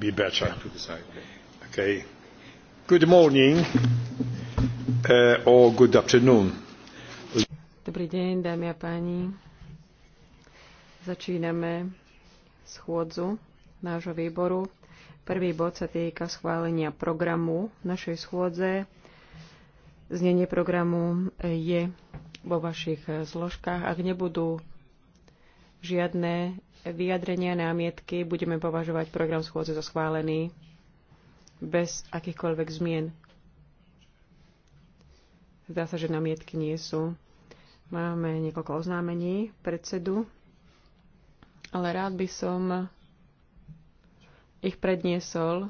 be better. Okay. Good morning uh, or good afternoon. Dobrý deň, dámy a páni. Začíname schôdzu nášho výboru. Prvý bod sa týka schválenia programu našej schôdze. Znenie programu je vo vašich zložkách. Ak nebudú žiadne vyjadrenia, námietky, budeme považovať program schôdze za schválený bez akýchkoľvek zmien. Zdá sa, že námietky nie sú. Máme niekoľko oznámení predsedu, ale rád by som ich predniesol.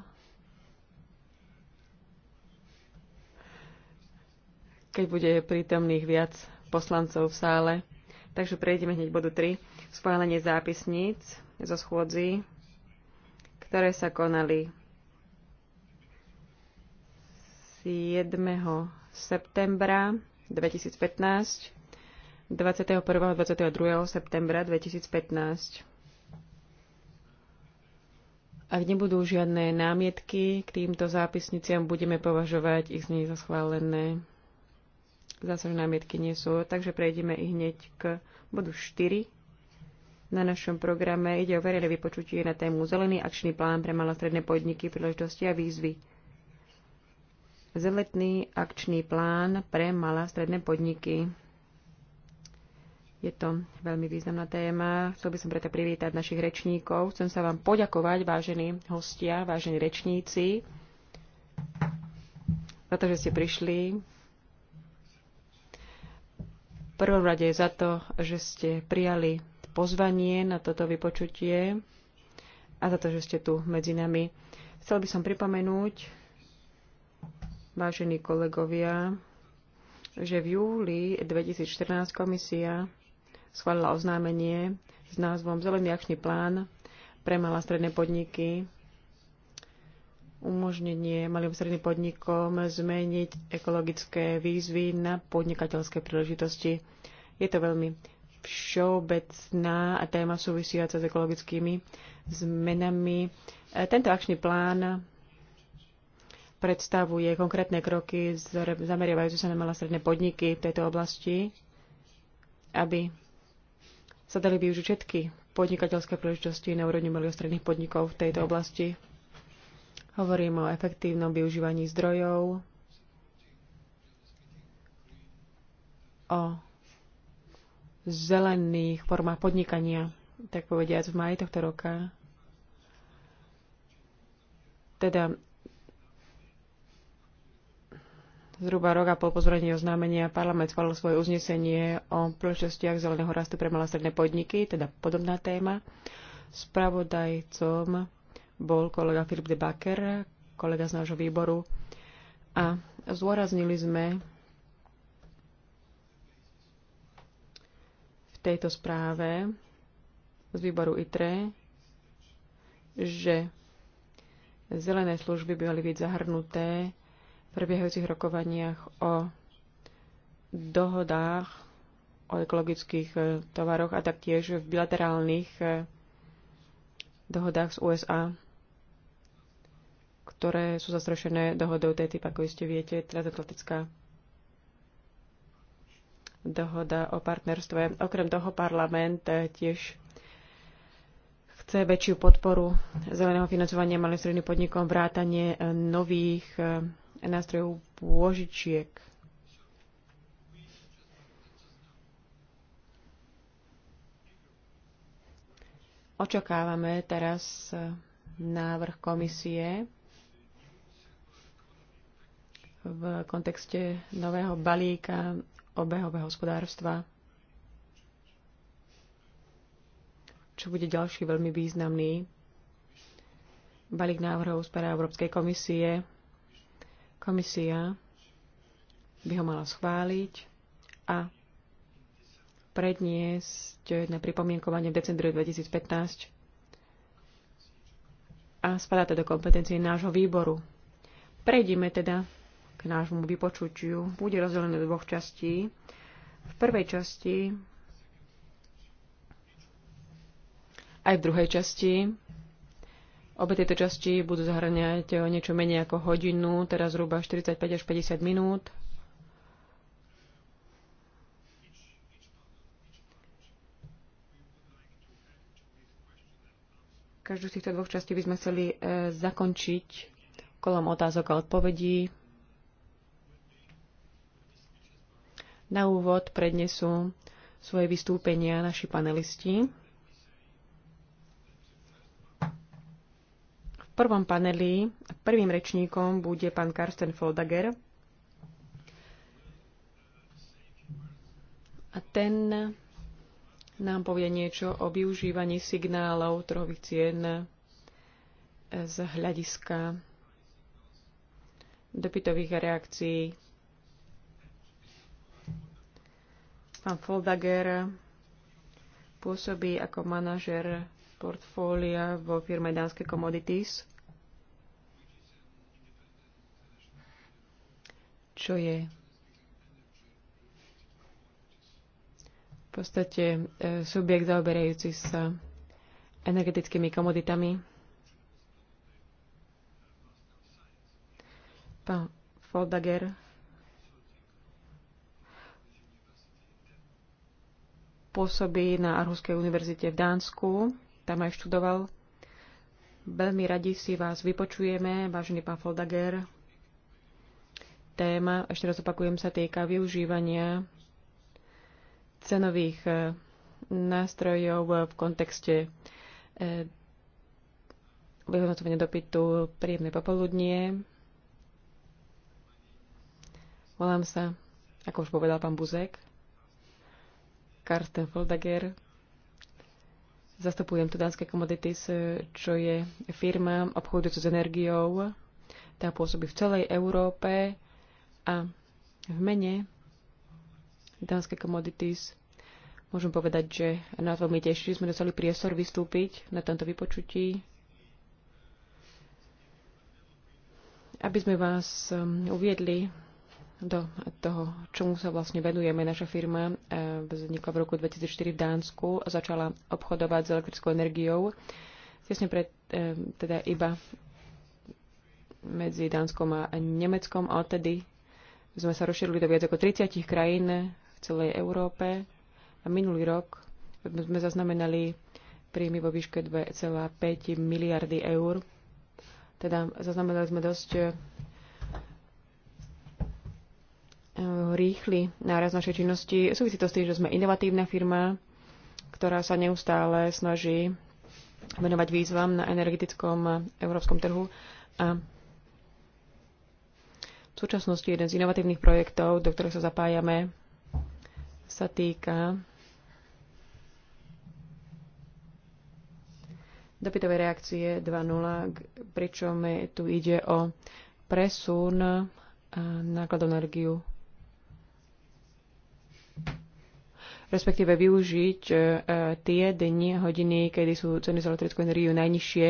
keď bude prítomných viac poslancov v sále. Takže prejdeme hneď bodu 3 schválenie zápisníc zo schôdzi, ktoré sa konali 7. septembra 2015, 21. a 22. septembra 2015. Ak nebudú žiadne námietky k týmto zápisniciam, budeme považovať ich z nich za schválené. Zase námietky nie sú, takže prejdeme i hneď k bodu 4 na našom programe. Ide o verejné vypočutie na tému Zelený akčný plán pre malé stredné podniky, príležitosti a výzvy. Zeletný akčný plán pre malé stredné podniky. Je to veľmi významná téma. Chcel by som preto privítať našich rečníkov. Chcem sa vám poďakovať, vážení hostia, vážení rečníci, za to, že ste prišli. V prvom rade za to, že ste prijali pozvanie na toto vypočutie a za to, že ste tu medzi nami. Chcel by som pripomenúť, vážení kolegovia, že v júli 2014 komisia schválila oznámenie s názvom Zelený akčný plán pre malé stredné podniky umožnenie malým stredným podnikom zmeniť ekologické výzvy na podnikateľské príležitosti. Je to veľmi všeobecná téma súvisiaca s ekologickými zmenami. E, tento akčný plán predstavuje konkrétne kroky zameriavajúce sa na malé stredné podniky v tejto oblasti, aby sa dali využiť všetky podnikateľské príležitosti na úrovni malých stredných podnikov v tejto oblasti. Hovorím o efektívnom využívaní zdrojov, o zelených formách podnikania, tak povediať v maji tohto roka. Teda zhruba rok a pol po oznámenia parlament schválil svoje uznesenie o príležitostiach zeleného rastu pre malé stredné podniky, teda podobná téma. Spravodajcom bol kolega Filip de Baker, kolega z nášho výboru. A zdôraznili sme tejto správe z výboru ITRE, že zelené služby by mali byť zahrnuté v prebiehajúcich rokovaniach o dohodách o ekologických e, tovaroch a taktiež v bilaterálnych e, dohodách z USA, ktoré sú zastrešené dohodou TTIP, ako iste viete, transatlantická dohoda o partnerstve. Okrem toho parlament eh, tiež chce väčšiu podporu zeleného financovania malým stredným podnikom, vrátanie eh, nových eh, nástrojov pôžičiek. Očakávame teraz návrh komisie v kontexte nového balíka obehové hospodárstva, čo bude ďalší veľmi významný balík návrhov z pera Európskej komisie. Komisia by ho mala schváliť a predniesť na pripomienkovanie v decembri 2015 a spadá to do kompetencie nášho výboru. Prejdime teda k nášmu vypočutiu bude rozdelené do dvoch častí. V prvej časti aj v druhej časti Obe tieto časti budú zahrňať niečo menej ako hodinu, teraz zhruba 45 až 50 minút. Každú z týchto dvoch častí by sme chceli e, zakončiť kolom otázok a odpovedí. Na úvod prednesú svoje vystúpenia naši panelisti. V prvom paneli prvým rečníkom bude pán Karsten Foldager. A ten nám povie niečo o využívaní signálov trhových cien z hľadiska dopytových reakcií Pán Foldager pôsobí ako manažer portfólia vo firme Danske Commodities, čo je v podstate e, subjekt zaoberajúci sa energetickými komoditami. Pán Foldager pôsobí na Arhuskej univerzite v Dánsku. Tam aj študoval. Veľmi radi si vás vypočujeme, vážený pán Foldager. Téma, ešte raz opakujem, sa týka využívania cenových eh, nástrojov v kontekste eh, vyhodnotovania dopytu. Príjemné popoludnie. Volám sa, ako už povedal pán Buzek, Karsten Foldager. Zastupujem tu Dánske Commodities, čo je firma obchodujúca s energiou. Tá pôsobí v celej Európe a v mene Dánske Commodities môžem povedať, že nás veľmi teší. Sme dostali priestor vystúpiť na tomto vypočutí. Aby sme vás um, uviedli do toho, čomu sa vlastne venujeme. Naša firma eh, vznikla v roku 2004 v Dánsku a začala obchodovať s elektrickou energiou. Tiesne pred, eh, teda iba medzi Dánskom a Nemeckom a odtedy sme sa rozšírili do viac ako 30 krajín v celej Európe a minulý rok sme zaznamenali príjmy vo výške 2,5 miliardy eur. Teda zaznamenali sme dosť rýchly náraz našej činnosti. Súvisí to s tým, že sme inovatívna firma, ktorá sa neustále snaží venovať výzvam na energetickom európskom trhu. A v súčasnosti jeden z inovatívnych projektov, do ktorých sa zapájame, sa týka dopytovej reakcie 2.0, pričom tu ide o presun nákladov energiu respektíve využiť e, e, tie dni a hodiny, kedy sú ceny za elektrickú energiu najnižšie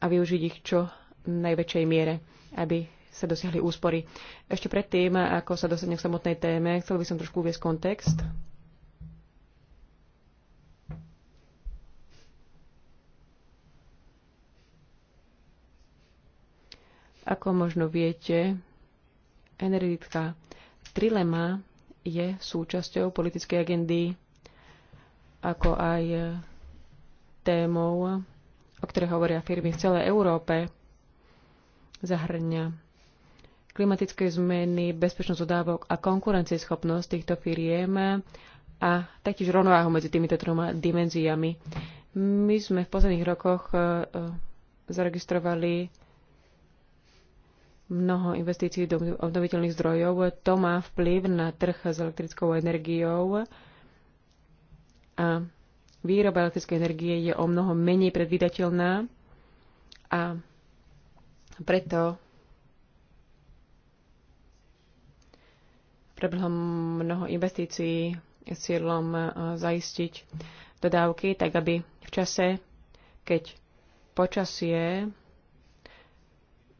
a využiť ich čo najväčšej miere, aby sa dosiahli úspory. Ešte predtým, ako sa dosadne k samotnej téme, chcel by som trošku uviesť kontext. Ako možno viete, energetická trilema je súčasťou politickej agendy, ako aj e, témou, o ktorej hovoria firmy v celej Európe, zahrňa klimatické zmeny, bezpečnosť dodávok a konkurencieschopnosť týchto firiem a taktiež rovnováhu medzi týmito troma dimenziami. My sme v posledných rokoch e, e, zaregistrovali mnoho investícií do obnoviteľných zdrojov. To má vplyv na trh s elektrickou energiou a výroba elektrickej energie je o mnoho menej predvydateľná a preto prebehlo mnoho investícií s cieľom e, zaistiť dodávky, tak aby v čase, keď počasie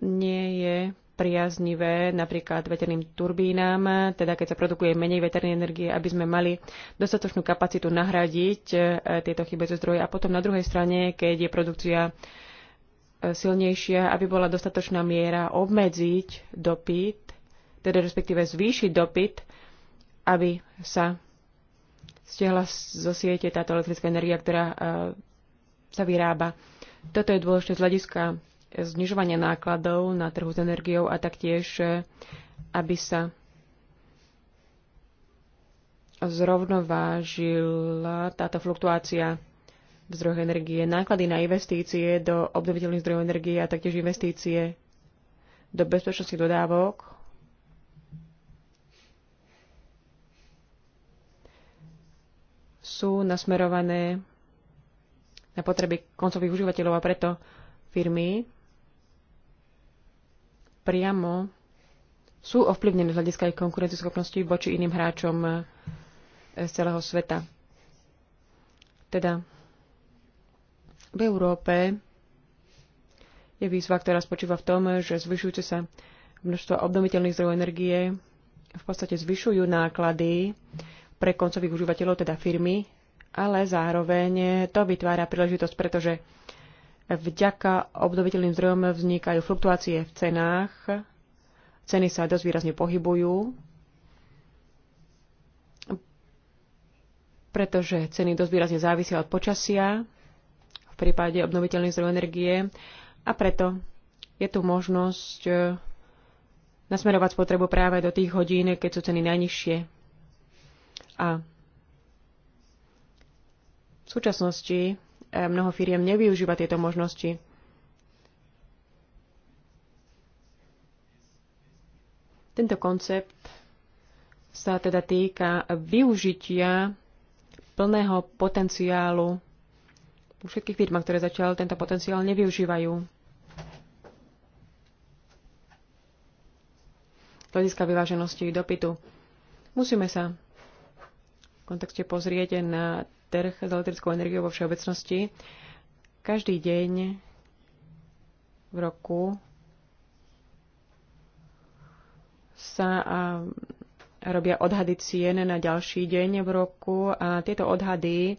nie je priaznivé napríklad veterným turbínám, teda keď sa produkuje menej veternej energie, aby sme mali dostatočnú kapacitu nahradiť e, tieto chyby zo zdroje. A potom na druhej strane, keď je produkcia e, silnejšia, aby bola dostatočná miera obmedziť dopyt, teda respektíve zvýšiť dopyt, aby sa stiahla zo siete táto elektrická energia, ktorá e, sa vyrába. Toto je dôležité z hľadiska znižovania nákladov na trhu s energiou a taktiež, e, aby sa zrovnovážila táto fluktuácia v zdrojoch energie. Náklady na investície do obnoviteľných zdrojov energie a taktiež investície do bezpečnosti dodávok sú nasmerované na potreby koncových užívateľov a preto firmy priamo sú ovplyvnené z hľadiska ich konkurenceschopnosti voči iným hráčom eh, z celého sveta. Teda v Európe je výzva, ktorá spočíva v tom, že zvyšujúce sa množstvo obnoviteľných zdrojov energie v podstate zvyšujú náklady pre koncových užívateľov, teda firmy, ale zároveň to vytvára príležitosť, pretože Vďaka obnoviteľným zdrojom vznikajú fluktuácie v cenách, ceny sa dosť výrazne pohybujú, pretože ceny dosť výrazne závisia od počasia v prípade obnoviteľných zdrojov energie a preto je tu možnosť eh, nasmerovať spotrebu práve do tých hodín, keď sú ceny najnižšie. A v súčasnosti E, mnoho firiem nevyužíva tieto možnosti. Tento koncept sa teda týka využitia plného potenciálu u všetkých firmách, ktoré zatiaľ tento potenciál nevyužívajú. z hľadiska vyváženosti dopytu. Musíme sa v kontexte pozrieť na trh s elektrickou energiou vo všeobecnosti. Každý deň v roku sa robia odhady cien na ďalší deň v roku a tieto odhady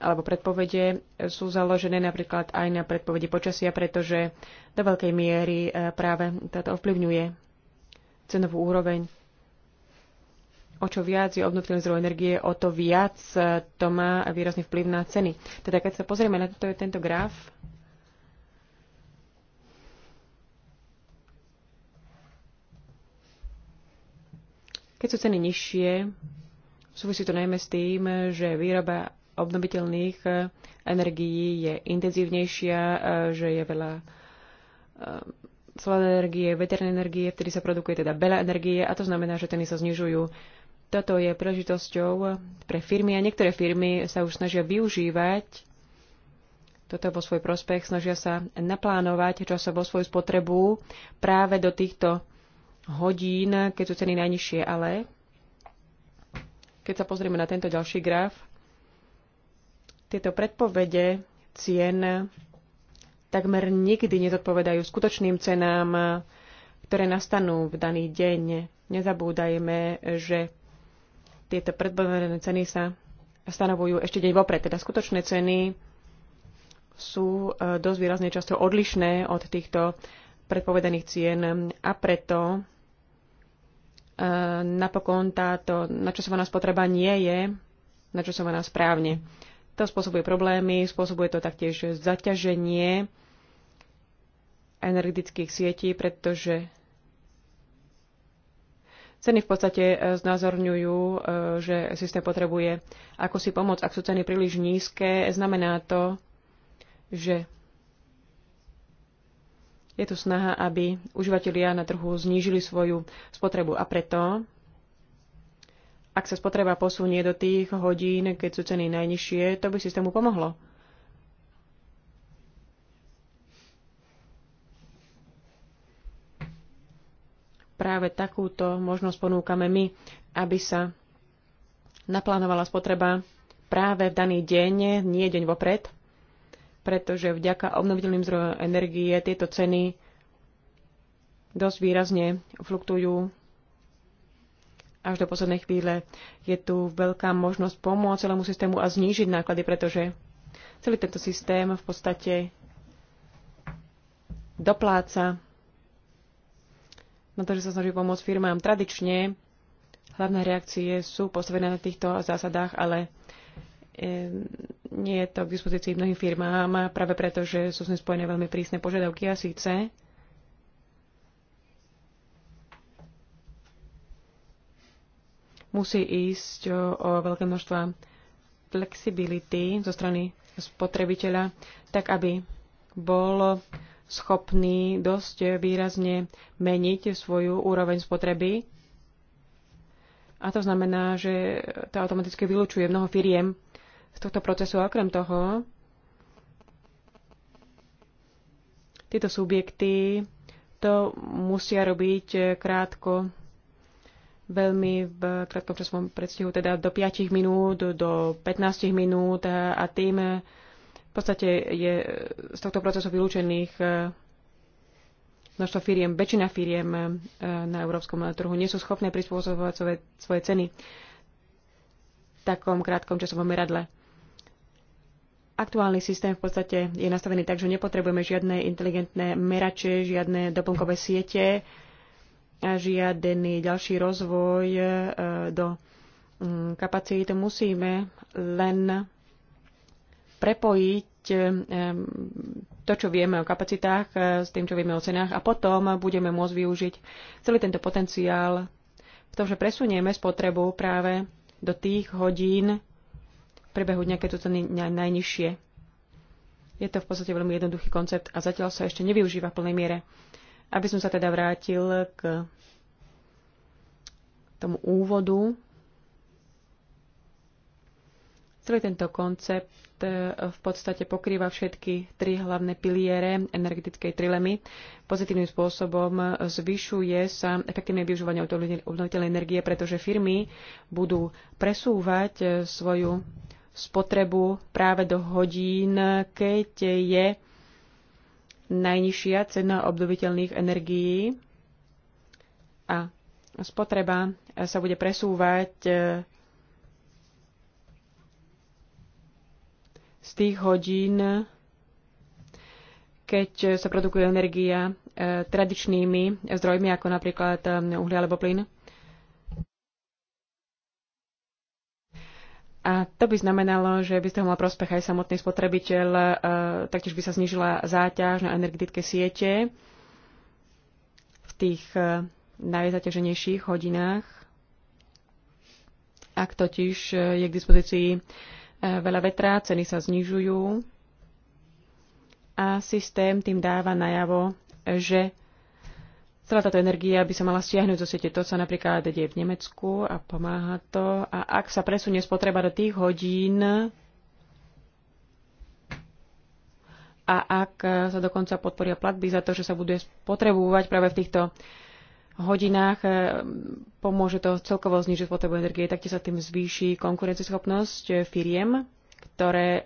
alebo predpovede sú založené napríklad aj na predpovede počasia, pretože do veľkej miery e, práve táto ovplyvňuje cenovú úroveň o čo viac je obnoviteľný zdroj energie, o to viac e, to má výrazný vplyv na ceny. Teda keď sa pozrieme na toto, tento graf, keď sú ceny nižšie, súvisí to najmä s tým, že výroba obnoviteľných e, energií je intenzívnejšia, e, že je veľa solárnej energie, veternej energie, vtedy sa produkuje teda veľa energie a to znamená, že ceny sa znižujú. Toto je príležitosťou pre firmy a niektoré firmy sa už snažia využívať toto vo svoj prospech, snažia sa naplánovať časovo svoju spotrebu práve do týchto hodín, keď sú ceny najnižšie, ale keď sa pozrieme na tento ďalší graf, tieto predpovede cien takmer nikdy nezodpovedajú skutočným cenám, ktoré nastanú v daný deň. Nezabúdajme, že tieto predbavené ceny sa stanovujú ešte deň vopred. Teda skutočné ceny sú e, dosť výrazne často odlišné od týchto predpovedaných cien a preto e, napokon táto načasovaná spotreba nie je načasovaná správne. To spôsobuje problémy, spôsobuje to taktiež zaťaženie energetických sietí, pretože Ceny v podstate e, znázorňujú, e, že systém potrebuje ako si pomoc. Ak sú ceny príliš nízke, znamená to, že je tu snaha, aby užívateľia na trhu znížili svoju spotrebu. A preto, ak sa spotreba posunie do tých hodín, keď sú ceny najnižšie, to by systému pomohlo. práve takúto možnosť ponúkame my, aby sa naplánovala spotreba práve v daný deň, nie deň vopred, pretože vďaka obnoviteľným zdrojom energie tieto ceny dosť výrazne fluktujú až do poslednej chvíle. Je tu veľká možnosť pomôcť celému systému a znížiť náklady, pretože celý tento systém v podstate dopláca na to, že sa snaží pomôcť firmám. Tradične hlavné reakcie sú postavené na týchto zásadách, ale e, nie je to k dispozícii mnohým firmám práve preto, že sú s spojené veľmi prísne požiadavky a síce musí ísť o, o veľké množstva flexibility zo strany spotrebiteľa, tak aby bol schopní dosť výrazne meniť svoju úroveň spotreby. A to znamená, že to automaticky vylučuje mnoho firiem z tohto procesu. A okrem toho, tieto subjekty to musia robiť krátko, veľmi v krátkom časovom predstihu, teda do 5 minút, do 15 minút a tým v podstate je e, z tohto procesu vylúčených e, množstvo firiem, väčšina firiem e, na európskom trhu nie sú schopné prispôsobovať svoje, svoje ceny v takom krátkom časovom meradle. Aktuálny systém v podstate je nastavený tak, že nepotrebujeme žiadne inteligentné merače, žiadne doplnkové siete, a žiadny ďalší rozvoj do mm, kapacít. Musíme len prepojiť eh, to, čo vieme o kapacitách eh, s tým, čo vieme o cenách a potom budeme môcť využiť celý tento potenciál v tom, že presunieme spotrebu práve do tých hodín prebehu dňa, keď sú ceny najnižšie. Je to v podstate veľmi jednoduchý koncept a zatiaľ sa ešte nevyužíva v plnej miere. Aby som sa teda vrátil k tomu úvodu, celý tento koncept E, v podstate pokrýva všetky tri hlavné piliere energetickej trilemy. Pozitívnym spôsobom zvyšuje sa efektívne využívanie obnoviteľnej energie, pretože firmy budú presúvať e, svoju spotrebu práve do hodín, keď je najnižšia cena obnoviteľných energií a spotreba sa bude presúvať e, z tých hodín, keď sa produkuje energia e, tradičnými zdrojmi, ako napríklad e, uhlie alebo plyn. A to by znamenalo, že by z toho mal prospech aj samotný spotrebiteľ, e, taktiež by sa znižila záťaž na energetické siete v tých najzaťaženejších hodinách. Ak totiž je k dispozícii veľa vetra, ceny sa znižujú a systém tým dáva najavo, že celá táto energia by sa mala stiahnuť zo siete. To sa napríklad deje v Nemecku a pomáha to. A ak sa presunie spotreba do tých hodín a ak sa dokonca podporia platby za to, že sa bude spotrebovať práve v týchto hodinách. E, pomôže to celkovo znižiť spotrebu energie, taktiež sa tým zvýši konkurencieschopnosť e, firiem, ktoré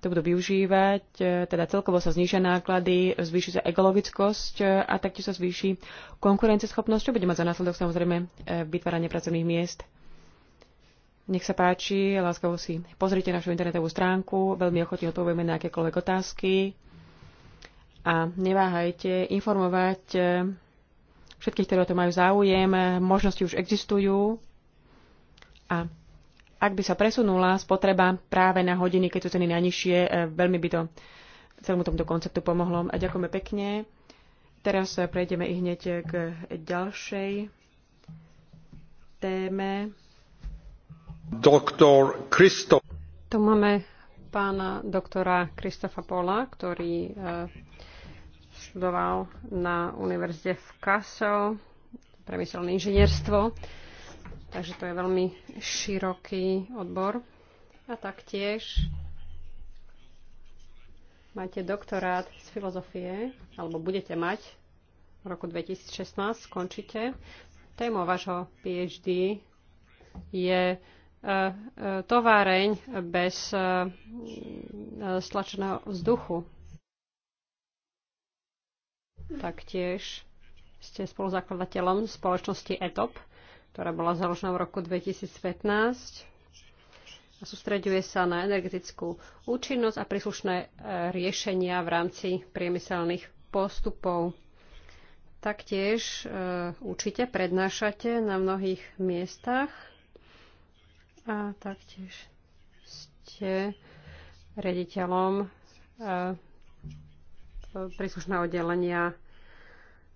to budú využívať, e, teda celkovo sa znižia náklady, zvýši sa ekologickosť a taktiež sa zvýši konkurencieschopnosť, čo bude mať za následok samozrejme vytváranie pracovných miest. Nech sa páči, láskavo si pozrite našu internetovú stránku, veľmi ochotne odpovieme na akékoľvek otázky a neváhajte informovať všetkých, ktorí o to majú záujem. Možnosti už existujú. A ak by sa presunula spotreba práve na hodiny, keď sú ceny najnižšie, eh, veľmi by to celému tomuto konceptu pomohlo. A ďakujeme pekne. Teraz eh, prejdeme i hneď eh, k ďalšej téme. Doktor Kristof. Tu máme pána doktora Kristofa Pola, ktorý študoval na univerzite v Kassel, premyselné inžinierstvo, takže to je veľmi široký odbor. A taktiež máte doktorát z filozofie, alebo budete mať v roku 2016, skončíte. Téma vášho PhD je e, e, továreň bez e, stlačeného vzduchu. Taktiež ste spoluzakladateľom spoločnosti ETOP, ktorá bola založená v roku 2015 a sústreďuje sa na energetickú účinnosť a príslušné e, riešenia v rámci priemyselných postupov. Taktiež e, určite prednášate na mnohých miestach a taktiež ste rediteľom e, príslušné oddelenia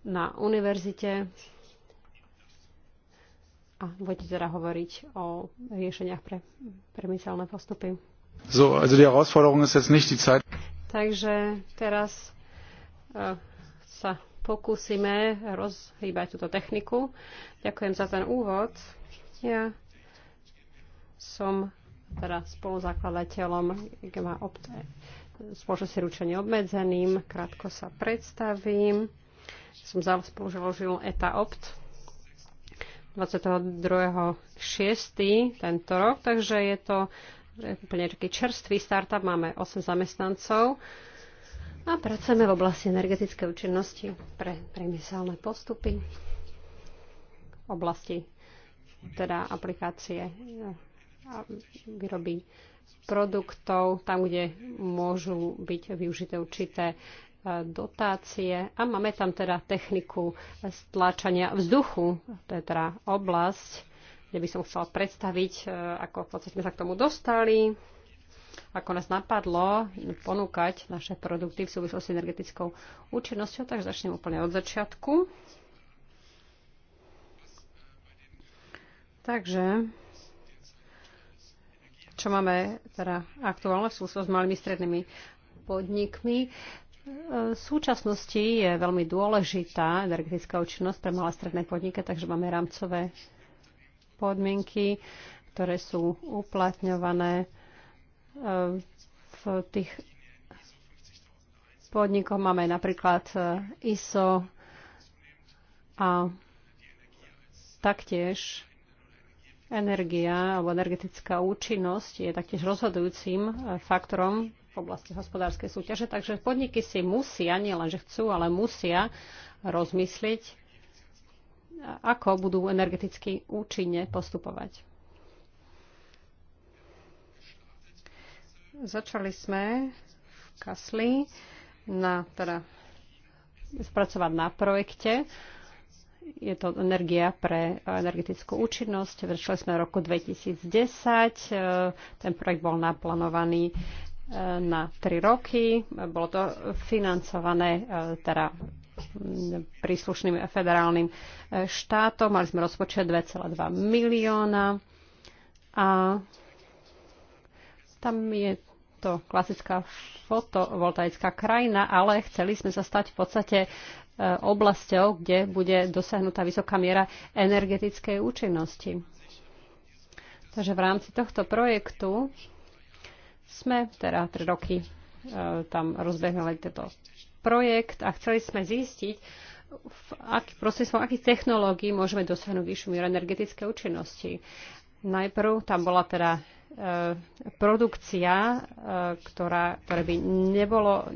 na univerzite a budete teda hovoriť o riešeniach pre premyselné postupy. So, also die Herausforderung ist jetzt nicht die Zeit. Takže teraz uh, sa pokúsime rozhýbať túto techniku. Ďakujem za ten úvod. Ja som teda spoluzakladateľom gema Opte Spoločne si ručenie obmedzeným. Krátko sa predstavím. Som spolužil ETA Opt 22.6. tento rok, takže je to úplne taký čerstvý startup. Máme 8 zamestnancov a pracujeme v oblasti energetické účinnosti pre priemyselné postupy v oblasti teda aplikácie a výroby produktov, tam, kde môžu byť využité určité e, dotácie a máme tam teda techniku stláčania vzduchu, to je teda oblasť, kde by som chcela predstaviť, e, ako v podstate sme sa k tomu dostali, ako nás napadlo ponúkať naše produkty v súvislosti s energetickou účinnosťou, takže začnem úplne od začiatku. Takže čo máme teda aktuálne v súvislosti s malými strednými podnikmi. E, v súčasnosti je veľmi dôležitá energetická účinnosť pre malé stredné podniky, takže máme rámcové podmienky, ktoré sú uplatňované e, v tých podnikoch. Máme napríklad e, ISO a taktiež Energia alebo energetická účinnosť je taktiež rozhodujúcim eh, faktorom v oblasti hospodárskej súťaže, takže podniky si musia, len že chcú, ale musia rozmysliť, eh, ako budú energeticky účinne postupovať. Začali sme v Kasli na, teda, spracovať na projekte, je to energia pre energetickú účinnosť. Vršili sme v roku 2010. E, ten projekt bol naplánovaný e, na tri roky. Bolo to financované e, teda príslušným federálnym štátom. Mali sme rozpočet 2,2 milióna a tam je to klasická fotovoltaická krajina, ale chceli sme sa stať v podstate e, oblasťou, kde bude dosiahnutá vysoká miera energetickej účinnosti. Takže v rámci tohto projektu sme teda 3 roky e, tam rozbehnali tento projekt a chceli sme zistiť, v aký, prostredstvom akých technológií môžeme dosiahnuť vyššiu mieru energetické účinnosti. Najprv tam bola teda E, produkcia, e, ktorá, ktoré by nebolo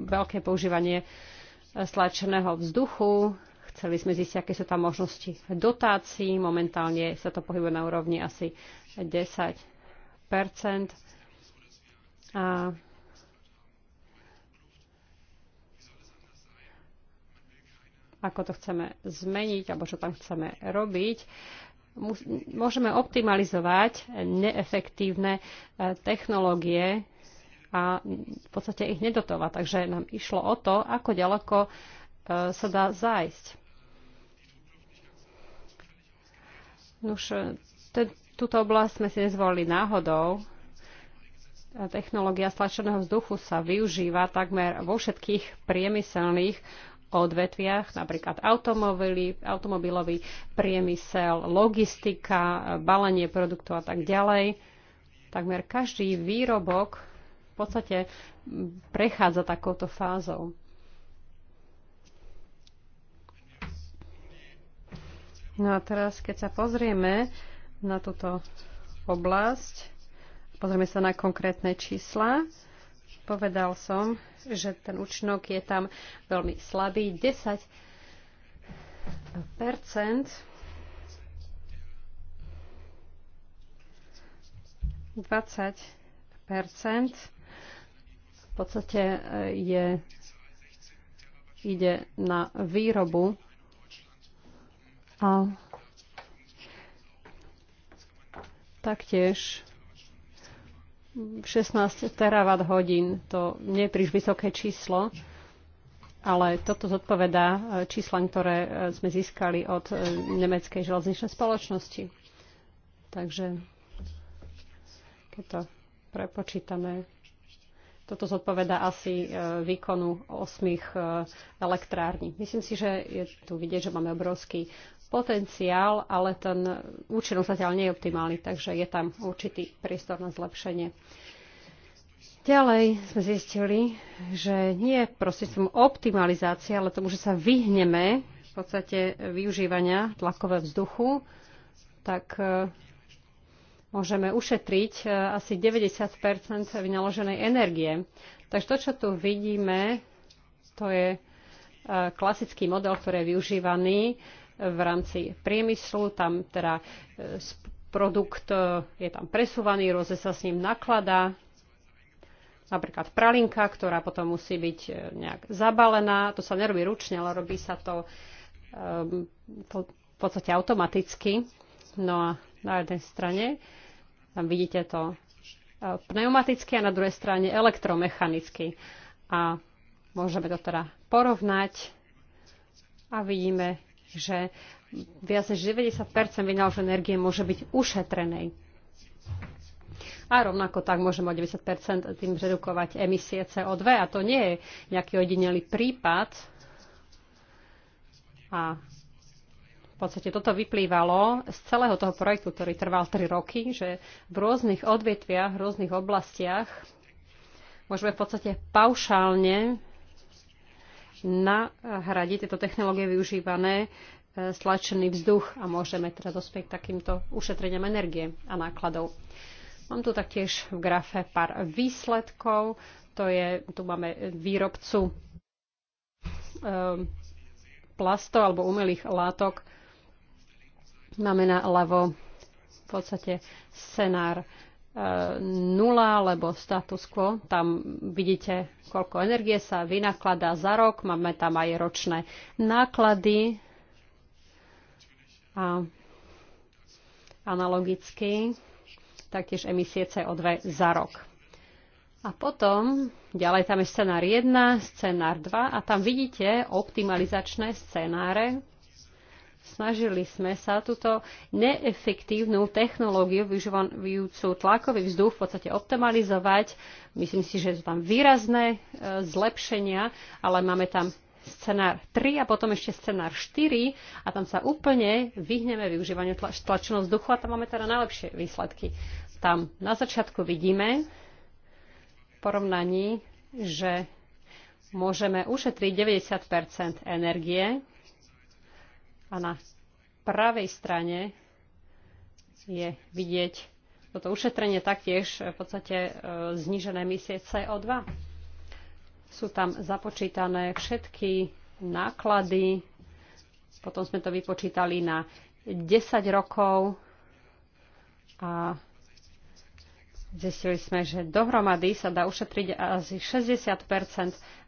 veľké používanie stlačeného vzduchu. Chceli sme zistiť, aké sú tam možnosti dotácií. Momentálne sa to pohybuje na úrovni asi 10 A ako to chceme zmeniť alebo čo tam chceme robiť môžeme optimalizovať neefektívne e, technológie a v podstate ich nedotovať. Takže nám išlo o to, ako ďaleko e, sa dá zájsť. Nuž, e, túto oblasť sme si nezvolili náhodou. Technológia stlačeného vzduchu sa využíva takmer vo všetkých priemyselných odvetviach, napríklad automobily, automobilový priemysel, logistika, balenie produktov a tak ďalej. Takmer každý výrobok v podstate prechádza takouto fázou. No a teraz, keď sa pozrieme na túto oblasť, pozrieme sa na konkrétne čísla, Povedal som, že ten účinok je tam veľmi slabý. 10 percent 20 percent v podstate eh, je, ide na výrobu a taktiež 16 terawatt hodín, to nie je príliš vysoké číslo, ale toto zodpovedá e, číslam, ktoré e, sme získali od e, nemeckej železničnej spoločnosti. Takže keď to prepočítame, toto zodpovedá asi výkonu osmých elektrární. Myslím si, že je tu vidieť, že máme obrovský potenciál, ale ten účinok zatiaľ nie je optimálny, takže je tam určitý priestor na zlepšenie. Ďalej sme zistili, že nie prostredstvom optimalizácie, ale tomu, že sa vyhneme v podstate využívania tlakového vzduchu, tak e, môžeme ušetriť e, asi 90 vynaloženej energie. Takže to, čo tu vidíme, to je e, klasický model, ktorý je využívaný v rámci priemyslu. Tam teda e, produkt e, je tam presúvaný, rôzne sa s ním nakladá. Napríklad pralinka, ktorá potom musí byť e, nejak zabalená. To sa nerobí ručne, ale robí sa to ehm, v podstate automaticky. No a na jednej strane tam vidíte to pneumaticky a na druhej strane elektromechanicky. A môžeme to teda porovnať a vidíme, že viac než 90 vynaložené energie môže byť ušetrenej. A rovnako tak môžeme o 90 tým zredukovať emisie CO2. A to nie je nejaký ojedinelý prípad. A v podstate toto vyplývalo z celého toho projektu, ktorý trval 3 roky, že v rôznych odvetviach, v rôznych oblastiach môžeme v podstate paušálne na hrade tieto technológie využívané e, stlačený vzduch a môžeme teda dospieť takýmto ušetreniam energie a nákladov. Mám tu taktiež v grafe pár výsledkov. To je, tu máme výrobcu e, plastov alebo umelých látok. Máme na ľavo v podstate scenár nula alebo status quo. Tam vidíte, koľko energie sa vynakladá za rok. Máme tam aj ročné náklady. A analogicky taktiež emisie CO2 za rok. A potom, ďalej tam je scenár 1, scenár 2 a tam vidíte optimalizačné scenáre, snažili sme sa túto neefektívnu technológiu využívajúcu tlakový vzduch v podstate optimalizovať. Myslím si, že sú tam výrazné e, zlepšenia, ale máme tam scenár 3 a potom ešte scenár 4 a tam sa úplne vyhneme využívaniu tla- tlačeného vzduchu a tam máme teda najlepšie výsledky. Tam na začiatku vidíme v porovnaní, že môžeme ušetriť 90 energie a na pravej strane je vidieť toto ušetrenie taktiež e, v podstate e, znižené emisie CO2. Sú tam započítané všetky náklady, potom sme to vypočítali na 10 rokov a zistili sme, že dohromady sa dá ušetriť asi 60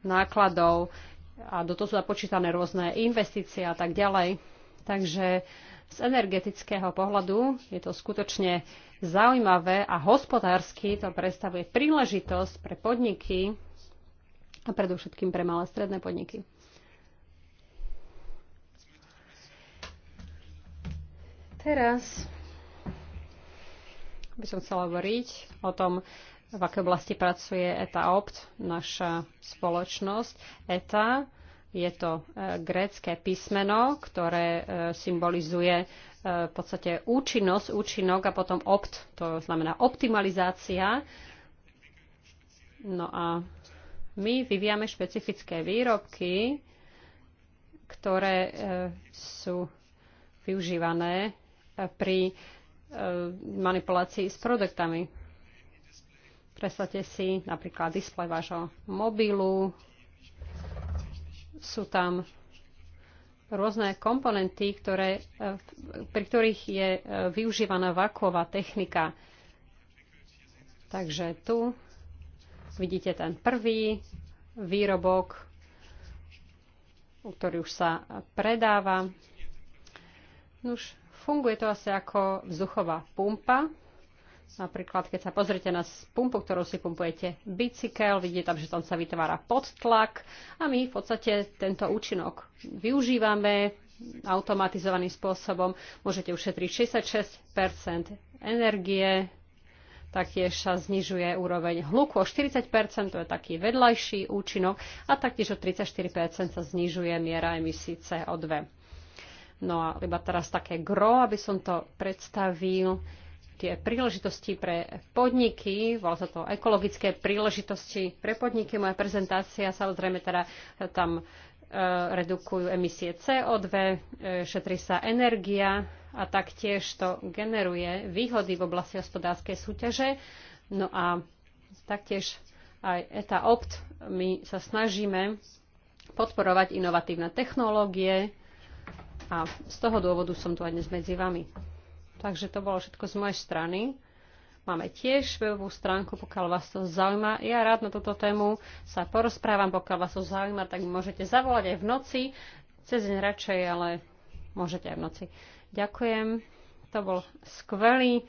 nákladov a do toho sú započítané rôzne investície a tak ďalej. Takže z energetického pohľadu je to skutočne zaujímavé a hospodársky to predstavuje príležitosť pre podniky a predovšetkým pre malé stredné podniky. Teraz by som chcela hovoriť o tom, v akej oblasti pracuje ETA Opt, naša spoločnosť. ETA je to e, grécké písmeno, ktoré e, symbolizuje e, v podstate účinnosť, účinok a potom opt, to znamená optimalizácia. No a my vyvíjame špecifické výrobky, ktoré sú využívané pri manipulácii s produktami. Predstavte si napríklad displej vášho mobilu sú tam rôzne komponenty, ktoré, e, pri ktorých je e, využívaná vaková technika. Takže tu vidíte ten prvý výrobok, ktorý už sa predáva. Už funguje to asi ako vzduchová pumpa. Napríklad, keď sa pozrite na pumpu, ktorú si pumpujete bicykel, vidíte tam, že tam sa vytvára podtlak a my v podstate tento účinok využívame automatizovaným spôsobom. Môžete ušetriť 66 energie, taktiež sa znižuje úroveň hluku o 40 to je taký vedľajší účinok a taktiež o 34 sa znižuje miera emisí CO2. No a iba teraz také gro, aby som to predstavil tie príležitosti pre podniky, volá sa to ekologické príležitosti pre podniky. Moja prezentácia samozrejme teda tam e, redukujú emisie CO2, e, šetrí sa energia a taktiež to generuje výhody v oblasti hospodárskej súťaže. No a taktiež aj ETA Opt my sa snažíme podporovať inovatívne technológie a z toho dôvodu som tu aj dnes medzi vami. Takže to bolo všetko z mojej strany. Máme tiež webovú stránku, pokiaľ vás to zaujíma. Ja rád na túto tému sa porozprávam, pokiaľ vás to zaujíma, tak môžete zavolať aj v noci. Cez deň radšej, ale môžete aj v noci. Ďakujem. To bol skvelý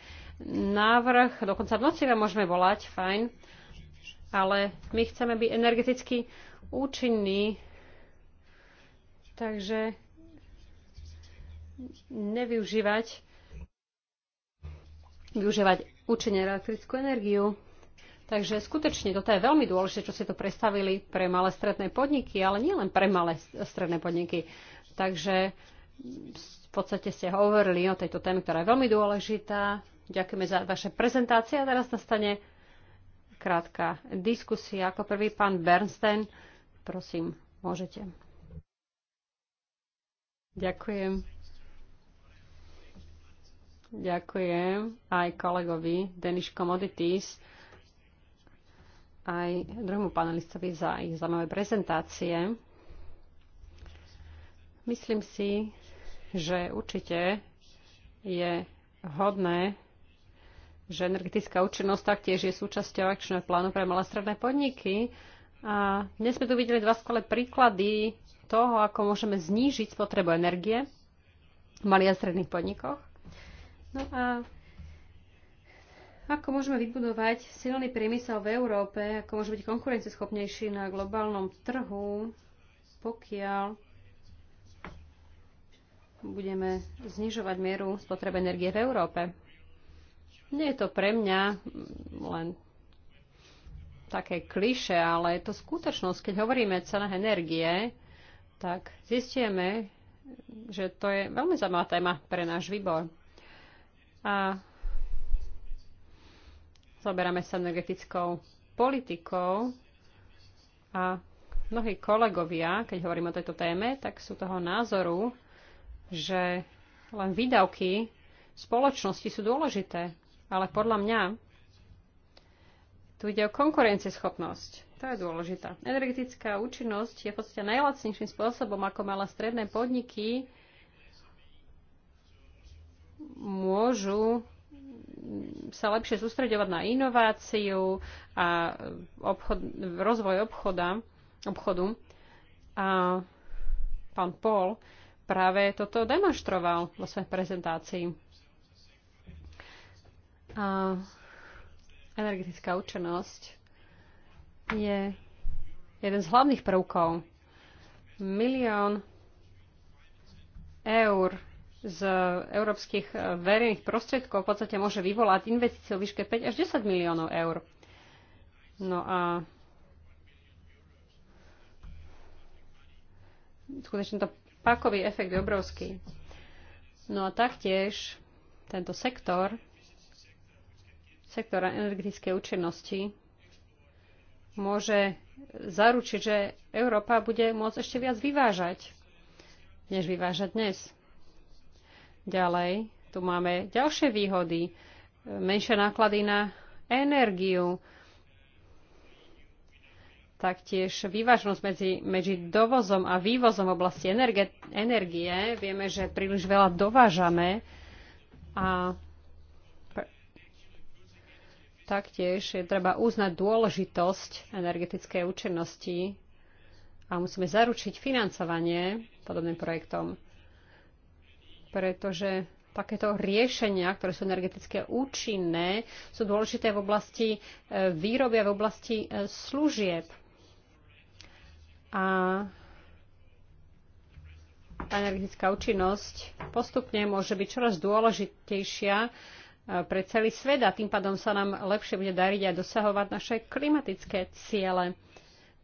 návrh. Dokonca v noci vám môžeme volať, fajn. Ale my chceme byť energeticky účinní. Takže nevyužívať využívať účinne elektrickú energiu. Takže skutočne toto je veľmi dôležité, čo ste to predstavili pre malé stredné podniky, ale nielen pre malé stredné podniky. Takže v podstate ste hovorili o tejto téme, ktorá je veľmi dôležitá. Ďakujeme za vaše prezentácie a teraz nastane krátka diskusia. Ako prvý pán Bernstein, prosím, môžete. Ďakujem. Ďakujem aj kolegovi Deniško Moditis, aj druhému panelistovi za ich zaujímavé prezentácie. Myslím si, že určite je hodné, že energetická účinnosť taktiež je súčasťou akčného plánu pre malé stredné podniky. A dnes sme tu videli dva skvelé príklady toho, ako môžeme znížiť spotrebu energie v malých a stredných podnikoch. No a ako môžeme vybudovať silný priemysel v Európe, ako môžeme byť konkurencieschopnejší na globálnom trhu, pokiaľ budeme znižovať mieru spotreby energie v Európe. Nie je to pre mňa len také kliše, ale je to skutočnosť. Keď hovoríme o cenách energie, tak zistíme, že to je veľmi zaujímavá téma pre náš výbor a zoberáme sa energetickou politikou a mnohí kolegovia, keď hovorím o tejto téme, tak sú toho názoru, že len výdavky spoločnosti sú dôležité. Ale podľa mňa tu ide o konkurencieschopnosť. To je dôležitá. Energetická účinnosť je v podstate najlacnejším spôsobom, ako malé stredné podniky môžu sa lepšie sústredovať na inováciu a obchod, rozvoj obchoda, obchodu. A pán Paul práve toto demonstroval vo svojej prezentácii. A energetická účinnosť je jeden z hlavných prvkov. Milión eur z európskych e, verejných prostriedkov v podstate môže vyvolať investíciu výške 5 až 10 miliónov eur. No a skutočne to pakový efekt je obrovský. No a taktiež tento sektor, sektora energetickej účinnosti, môže zaručiť, že Európa bude môcť ešte viac vyvážať, než vyvážať dnes. Ďalej, tu máme ďalšie výhody, menšie náklady na energiu, taktiež vyvážnosť medzi, medzi dovozom a vývozom v oblasti energie, energie. Vieme, že príliš veľa dovážame a taktiež je treba uznať dôležitosť energetickej účinnosti a musíme zaručiť financovanie podobným projektom pretože takéto riešenia, ktoré sú energetické účinné, sú dôležité v oblasti e, výroby a v oblasti e, služieb. A tá energetická účinnosť postupne môže byť čoraz dôležitejšia e, pre celý svet a tým pádom sa nám lepšie bude dariť aj dosahovať naše klimatické ciele.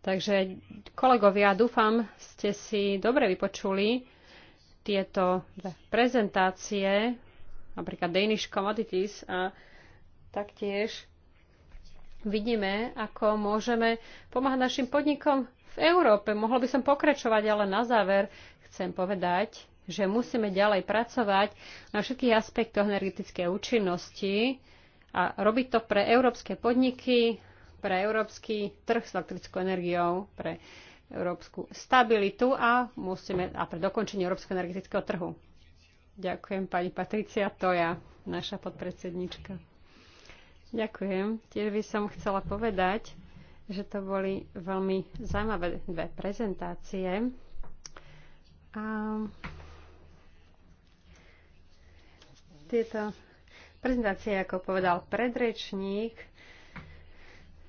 Takže kolegovia, dúfam, ste si dobre vypočuli tieto dve prezentácie, napríklad Danish Commodities a taktiež vidíme, ako môžeme pomáhať našim podnikom v Európe. Mohol by som pokračovať, ale na záver chcem povedať, že musíme ďalej pracovať na všetkých aspektoch energetickej účinnosti a robiť to pre európske podniky, pre európsky trh s elektrickou energiou, pre európsku stabilitu a, musíme, a pre dokončenie európskeho energetického trhu. Ďakujem pani Patricia Toja, naša podpredsednička. Ďakujem. Tiež by som chcela povedať, že to boli veľmi zaujímavé dve prezentácie. A tieto prezentácie, ako povedal predrečník,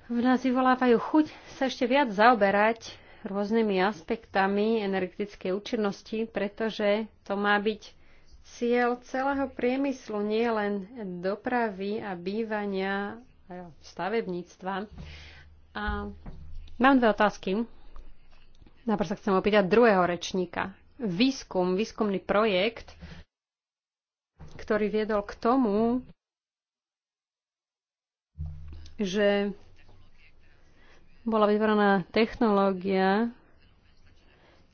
v nás vyvolávajú chuť sa ešte viac zaoberať rôznymi aspektami energetickej účinnosti, pretože to má byť cieľ celého priemyslu, nie len dopravy a bývania, stavebníctva. A mám dve otázky. Najprv sa chcem opýtať druhého rečníka. Výskum, výskumný projekt, ktorý viedol k tomu, že bola vytvorená technológia,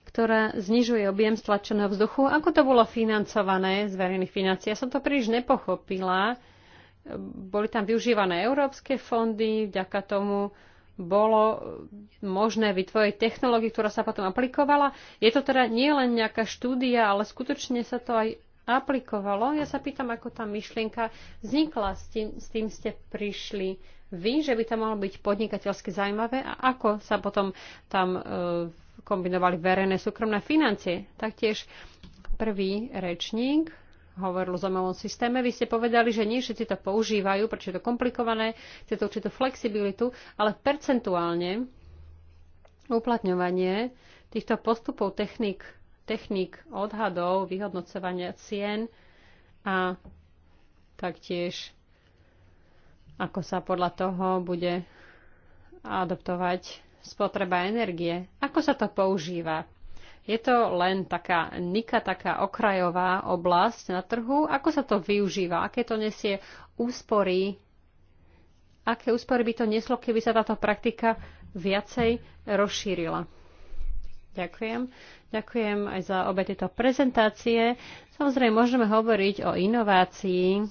ktorá znižuje objem stlačeného vzduchu. Ako to bolo financované z verejných financií? Ja som to príliš nepochopila. Boli tam využívané európske fondy, vďaka tomu bolo možné vytvoriť technológiu, ktorá sa potom aplikovala. Je to teda nie len nejaká štúdia, ale skutočne sa to aj aplikovalo. Ja sa pýtam, ako tá myšlienka vznikla, s tým, s tým ste prišli vy, že by to malo byť podnikateľsky zaujímavé a ako sa potom tam e, kombinovali verejné súkromné financie. Taktiež prvý rečník hovoril o zaujímavom systéme. Vy ste povedali, že nie všetci to používajú, prečo je to komplikované, chce to určitú flexibilitu, ale percentuálne uplatňovanie týchto postupov technik, technik odhadov, vyhodnocovania cien a taktiež ako sa podľa toho bude adoptovať spotreba energie. Ako sa to používa? Je to len taká nika, taká okrajová oblasť na trhu. Ako sa to využíva? Aké to nesie úspory? Aké úspory by to neslo, keby sa táto praktika viacej rozšírila? Ďakujem. Ďakujem aj za obe tieto prezentácie. Samozrejme, môžeme hovoriť o inovácii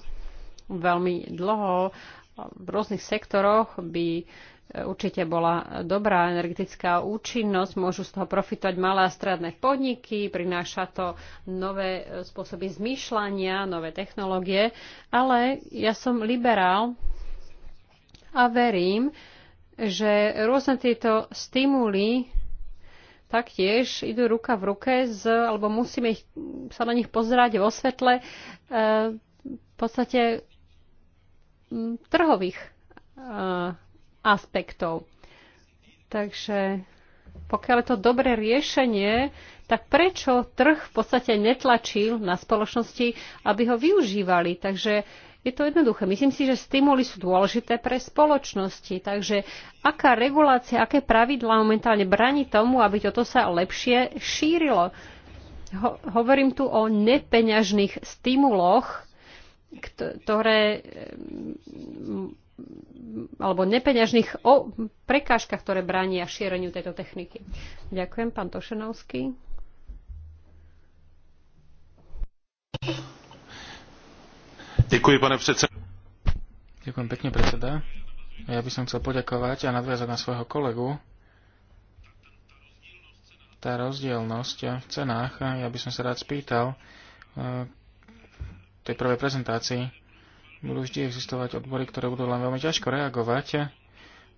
veľmi dlho v rôznych sektoroch by e, určite bola dobrá energetická účinnosť, môžu z toho profitovať malé a stredné podniky, prináša to nové e, spôsoby zmýšľania, nové technológie, ale ja som liberál a verím, že rôzne tieto stimuly taktiež idú ruka v ruke, z, alebo musíme ich, sa na nich pozerať vo svetle e, v podstate trhových e, aspektov. Takže pokiaľ je to dobré riešenie, tak prečo trh v podstate netlačil na spoločnosti, aby ho využívali? Takže je to jednoduché. Myslím si, že stimuly sú dôležité pre spoločnosti. Takže aká regulácia, aké pravidlá momentálne brani tomu, aby toto sa lepšie šírilo? Ho- hovorím tu o nepeňažných stimuloch, ktoré alebo nepeňažných o prekážkach, ktoré bránia šíreniu tejto techniky. Ďakujem, pán Tošenovský. Ďakujem, pane predseda. Ďakujem pekne, predseda. Ja by som chcel poďakovať a nadviazať na svojho kolegu. Tá rozdielnosť v cenách, ja by som sa rád spýtal, tej prvej prezentácii, budú vždy existovať odbory, ktoré budú len veľmi ťažko reagovať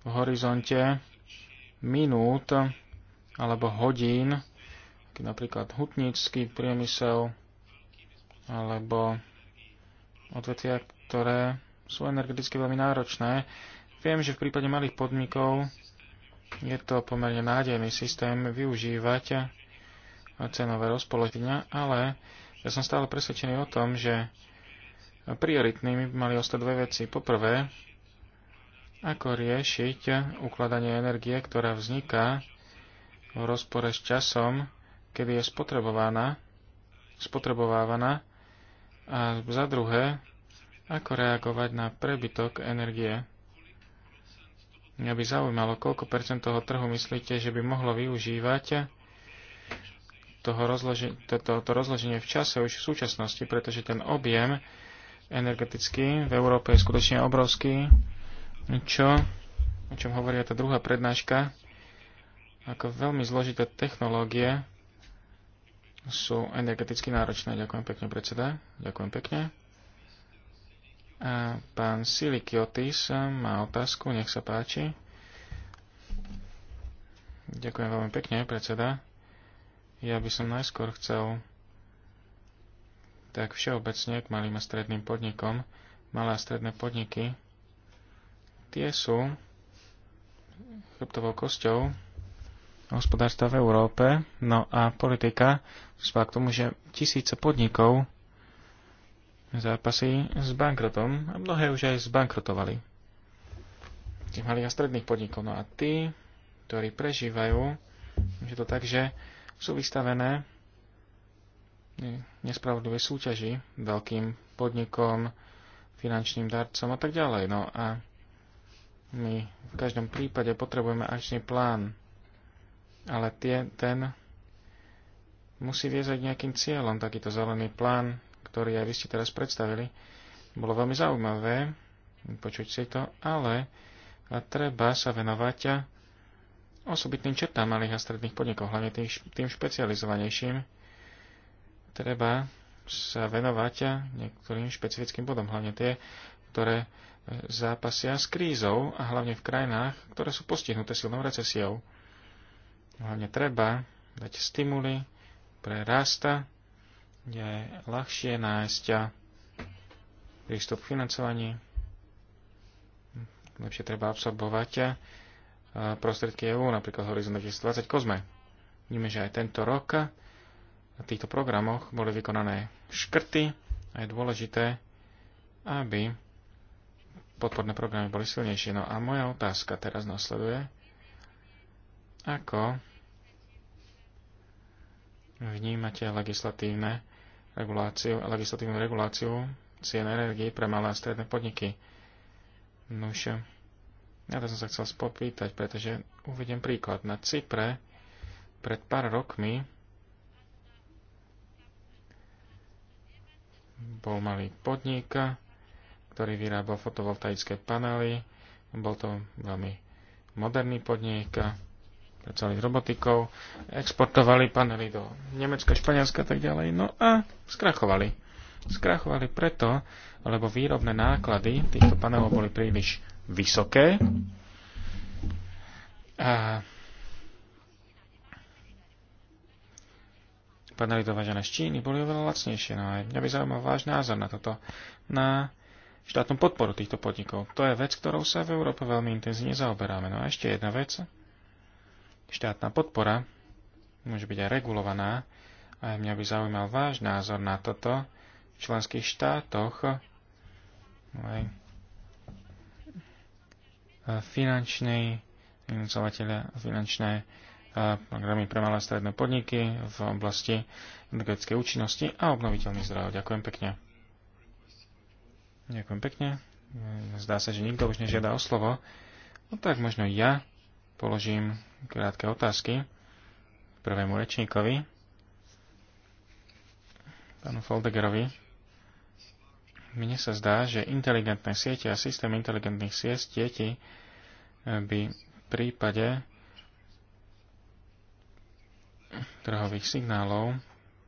v horizonte minút alebo hodín, keď napríklad hutnícky priemysel alebo odvetvia, ktoré sú energeticky veľmi náročné. Viem, že v prípade malých podnikov je to pomerne nádejný systém využívať cenové rozpoloženia, ale ja som stále presvedčený o tom, že prioritnými by mali ostať dve veci. Poprvé, ako riešiť ukladanie energie, ktorá vzniká v rozpore s časom, kedy je spotrebovaná, spotrebovávaná. A za druhé, ako reagovať na prebytok energie. Mňa by zaujímalo, koľko percent toho trhu myslíte, že by mohlo využívať toho rozloži- to, to, to rozloženie v čase už v súčasnosti, pretože ten objem energetický v Európe je skutočne obrovský, čo, o čom hovorí tá druhá prednáška, ako veľmi zložité technológie sú energeticky náročné. Ďakujem pekne, predseda. Ďakujem pekne. A pán Silikiotis má otázku, nech sa páči. Ďakujem veľmi pekne, predseda. Ja by som najskôr chcel tak všeobecne k malým a stredným podnikom. Malé a stredné podniky, tie sú chrbtovou kosťou hospodárstva v Európe. No a politika spá k tomu, že tisíce podnikov zápasí s bankrotom a mnohé už aj zbankrotovali. Tých malých a stredných podnikov. No a tí, ktorí prežívajú, že to tak, že sú vystavené nespravodlivej súťaži veľkým podnikom, finančným darcom a tak ďalej. No a my v každom prípade potrebujeme akčný plán, ale tie, ten musí viezať nejakým cieľom. Takýto zelený plán, ktorý aj vy ste teraz predstavili, bolo veľmi zaujímavé počuť si to, ale treba sa venovať osobitným črtám malých a stredných podnikov, hlavne tým, tým špecializovanejším, treba sa venovať niektorým špecifickým bodom, hlavne tie, ktoré e, zápasia s krízou a hlavne v krajinách, ktoré sú postihnuté silnou recesiou. Hlavne treba dať stimuly pre rasta, kde je ľahšie nájsť prístup k financovaní, hm, lepšie treba absorbovať prostriedky EÚ, napríklad Horizon 2020 Kozme. Vidíme, že aj tento rok na týchto programoch boli vykonané škrty a je dôležité, aby podporné programy boli silnejšie. No a moja otázka teraz nasleduje. Ako vnímate legislatívne reguláciu, legislatívnu reguláciu cien energii pre malé a stredné podniky? no ja to som sa chcel spopýtať, pretože uvediem príklad. Na Cypre pred pár rokmi bol malý podnik, ktorý vyrábal fotovoltaické panely. Bol to veľmi moderný podnik, s robotikou. Exportovali panely do Nemecka, Španielska a tak ďalej. No a skrachovali. Skrachovali preto, lebo výrobné náklady týchto panelov boli príliš vysoké. A panely z Číny boli oveľa lacnejšie. No aj mňa by zaujímal váš názor na toto, na štátnu podporu týchto podnikov. To je vec, ktorou sa v Európe veľmi intenzívne zaoberáme. No a ešte jedna vec. Štátna podpora môže byť aj regulovaná. A mňa by zaujímal váš názor na toto v členských štátoch. No aj finančný, financovateľa finančné programy pre malé a stredné podniky v oblasti energetickej účinnosti a obnoviteľných zdrojov. Ďakujem pekne. Ďakujem pekne. Zdá sa, že nikto už nežiada o slovo. No tak možno ja položím krátke otázky prvému rečníkovi, pánu Foldegerovi mne sa zdá, že inteligentné siete a systém inteligentných deti e, by v prípade trhových signálov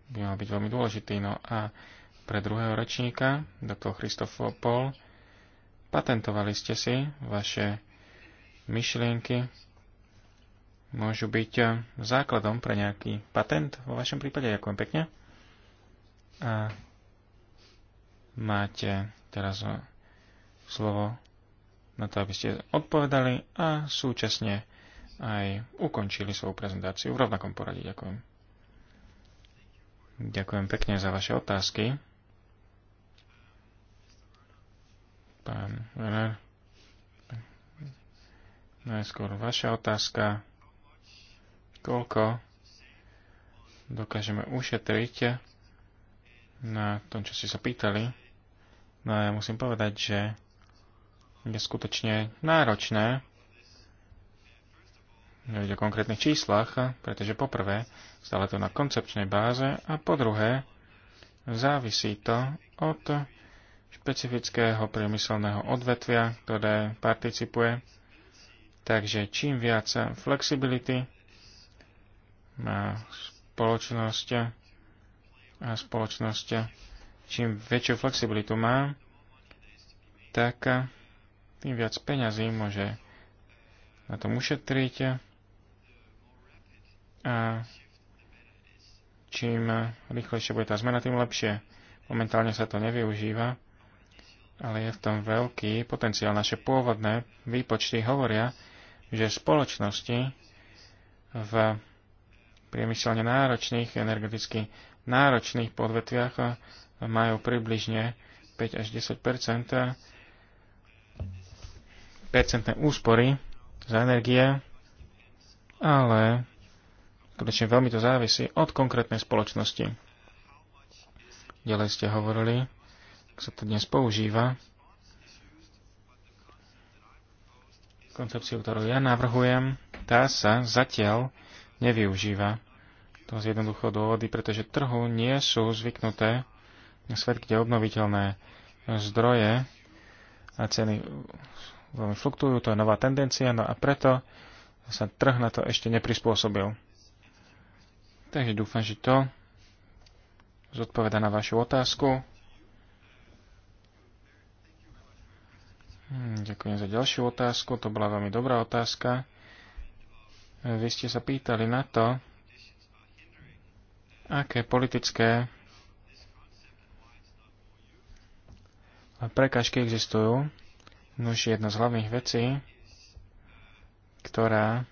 by mal byť veľmi dôležitý. No a pre druhého ročníka, doktor Christoph Paul, patentovali ste si vaše myšlienky, môžu byť e, základom pre nejaký patent vo vašom prípade. Ďakujem pekne. A Máte teraz slovo na to, aby ste odpovedali a súčasne aj ukončili svoju prezentáciu v rovnakom poradí. Ďakujem. Ďakujem pekne za vaše otázky. Pán Werner, najskôr vaša otázka. Koľko dokážeme ušetriť na tom, čo ste sa pýtali? No a ja musím povedať, že je skutočne náročné hovoriť o konkrétnych číslach, pretože poprvé stále to na koncepčnej báze a po druhé závisí to od špecifického priemyselného odvetvia, ktoré participuje. Takže čím viac flexibility má spoločnosť a spoločnosť čím väčšiu flexibilitu má, tak eh, tým viac peňazí môže na tom ušetriť a čím eh, rýchlejšie bude tá zmena, tým lepšie. Momentálne sa to nevyužíva, ale je v tom veľký potenciál. Naše pôvodné výpočty hovoria, že spoločnosti v priemyselne náročných, energeticky náročných podvetviach eh, majú približne 5 až 10 percentné úspory za energie, ale skutočne veľmi to závisí od konkrétnej spoločnosti. Ďalej ste hovorili, ak sa to dnes používa, koncepciu, ktorú ja navrhujem, tá sa zatiaľ nevyužíva. To z jednoduchého dôvody, pretože trhu nie sú zvyknuté svet, kde obnoviteľné zdroje a ceny veľmi fluktujú, to je nová tendencia, no a preto sa trh na to ešte neprispôsobil. Takže dúfam, že to zodpoveda na vašu otázku. Hm, ďakujem za ďalšiu otázku, to bola veľmi dobrá otázka. Vy ste sa pýtali na to, aké politické prekažky existujú. Nož jedna z hlavných vecí, ktorá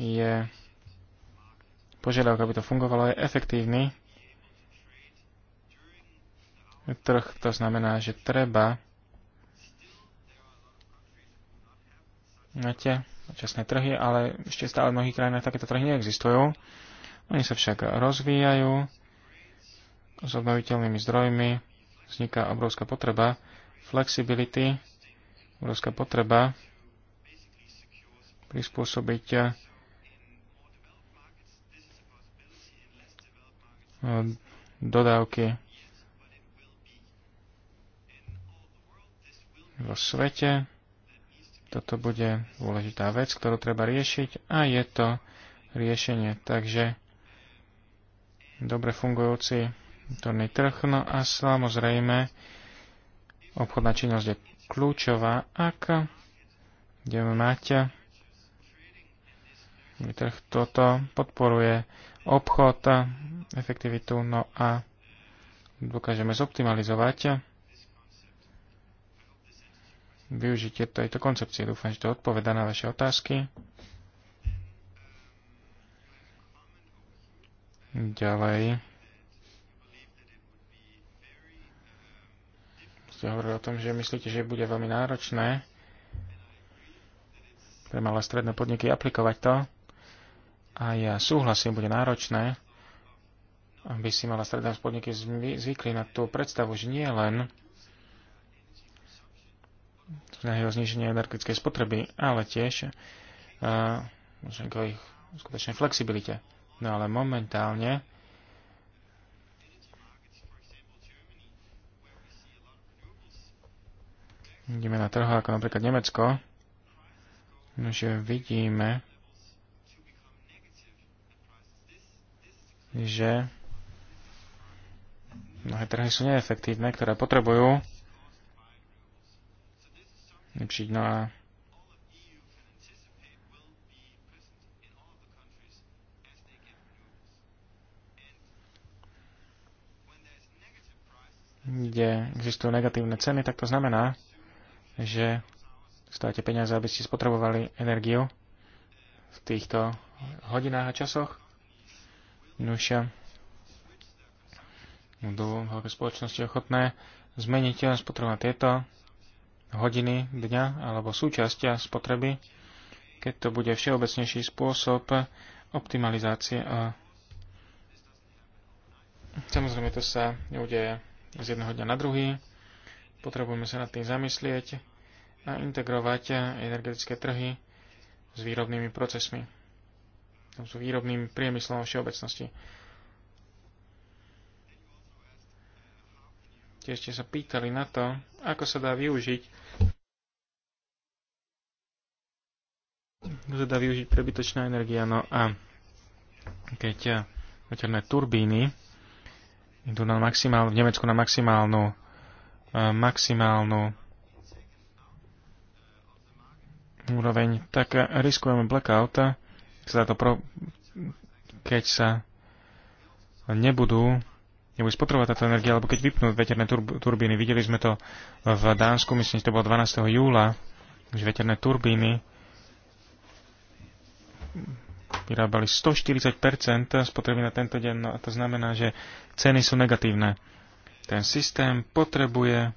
je požiadavka, aby to fungovalo, je efektívny trh. To znamená, že treba máte časné trhy, ale ešte stále v mnohých krajinách takéto trhy neexistujú. Oni sa však rozvíjajú s obnoviteľnými zdrojmi vzniká obrovská potreba flexibility, obrovská potreba prispôsobiť eh, dodávky vo svete. Toto bude dôležitá vec, ktorú treba riešiť a je to riešenie. Takže dobre fungujúci vnútorný trh. No a samozrejme, obchodná činnosť je kľúčová, ak budeme mať eh, trh toto podporuje obchod, efektivitu, no a dokážeme zoptimalizovať eh, využitie tejto koncepcie. Dúfam, že to odpoveda na vaše otázky. Ďalej. ste hovorili o tom, že myslíte, že bude veľmi náročné pre malé stredné podniky aplikovať to. A ja súhlasím, bude náročné, aby si malé stredné podniky zvykli na tú predstavu, že nie len snahy o zniženie energetickej spotreby, ale tiež uh, ich skutočnej flexibilite. No ale momentálne ideme na trhu, ako napríklad Nemecko, no, že vidíme, že mnohé trhy sú neefektívne, ktoré potrebujú lepšiť. No a kde existujú negatívne ceny, tak to znamená, že státe peniaze, aby ste spotrebovali energiu v týchto hodinách a časoch. Nuša budú no, veľké spoločnosti ochotné zmeniť len eh, spotrebovať tieto hodiny dňa alebo súčasťa eh, spotreby, keď to bude všeobecnejší spôsob eh, optimalizácie a samozrejme to sa neudeje z jedného dňa na druhý. Potrebujeme sa nad tým zamyslieť a integrovať energetické trhy s výrobnými procesmi, s výrobným priemyslom všeobecnosti. Tiež ste sa pýtali na to, ako sa dá využiť ako sa dá využiť prebytočná energia. No a keď veterné turbíny idú na maximál, v Nemecku na maximálnu maximálnu úroveň, tak riskujeme blackout, keď sa nebudú nebudú spotrebovať táto energia, alebo keď vypnú veterné turbíny. Videli sme to v Dánsku, myslím, že to bolo 12. júla, že veterné turbíny vyrábali 140% spotreby na tento deň, no a to znamená, že ceny sú negatívne. Ten systém potrebuje,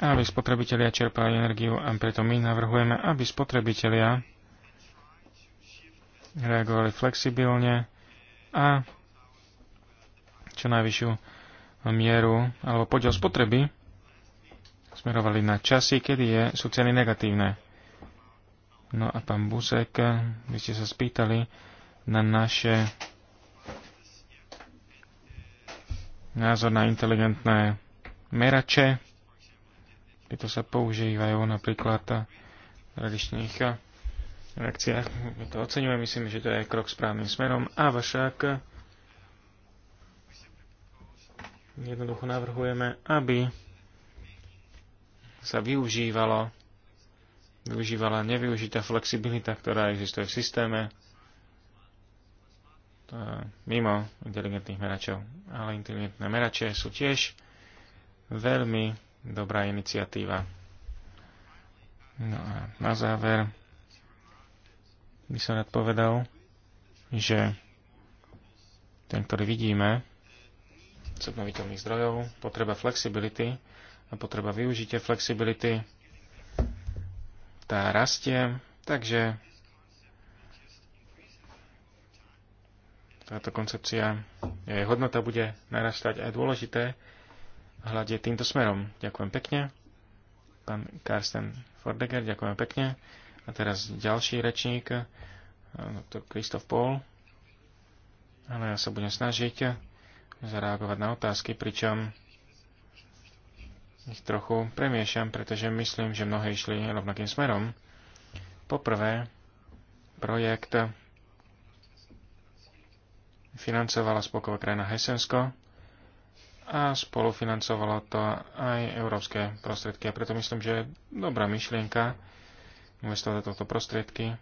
aby spotrebitelia čerpali energiu a preto my navrhujeme, aby spotrebitelia reagovali flexibilne a čo najvyššiu mieru alebo podiel spotreby smerovali na časy, kedy je, sú ceny negatívne. No a pán Busek, vy ste sa spýtali na naše názor na inteligentné merače. Tieto sa používajú napríklad v tradičných reakciách. My to oceňujeme, myslím, že to je krok správnym smerom. A však jednoducho navrhujeme, aby sa využívalo využívala nevyužitá flexibilita, ktorá existuje v systéme, E, mimo inteligentných meračov. Ale inteligentné merače sú tiež veľmi dobrá iniciatíva. No a na záver by som rád povedal, že ten, ktorý vidíme z obnoviteľných zdrojov, potreba flexibility a potreba využitia flexibility, tá rastie, takže táto koncepcia, jej hodnota bude narastať aj dôležité hľadie týmto smerom. Ďakujem pekne. Pán Karsten Fordeger, ďakujem pekne. A teraz ďalší rečník, eh, doktor Kristof Paul. Ale ja sa budem snažiť zareagovať na otázky, pričom ich trochu premiešam, pretože myslím, že mnohé išli rovnakým smerom. Poprvé, projekt financovala spolková krajina Hesensko a spolufinancovalo to aj európske prostriedky. A preto myslím, že je dobrá myšlienka investovať do tohto prostriedky.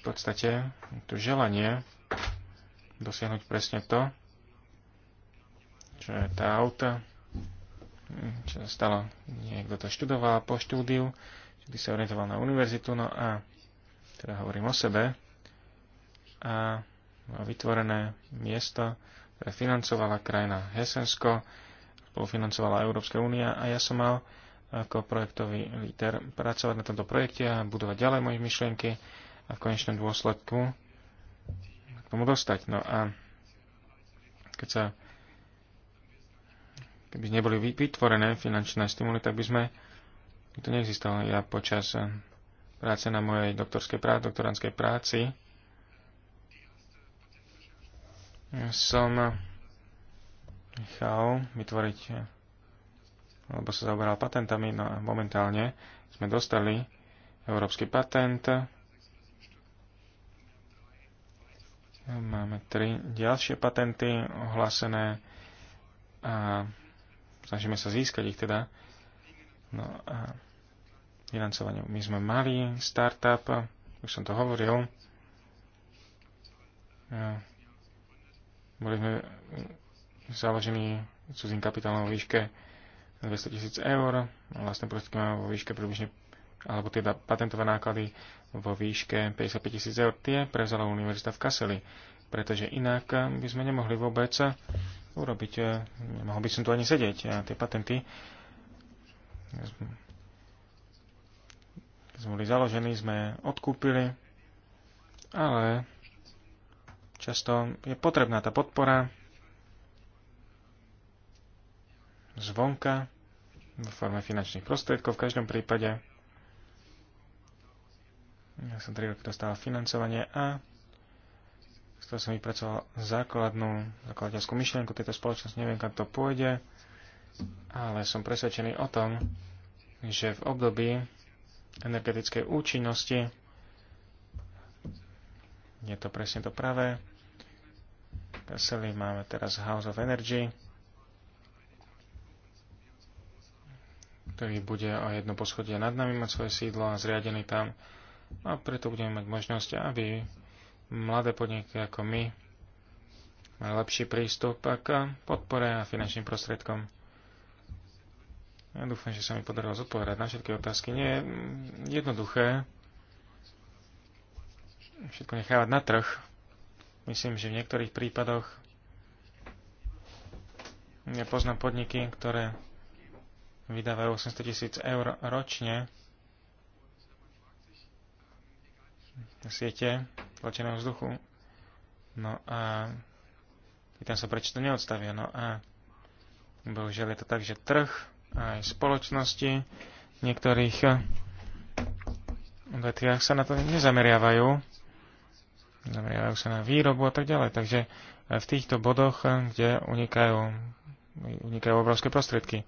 V podstate to želanie dosiahnuť presne to, čo je tá auta, čo sa stalo. Niekto to študoval po štúdiu, kedy sa orientoval na univerzitu, no a teda hovorím o sebe, a vytvorené miesto, ktoré financovala krajina Hesensko, spolufinancovala Európska únia a ja som mal ako projektový líder pracovať na tomto projekte a budovať ďalej moje myšlienky a v konečnom dôsledku k tomu dostať. No a keď sa keby neboli vytvorené finančné stimuly, tak by sme to neexistovalo. Ja počas eh, práce na mojej doktorskej práci, doktorantskej práci som eh, nechal vytvoriť eh, alebo sa zaoberal patentami, no a momentálne sme dostali európsky patent. Máme tri ďalšie patenty ohlásené a snažíme sa získať ich teda. No a financovanie. My sme mali startup, už som to hovoril. Boli sme založení cudzím kapitálom vo výške 200 tisíc eur, vlastné prostriedky máme vo výške približne, alebo teda patentové náklady vo výške 55 tisíc eur, tie prevzala Univerzita v Kaseli, pretože inak by sme nemohli vôbec urobiť, nemohol by som tu ani sedieť, a tie patenty sme boli založení, sme odkúpili, ale Často je potrebná tá podpora zvonka v forme finančných prostriedkov v každom prípade. Ja som 3 roky dostal financovanie a z toho som vypracoval základnú zakladateľskú myšlienku tejto spoločnosti. Neviem, kam to pôjde, ale som presvedčený o tom, že v období energetickej účinnosti je to presne to pravé. Bruseli, máme teraz House of Energy, ktorý bude o jedno poschodie nad nami mať svoje sídlo a zriadený tam. A preto budeme mať možnosť, aby mladé podniky ako my mali lepší prístup k podpore a finančným prostriedkom. Ja dúfam, že sa mi podarilo zodpovedať na všetky otázky. Nie je mm, jednoduché všetko nechávať na trh. Myslím, že v niektorých prípadoch ja poznám podniky, ktoré vydávajú 800 tisíc eur ročne na siete tlačeného vzduchu. No a pýtam sa, prečo to neodstavia. No a bohužiaľ je to tak, že trh aj spoločnosti v niektorých odvetviach sa na to nezameriavajú zameriavajú sa na výrobu a tak ďalej. Takže e, v týchto bodoch, e, kde unikajú, unikajú obrovské prostriedky.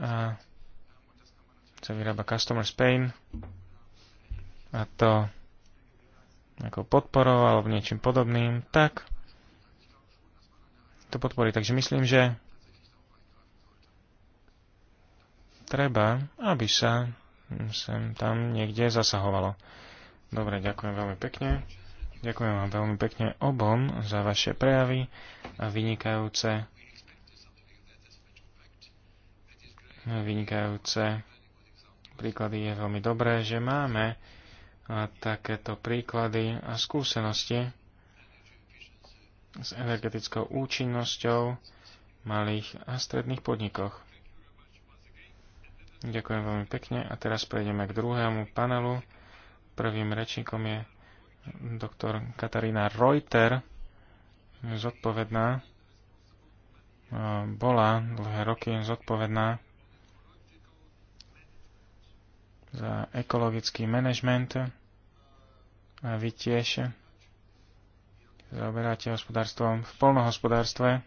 A sa vyrába Customer Spain a to ako podporou alebo niečím podobným, tak to podporí. Takže myslím, že treba, aby sa sem tam niekde zasahovalo. Dobre, ďakujem veľmi pekne. Ďakujem vám veľmi pekne obom za vaše prejavy a vynikajúce vynikajúce príklady. Je veľmi dobré, že máme takéto príklady a skúsenosti s energetickou účinnosťou malých a stredných podnikoch. Ďakujem veľmi pekne a teraz prejdeme k druhému panelu. Prvým rečníkom je doktor Katarína Reuter, zodpovedná, e, bola dlhé roky zodpovedná za ekologický manažment a vy tiež zaoberáte hospodárstvom v polnohospodárstve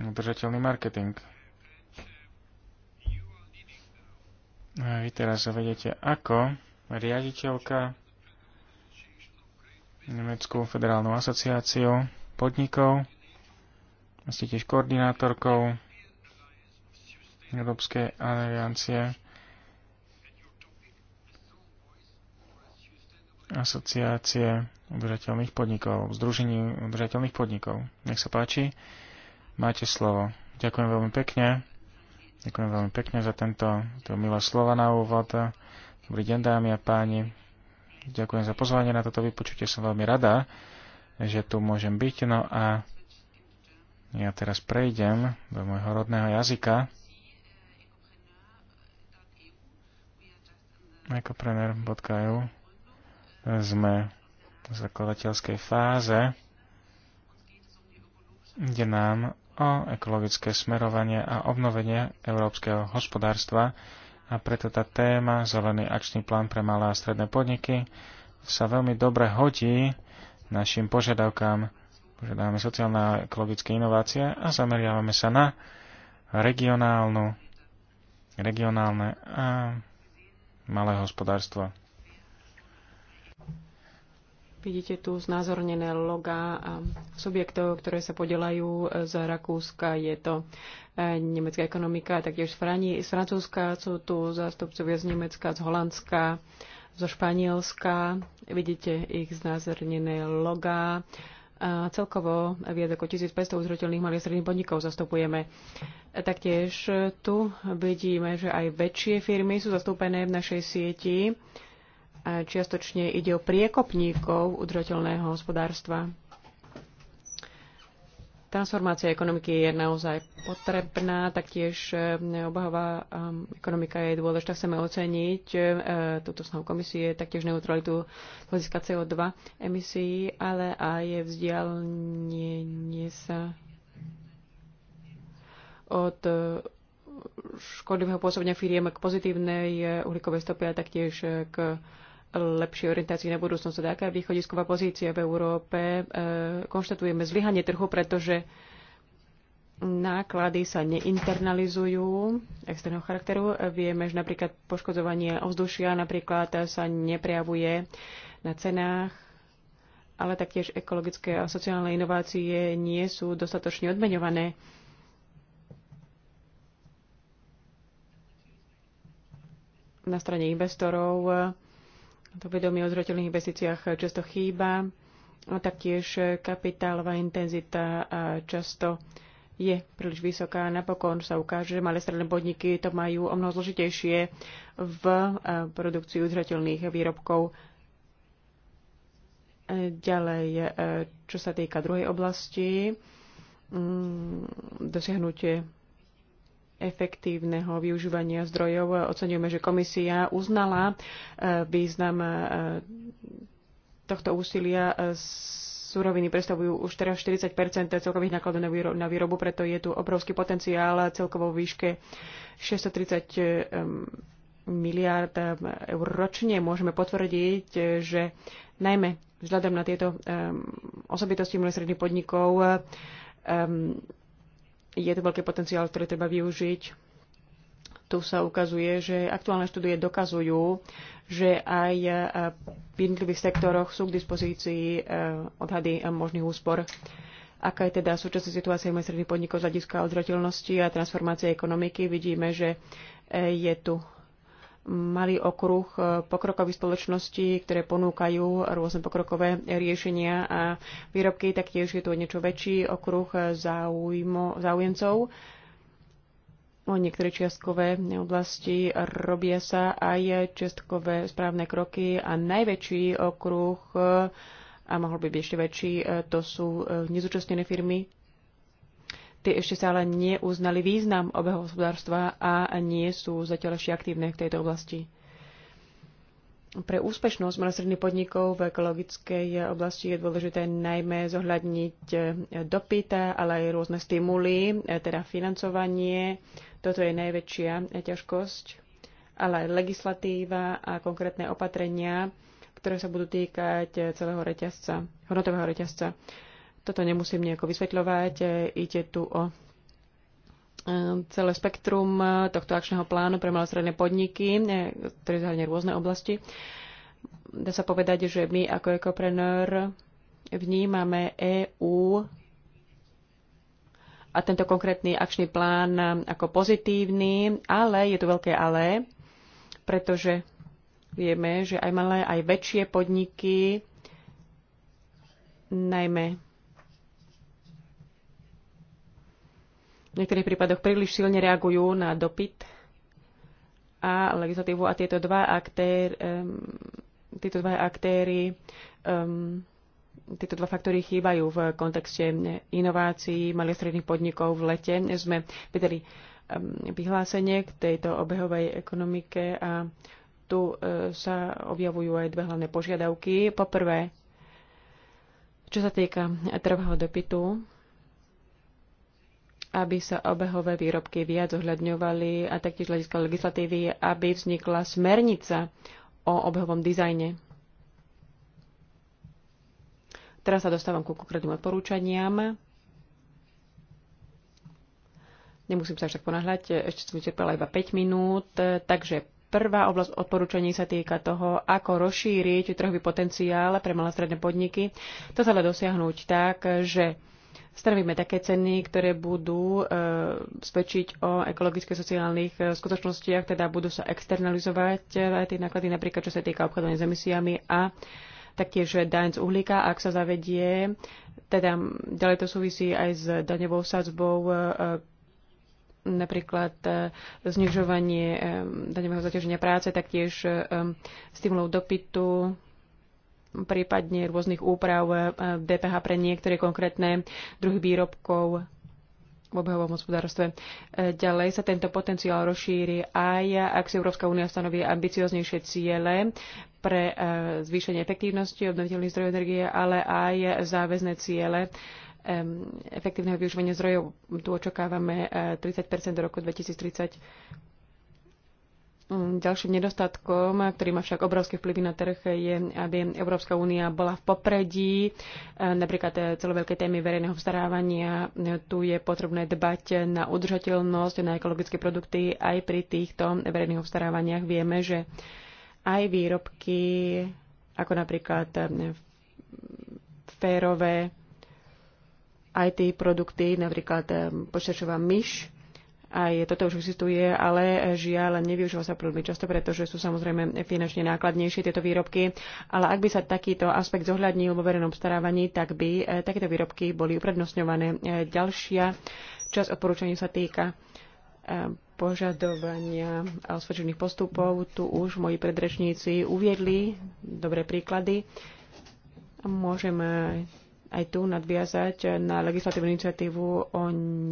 udržateľný marketing. A vy teraz vedete, ako riaditeľka Nemeckú federálnu asociáciu podnikov. Ste tiež koordinátorkou Európskej aliancie asociácie udržateľných podnikov, združení udržateľných podnikov. Nech sa páči, máte slovo. Ďakujem veľmi pekne. Ďakujem veľmi pekne za tento, to milé slova na úvod. Dobrý deň, dámy a páni. Ďakujem za pozvanie na toto vypočutie. Som veľmi rada, že tu môžem byť. No a ja teraz prejdem do môjho rodného jazyka. Ekoprener.eu sme v zakladateľskej fáze, kde nám o ekologické smerovanie a obnovenie európskeho hospodárstva a preto tá téma Zelený akčný plán pre malé a stredné podniky sa veľmi dobre hodí našim požiadavkám. Požiadavame sociálne a ekologické inovácie a zameriavame sa na regionálnu, regionálne a malé hospodárstvo. Vidíte tu znázornené logá a subjektov, ktoré sa podelajú z Rakúska. Je to e, nemecká ekonomika, taktiež z, z Francúzska sú tu zástupcovia z Nemecka, z Holandska, zo Španielska. Vidíte ich znázornené logá. A celkovo viac ako 1500 uzrotelných malých stredných podnikov zastupujeme. E, taktiež tu vidíme, že aj väčšie firmy sú zastúpené v našej sieti čiastočne ide o priekopníkov udržateľného hospodárstva. Transformácia ekonomiky je naozaj potrebná, taktiež e, obahová um, ekonomika je dôležitá. Chceme oceniť e, túto snahu komisie, taktiež neutralitu hľadiska CO2 emisí, ale aj vzdialenie sa od e, škodlivého pôsobenia firiem k pozitívnej uhlíkovej stope a taktiež k lepšie orientácie na budúcnosť. Teda aká je východisková pozícia v Európe? E, konštatujeme zlyhanie trhu, pretože náklady sa neinternalizujú externého charakteru. Vieme, že napríklad poškodzovanie ovzdušia napríklad sa neprejavuje na cenách, ale taktiež ekologické a sociálne inovácie nie sú dostatočne odmeňované. Na strane investorov to vedomie o zrotelných investíciách často chýba. A taktiež kapitálová intenzita často je príliš vysoká. Napokon sa ukáže, že malé stredné podniky to majú o mnoho zložitejšie v produkciu zretelných výrobkov. Ďalej, čo sa týka druhej oblasti, mm, dosiahnutie efektívneho využívania zdrojov. Oceňujeme, že komisia uznala e, význam e, tohto úsilia e, suroviny predstavujú už teraz 40 celkových nákladov na, na výrobu, preto je tu obrovský potenciál celkovo v výške 630 miliárd eur ročne. Môžeme potvrdiť, že najmä vzhľadom na tieto osobitosti mnohých stredných podnikov je to veľký potenciál, ktorý treba využiť. Tu sa ukazuje, že aktuálne štúdie dokazujú, že aj e, v jednotlivých sektoroch sú k dispozícii e, odhady e, možných úspor. Aká je teda súčasná situácia medzi podnikov z hľadiska odzrateľnosti a transformácie ekonomiky? Vidíme, že je tu malý okruh e, pokrokových spoločností, ktoré ponúkajú rôzne pokrokové riešenia a výrobky, taktiež je tu niečo väčší okruh e, záujmo, záujemcov. O niektoré čiastkové oblasti robia sa aj čiastkové správne kroky a najväčší okruh e, a mohol by byť ešte väčší, to sú nezúčastnené firmy, Tie ešte sa ale neuznali význam hospodárstva a nie sú zatiaľ ešte aktívne v tejto oblasti. Pre úspešnosť malostredných podnikov v ekologickej oblasti je dôležité najmä zohľadniť eh, dopyt, ale aj rôzne stimuly, eh, teda financovanie. Toto je najväčšia eh, ťažkosť, ale aj legislatíva a konkrétne opatrenia, ktoré sa budú týkať celého reťazca, hodnotového reťazca. Toto nemusím nejako vysvetľovať. E, ide tu o e, celé spektrum e, tohto akčného plánu pre malostredné podniky, ktoré zahrania rôzne oblasti. Dá sa povedať, že my ako ekoprenér vnímame EÚ a tento konkrétny akčný plán ako pozitívny, ale je tu veľké ale, pretože vieme, že aj malé, aj väčšie podniky, najmä v niektorých prípadoch príliš silne reagujú na dopyt a legislatívu a tieto dva aktéry, um, tieto dva aktéry, um, tieto dva faktory chýbajú v kontexte inovácií malých stredných podnikov v lete. Sme videli um, vyhlásenie k tejto obehovej ekonomike a tu uh, sa objavujú aj dve hlavné požiadavky. Poprvé, čo sa týka trvého dopytu, aby sa obehové výrobky viac zohľadňovali a taktiež hľadiska legislatívy, aby vznikla smernica o obehovom dizajne. Teraz sa dostávam ku konkrétnym odporúčaniam. Nemusím sa však ponáhľať, ešte som vyčerpala iba 5 minút. Takže prvá oblasť odporúčaní sa týka toho, ako rozšíriť trhový potenciál pre malé stredné podniky. To sa dá dosiahnuť tak, že stanovíme také ceny, ktoré budú e, svedčiť o ekologických sociálnych e, skutočnostiach, teda budú sa externalizovať e, aj tie náklady, napríklad čo sa týka obchodovania s emisiami a taktiež daň z uhlíka, ak sa zavedie. Teda ďalej to súvisí aj s daňovou sadzbou, e, e napríklad e, znižovanie e, daňového zaťaženia práce, taktiež e, stimulov dopytu, prípadne rôznych úprav e, e, DPH pre niektoré konkrétne druhy výrobkov v obehovom hospodárstve. E, ďalej sa tento potenciál rozšíri aj, ak si Európska únia stanoví ambicioznejšie ciele pre zvýšenie efektívnosti obnoviteľných zdrojov energie, ale aj záväzné ciele efektívneho využívania zdrojov. Tu očakávame 30 do roku 2030 Mm, ďalším nedostatkom, ktorý má však obrovské vplyvy na trh, je, aby Európska únia bola v popredí. E, napríklad e, celoveľké témy verejného vstarávania. E, tu je potrebné dbať na udržateľnosť, na ekologické produkty. Aj pri týchto verejných vstarávaniach vieme, že aj výrobky, ako napríklad férové, aj tie produkty, napríklad počerčová myš, aj toto už existuje, ale žiaľ nevyužíva sa príliš často, pretože sú samozrejme finančne nákladnejšie tieto výrobky. Ale ak by sa takýto aspekt zohľadnil vo verejnom starávaní, tak by eh, takéto výrobky boli uprednostňované. Eh, ďalšia časť odporúčania sa týka eh, požadovania a osvedčených postupov. Tu už moji predrečníci uviedli dobré príklady. Môžeme aj tu nadviazať na legislatívnu iniciatívu o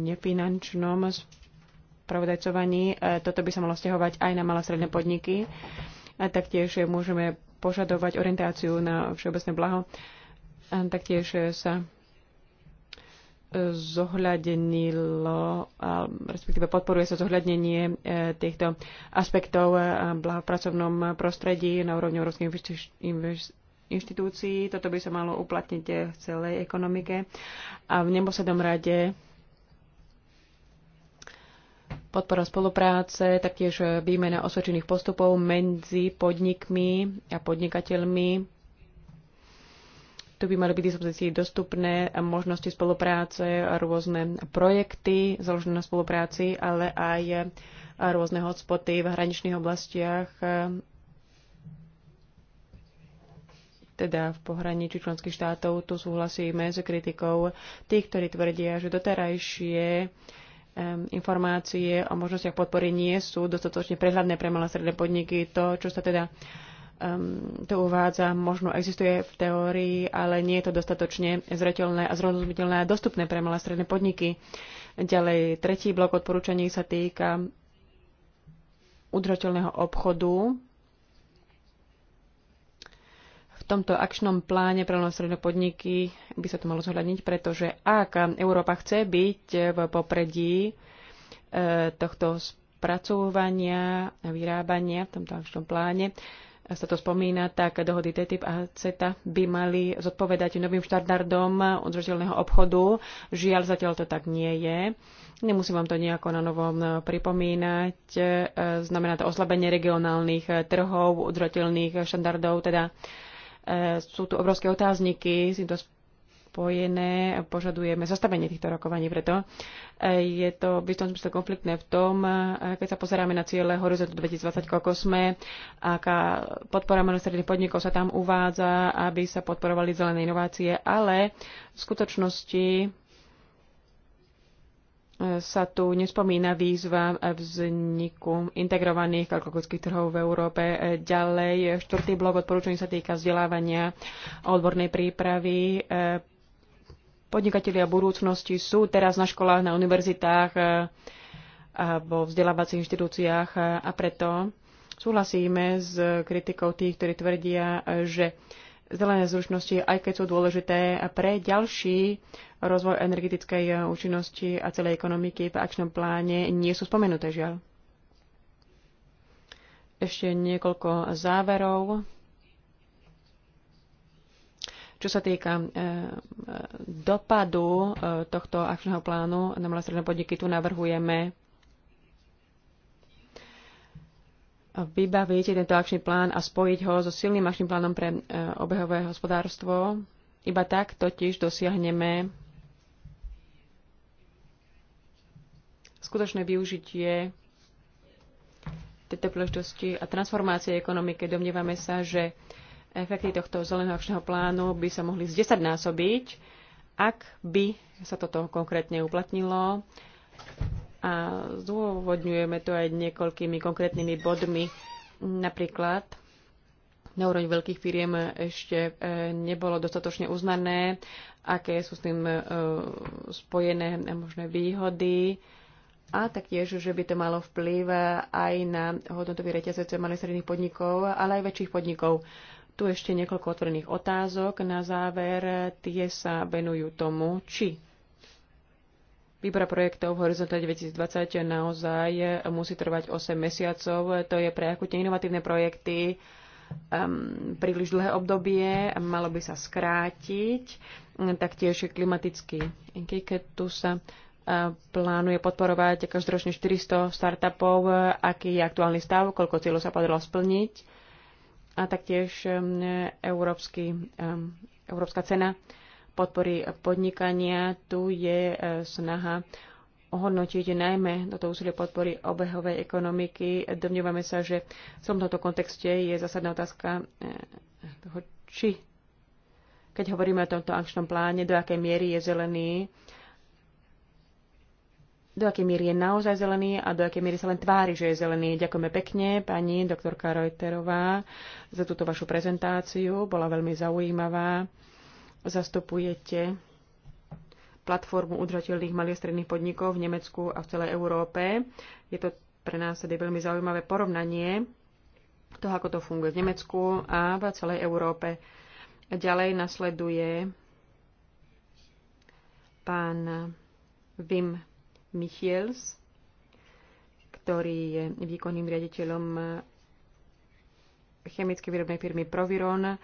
nefinančnom spravodajcovaní. E, toto by sa malo stiahovať aj na malé stredné podniky. A taktiež môžeme požadovať orientáciu na všeobecné blaho. A taktiež sa zohľadenilo, respektíve podporuje sa zohľadnenie e, týchto aspektov e, blaha v pracovnom prostredí na úrovni Európskej inštitúcií. Toto by sa malo uplatniť v celej ekonomike. A v neposlednom rade podpora spolupráce, taktiež e, výmena osvedčených postupov medzi podnikmi a podnikateľmi. Tu by mali byť dispozícii dostupné možnosti spolupráce, rôzne projekty založené na spolupráci, ale aj e, rôzne hotspoty v hraničných oblastiach, e, teda v pohraničí členských štátov. Tu súhlasíme s kritikou tých, ktorí tvrdia, že doterajšie informácie o možnostiach podpory nie sú dostatočne prehľadné pre malé stredné podniky. To, čo sa teda um, to uvádza, možno existuje v teórii, ale nie je to dostatočne zretelné a zrozumiteľné a dostupné pre malé stredné podniky. Ďalej, tretí blok odporúčaní sa týka udržateľného obchodu tomto akčnom pláne pre lenostredné podniky by sa to malo zohľadniť, pretože ak Európa chce byť v popredí e, tohto spracovania a vyrábania v tomto akčnom pláne, sa to spomína, tak dohody TTIP a CETA by mali zodpovedať novým štandardom udržateľného obchodu. Žiaľ, zatiaľ to tak nie je. Nemusím vám to nejako na novom pripomínať. E, znamená to oslabenie regionálnych trhov, udržateľných štandardov, teda E, sú tu obrovské otázniky, s týmto spojené, požadujeme zastavenie týchto rokovaní. Preto e, je to v istom smysle konfliktné v tom, e, keď sa pozeráme na ciele Horizontu 2020, koľko sme, aká podpora malostredných podnikov sa tam uvádza, aby sa podporovali zelené inovácie, ale v skutočnosti sa tu nespomína výzva vzniku integrovaných alkoholických trhov v Európe. Ďalej, štvrtý blok odporúčaní sa týka vzdelávania a odbornej prípravy. Podnikatelia budúcnosti sú teraz na školách, na univerzitách, a vo vzdelávacích inštitúciách a preto súhlasíme s kritikou tých, ktorí tvrdia, že zelené zručnosti, aj keď sú dôležité pre ďalší rozvoj energetickej účinnosti a celej ekonomiky v akčnom pláne, nie sú spomenuté žiaľ. Ešte niekoľko záverov. Čo sa týka e, dopadu e, tohto akčného plánu na malé stredné podniky, tu navrhujeme vybaviť tento akčný plán a spojiť ho so silným akčným plánom pre e, obehové hospodárstvo. Iba tak totiž dosiahneme skutočné využitie tejto príležitosti a transformácie ekonomiky. Domnievame sa, že efekty tohto zeleného akčného plánu by sa mohli zdesaťnásobiť, násobiť, ak by sa toto konkrétne uplatnilo a zdôvodňujeme to aj niekoľkými konkrétnymi bodmi. Napríklad na úroveň veľkých firiem ešte e, nebolo dostatočne uznané, aké sú s tým e, spojené možné výhody a taktiež, že by to malo vplyv aj na hodnotový reťazec malých stredných podnikov, ale aj väčších podnikov. Tu ešte niekoľko otvorených otázok. Na záver tie sa venujú tomu, či Výbora projektov v Horizonte 2020 naozaj musí trvať 8 mesiacov. To je pre akutne inovatívne projekty um, príliš dlhé obdobie. Malo by sa skrátiť. Taktiež klimatický tu sa uh, plánuje podporovať každoročne 400 startupov, aký je aktuálny stav, koľko cieľov sa podarilo splniť a taktiež um, európsky, um, európska cena podpory podnikania. Tu je e, snaha ohodnotiť najmä toto úsilie podpory obehovej ekonomiky. Domnievame sa, že v tomto kontexte je zásadná otázka e, toho, či keď hovoríme o tomto akčnom pláne, do akej miery je zelený, do akej miery je naozaj zelený a do akej miery sa len tvári, že je zelený. Ďakujeme pekne, pani doktorka Reuterová, za túto vašu prezentáciu. Bola veľmi zaujímavá zastupujete platformu udržateľných malých a stredných podnikov v Nemecku a v celej Európe. Je to pre nás tedy veľmi zaujímavé porovnanie toho, ako to funguje v Nemecku a v celej Európe. Ďalej nasleduje pán Wim Michiels, ktorý je výkonným riaditeľom chemicky výrobnej firmy Proviron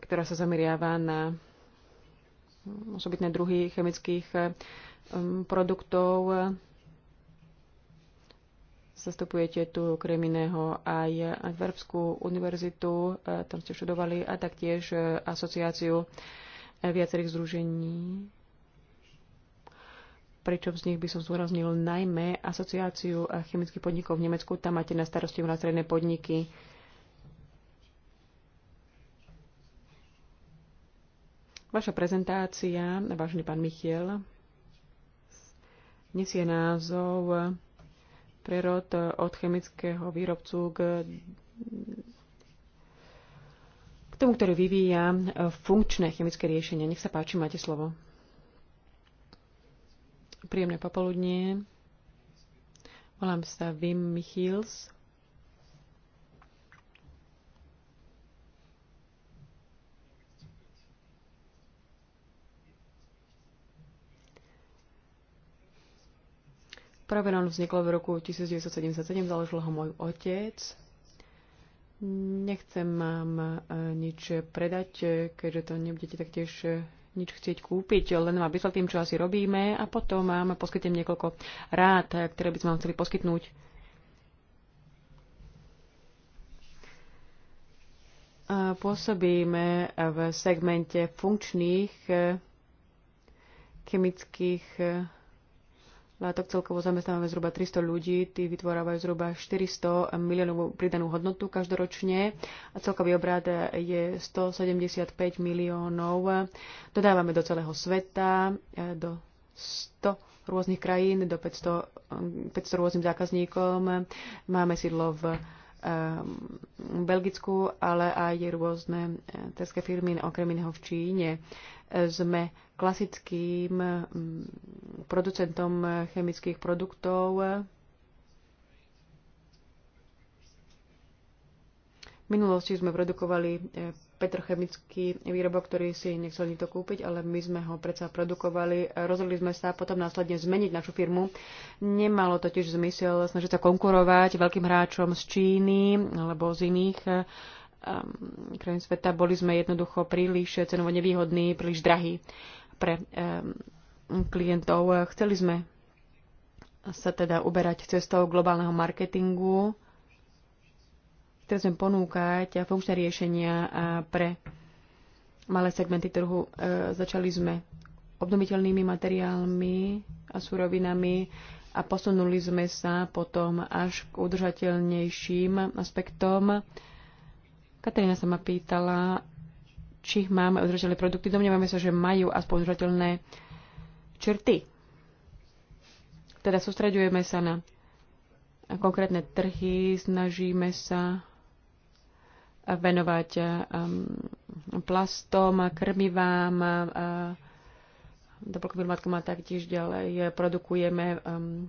ktorá sa zameriava na osobitné druhy chemických um, produktov. Zastupujete tu okrem iného aj Antwerpskú univerzitu, eh, tam ste študovali, a taktiež eh, asociáciu eh, viacerých združení, pričom z nich by som zúraznil najmä asociáciu chemických podnikov v Nemecku. Tam máte na starosti mnohostredné podniky. Vaša prezentácia, vážny pán Michiel, nesie názov prerod od chemického výrobcu k, k tomu, ktorý vyvíja funkčné chemické riešenia. Nech sa páči, máte slovo. Príjemné popoludnie. Volám sa Wim Michiels. Práve nám vzniklo v roku 1977, založil ho môj otec. Nechcem vám e, nič predať, e, keďže to nebudete taktiež e, nič chcieť kúpiť, len vám vysvetlím, čo asi robíme a potom vám poskytnem niekoľko rád, ktoré by sme vám chceli poskytnúť. Pôsobíme v segmente funkčných chemických látok celkovo zamestnávame zhruba 300 ľudí, tí vytvorávajú zhruba 400 miliónov pridanú hodnotu každoročne a celkový obrad je 175 miliónov. Dodávame do celého sveta, e, do 100 rôznych krajín, do 500, 500 e, rôznym zákazníkom. Máme sídlo v e, Belgicku, ale aj rôzne terské firmy, okrem iného v Číne sme klasickým mm, producentom chemických produktov. V minulosti sme produkovali e, petrochemický výrobok, ktorý si nechcel nikto kúpiť, ale my sme ho predsa produkovali. Rozhodli sme sa potom následne zmeniť našu firmu. Nemalo totiž zmysel snažiť sa konkurovať veľkým hráčom z Číny alebo z iných e, Ehm, krajín sveta. Boli sme jednoducho príliš cenovo nevýhodní, príliš drahí pre ehm, klientov. Chceli sme sa teda uberať cestou globálneho marketingu. Chceli sme ponúkať funkčné riešenia eh, pre malé segmenty trhu. Eh, začali sme obnoviteľnými materiálmi a surovinami a posunuli sme sa potom až k udržateľnejším aspektom Katarína sa ma pýtala, či máme udržateľné produkty. Domnievame sa, že majú aspoň udržateľné črty. Teda sústreďujeme sa na konkrétne trhy, snažíme sa venovať um, plastom, krmivám, doplkovým uh, matkom a taktiež ďalej produkujeme um,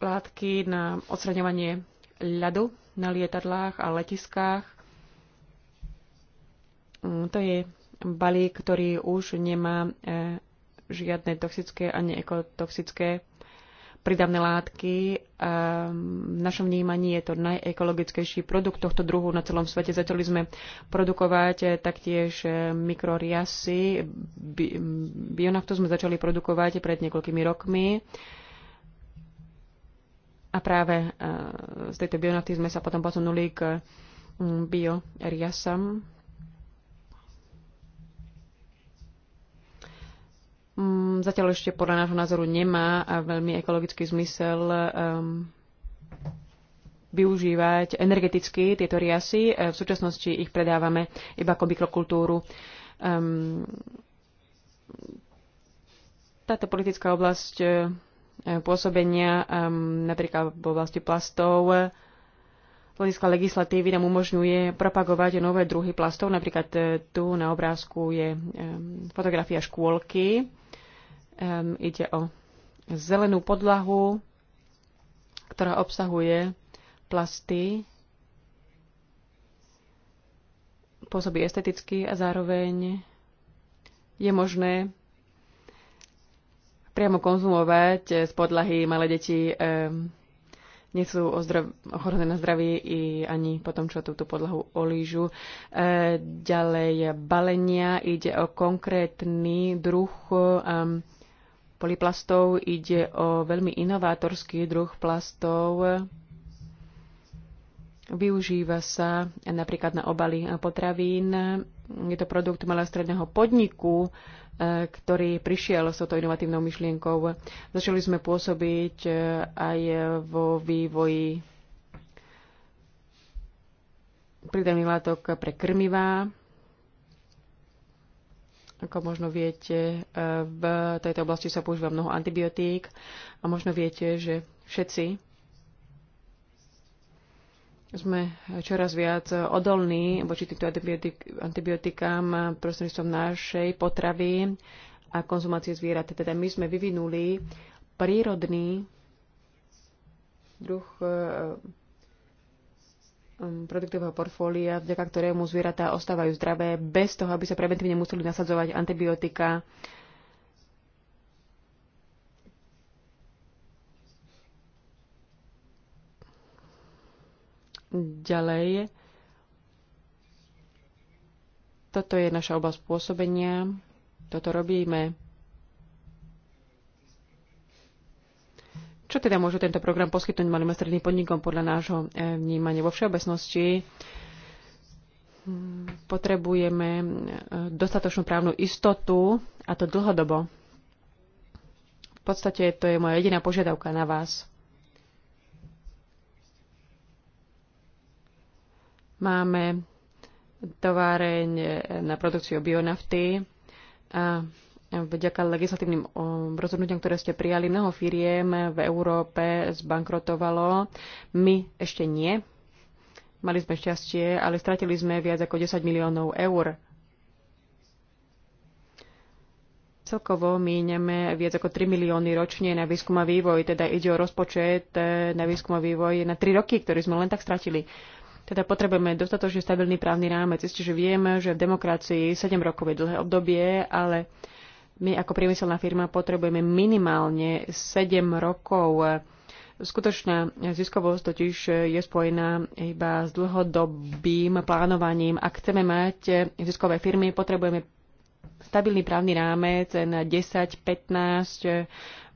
látky na odstraňovanie ľadu na lietadlách a letiskách. Mm, to je balík, ktorý už nemá e, žiadne toxické ani ekotoxické pridavné látky. Mm, v našom vnímaní je to najekologickejší produkt tohto druhu na celom svete. Začali sme produkovať e, taktiež e, mikroriasy. Mm, bionaftu sme začali produkovať pred niekoľkými rokmi. A práve e, z tejto bionoty sme sa potom posunuli k mm, riasam. Mm, zatiaľ ešte podľa nášho názoru nemá a veľmi ekologický zmysel um, využívať energeticky tieto riasy. E, v súčasnosti ich predávame iba ako mikrokultúru. Um, táto politická oblasť e, E, pôsobenia napríklad v oblasti plastov z hľadiska legislatívy nám umožňuje propagovať nové druhy plastov. Napríklad e, tu na obrázku je fotografia škôlky. Ide o zelenú podlahu, ktorá obsahuje plasty. Pôsobí esteticky a zároveň je možné priamo konzumovať e, z podlahy. Malé deti nie sú ohrozené na zdraví i ani po tom, čo túto podlahu olížu. E, ďalej balenia, ide o konkrétny druh polyplastov, ide o veľmi inovátorský druh plastov. Využíva sa napríklad na obaly potravín. Je to produkt malého stredného podniku, ktorý prišiel s touto inovatívnou myšlienkou. Začali sme pôsobiť e, aj vo vývoji prídavných látok pre krmivá. Ako možno viete, e, v tejto oblasti sa používa mnoho antibiotík a možno viete, že všetci sme čoraz viac odolní voči týmto antibiotik- antibiotikám prostredníctvom našej potravy a konzumácie zvierat. Teda my sme vyvinuli prírodný druh eh, produktového portfólia, vďaka ktorému zvieratá ostávajú zdravé, bez toho, aby sa preventívne museli nasadzovať antibiotika Ďalej, toto je naša oblasť pôsobenia, toto robíme. Čo teda môže tento program poskytnúť malým a stredným podnikom podľa nášho eh, vnímania? Vo všeobecnosti potrebujeme eh, dostatočnú právnu istotu a to dlhodobo. V podstate to je moja jediná požiadavka na vás. Máme továreň na produkciu bionafty a vďaka legislatívnym rozhodnutiam, ktoré ste prijali, mnoho firiem v Európe zbankrotovalo. My ešte nie. Mali sme šťastie, ale stratili sme viac ako 10 miliónov eur. Celkovo míňame viac ako 3 milióny ročne na výskum a vývoj, teda ide o rozpočet eh, na výskum a vývoj na 3 roky, ktorý sme len tak stratili. Teda potrebujeme dostatočne stabilný právny rámec. Isté, že vieme, že v demokracii 7 rokov je dlhé obdobie, ale my ako priemyselná firma potrebujeme minimálne 7 rokov. Skutočná ziskovosť totiž je spojená iba s dlhodobým plánovaním. Ak chceme mať ziskové firmy, potrebujeme stabilný právny rámec na 10, 15,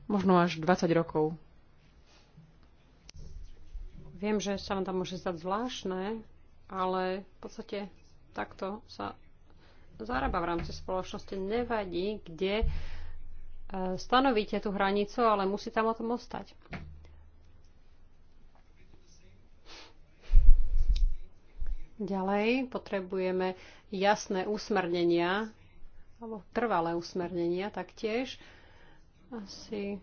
možno až 20 rokov. Viem, že sa vám tam môže zdať zvláštne, ale v podstate takto sa zarába v rámci spoločnosti. Nevadí, kde e, stanovíte tú hranicu, ale musí tam o tom ostať. Ďalej potrebujeme jasné usmernenia, alebo trvalé usmernenia taktiež. Asi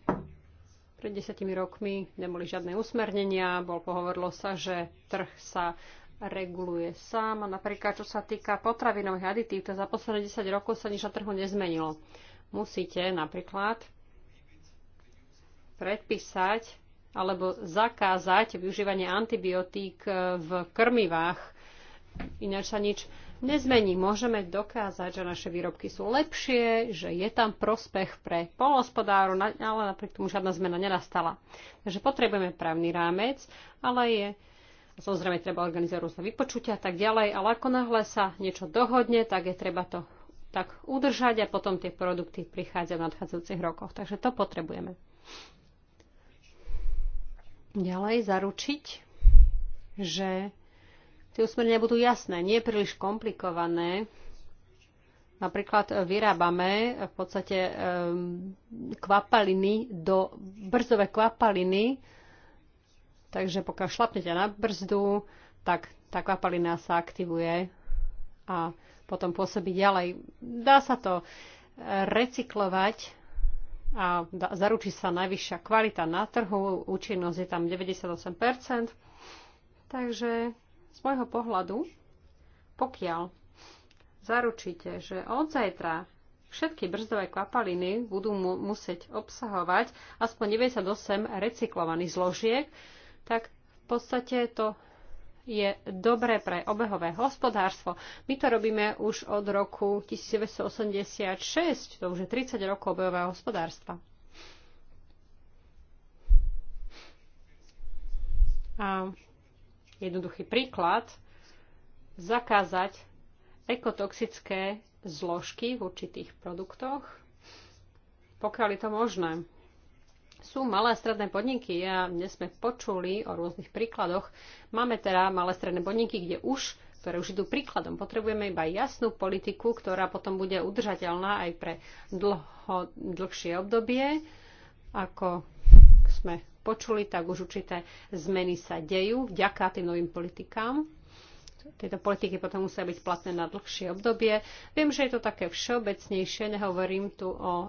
pred desiatimi rokmi neboli žiadne usmernenia, bol pohovorilo sa, že trh sa reguluje sám a napríklad čo sa týka potravinových aditív, to za posledné 10 rokov sa nič na trhu nezmenilo. Musíte napríklad predpísať alebo zakázať využívanie antibiotík v krmivách, ináč sa nič nezmení. Môžeme dokázať, že naše výrobky sú lepšie, že je tam prospech pre polospodáru, ale napriek tomu žiadna zmena nenastala. Takže potrebujeme právny rámec, ale je samozrejme treba organizovať rôzne vypočutia a tak ďalej, ale ako náhle sa niečo dohodne, tak je treba to tak udržať a potom tie produkty prichádzajú v nadchádzajúcich rokoch. Takže to potrebujeme. Ďalej zaručiť, že tie usmernenia budú jasné, nie príliš komplikované. Napríklad vyrábame v podstate ehm, kvapaliny do brzdové kvapaliny, takže pokiaľ šlapnete na brzdu, tak tá kvapalina sa aktivuje a potom pôsobí ďalej. Dá sa to eh, recyklovať a zaručí sa najvyššia kvalita na trhu, účinnosť je tam 98%, takže z môjho pohľadu, pokiaľ zaručíte, že od zajtra všetky brzdové kvapaliny budú mu- musieť obsahovať aspoň 98 recyklovaných zložiek, tak v podstate to je dobré pre obehové hospodárstvo. My to robíme už od roku 1986, to už je 30 rokov obehového hospodárstva. A jednoduchý príklad, zakázať ekotoxické zložky v určitých produktoch, pokiaľ je to možné. Sú malé a stredné podniky, ja dnes sme počuli o rôznych príkladoch. Máme teda malé stredné podniky, kde už ktoré už idú príkladom. Potrebujeme iba jasnú politiku, ktorá potom bude udržateľná aj pre dlho, dlhšie obdobie, ako sme počuli, tak už určité zmeny sa dejú vďaka tým novým politikám. Tieto politiky potom musia byť platné na dlhšie obdobie. Viem, že je to také všeobecnejšie, nehovorím tu o e,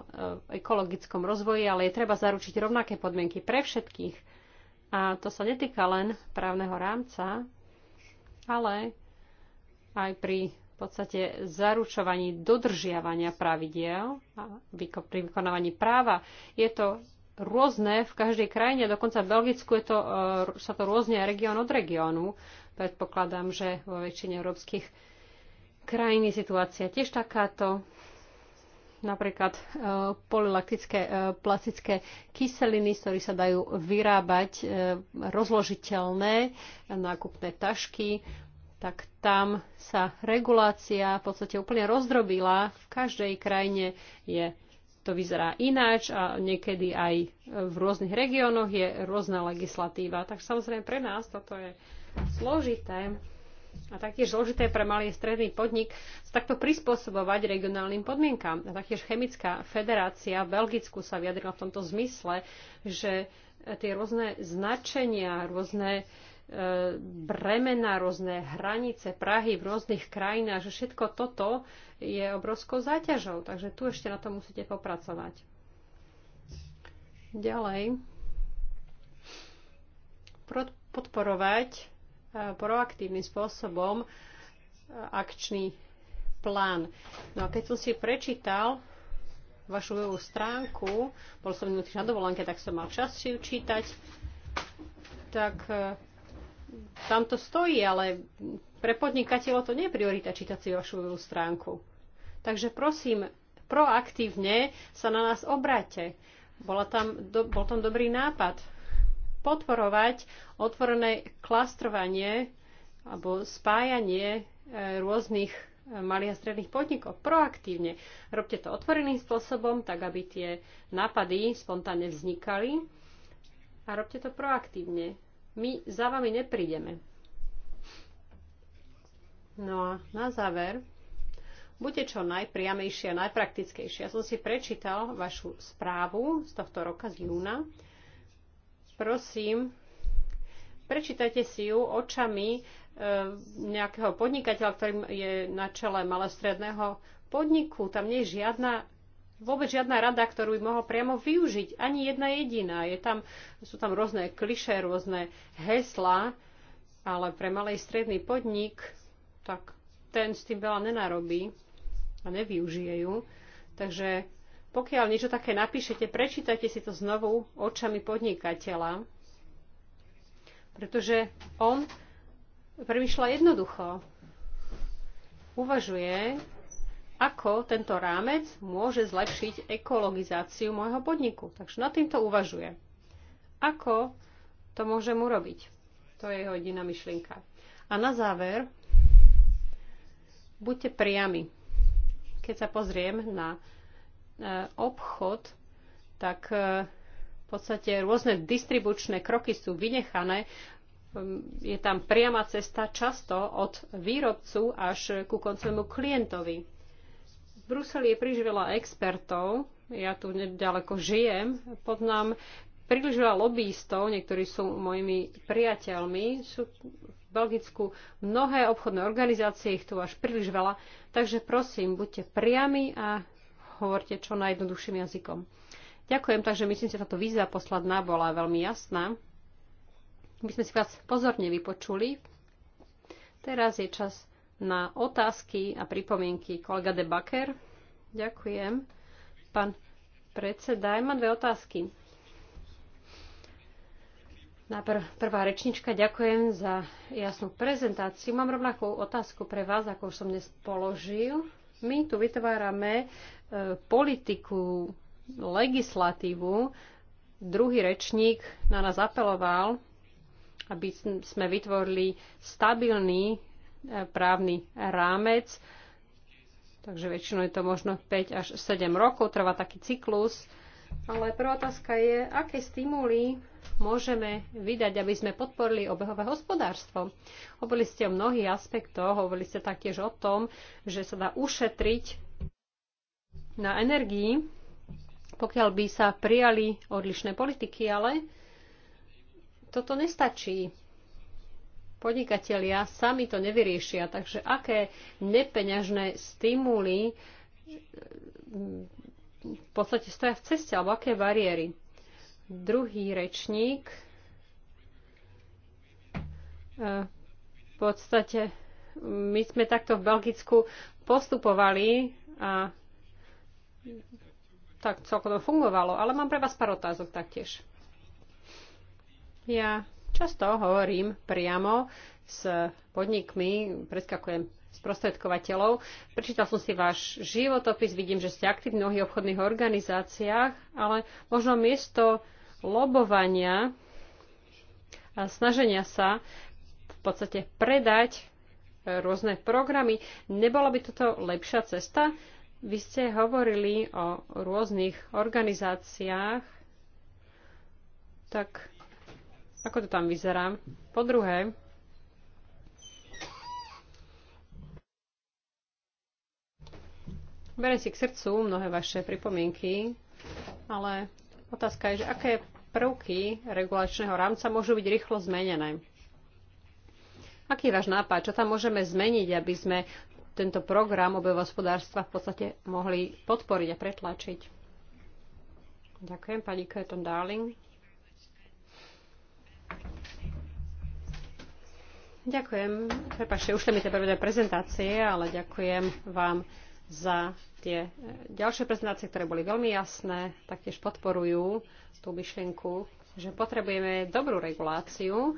ekologickom rozvoji, ale je treba zaručiť rovnaké podmienky pre všetkých. A to sa netýka len právneho rámca, ale aj pri v podstate zaručovaní dodržiavania pravidiel a pri vykonávaní práva. Je to rôzne v každej krajine, dokonca v Belgicku je to, e, sa to rôzne región od regiónu. Predpokladám, že vo väčšine európskych krajín je situácia tiež takáto. Napríklad e, polylaktické e, plastické kyseliny, z ktorých sa dajú vyrábať rozložiteľné nákupné tašky, tak tam sa regulácia v podstate úplne rozdrobila. V každej krajine je to vyzerá ináč a niekedy aj v rôznych regiónoch je rôzna legislatíva. tak samozrejme pre nás toto je zložité a taktiež zložité pre malý stredný podnik sa takto prispôsobovať regionálnym podmienkám. A taktiež Chemická federácia v Belgicku sa vyjadrila v tomto zmysle, že tie rôzne značenia, rôzne uh, bremena, rôzne hranice, Prahy v rôznych krajinách, že všetko toto je obrovskou záťažou. Takže tu ešte na to musíte popracovať. Ďalej. Podporovať eh, proaktívnym spôsobom eh, akčný plán. No a keď som si prečítal vašu webovú stránku, bol som minutý na dovolenke, tak som mal čas si ju čítať, tak eh, tam to stojí, ale pre podnikateľov to nie je priorita čítať si vašu webovú stránku. Takže prosím, proaktívne sa na nás obráte. Bola tam, do, bol tam dobrý nápad podporovať otvorené klastrovanie alebo spájanie e, rôznych e, malých a stredných podnikov proaktívne. Robte to otvoreným spôsobom, tak aby tie nápady spontánne vznikali a robte to proaktívne. My za vami neprídeme. No a na záver, buďte čo najpriamejšie a najpraktickejšie. Ja som si prečítal vašu správu z tohto roka z júna. Prosím, prečítajte si ju očami e, nejakého podnikateľa, ktorým je na čele malostredného podniku. Tam nie je žiadna vôbec žiadna rada, ktorú by mohol priamo využiť. Ani jedna jediná. Je tam, sú tam rôzne kliše, rôzne hesla, ale pre malý stredný podnik, tak ten s tým veľa nenarobí a nevyužije ju. Takže pokiaľ niečo také napíšete, prečítajte si to znovu očami podnikateľa, pretože on premyšľa jednoducho. Uvažuje ako tento rámec môže zlepšiť ekologizáciu môjho podniku. Takže nad týmto uvažuje. Ako to môžem urobiť? To je jeho jediná myšlienka. A na záver, buďte priami. Keď sa pozriem na e, obchod, tak e, v podstate rôzne distribučné kroky sú vynechané. Hm, je tam priama cesta často od výrobcu až ku koncovému klientovi. Bruseli je príliš veľa expertov, ja tu nedaleko žijem, poznám príliš veľa lobbyistov, niektorí sú mojimi priateľmi, sú v Belgicku mnohé obchodné organizácie, ich tu až príliš veľa, takže prosím, buďte priami a hovorte čo najjednoduchším jazykom. Ďakujem, takže myslím že táto víza posledná bola veľmi jasná. My sme si vás pozorne vypočuli. Teraz je čas na otázky a pripomienky. Kolega De Baker. Ďakujem. Pán predseda, ja mám dve otázky. Najprv prvá rečnička, ďakujem za jasnú prezentáciu. Mám rovnakú otázku pre vás, ako už som dnes položil. My tu vytvárame e, politiku, legislatívu. Druhý rečník na nás apeloval, aby sme vytvorili stabilný právny rámec. Takže väčšinou je to možno 5 až 7 rokov, trvá taký cyklus. Ale prvá otázka je, aké stimuly môžeme vydať, aby sme podporili obehové hospodárstvo. Hovorili ste o mnohých aspektoch, hovorili ste taktiež o tom, že sa dá ušetriť na energii, pokiaľ by sa prijali odlišné politiky, ale toto nestačí podnikatelia sami to nevyriešia. Takže aké nepeňažné stimuly mm, v podstate stoja v ceste, alebo aké bariéry. Druhý rečník e, v podstate mm, my sme takto v Belgicku postupovali a tak celkom to fungovalo. Ale mám pre vás pár otázok taktiež. Ja Často hovorím priamo s podnikmi, preskakujem sprostredkovateľov. Prečítal som si váš životopis, vidím, že ste aktívni v mnohých obchodných organizáciách, ale možno miesto lobovania a snaženia sa v podstate predať rôzne programy. Nebola by toto lepšia cesta? Vy ste hovorili o rôznych organizáciách, tak ako to tam vyzerá? Po druhé, Berem si k srdcu mnohé vaše pripomienky, ale otázka je, že aké prvky regulačného rámca môžu byť rýchlo zmenené. Aký je váš nápad? Čo tam môžeme zmeniť, aby sme tento program obyvospodárstva v podstate mohli podporiť a pretlačiť? Ďakujem, pani Curtin Darling. Ďakujem. Prepašte, už tam mi teda prezentácie, ale ďakujem vám za tie e, ďalšie prezentácie, ktoré boli veľmi jasné, taktiež podporujú tú myšlienku, že potrebujeme dobrú reguláciu,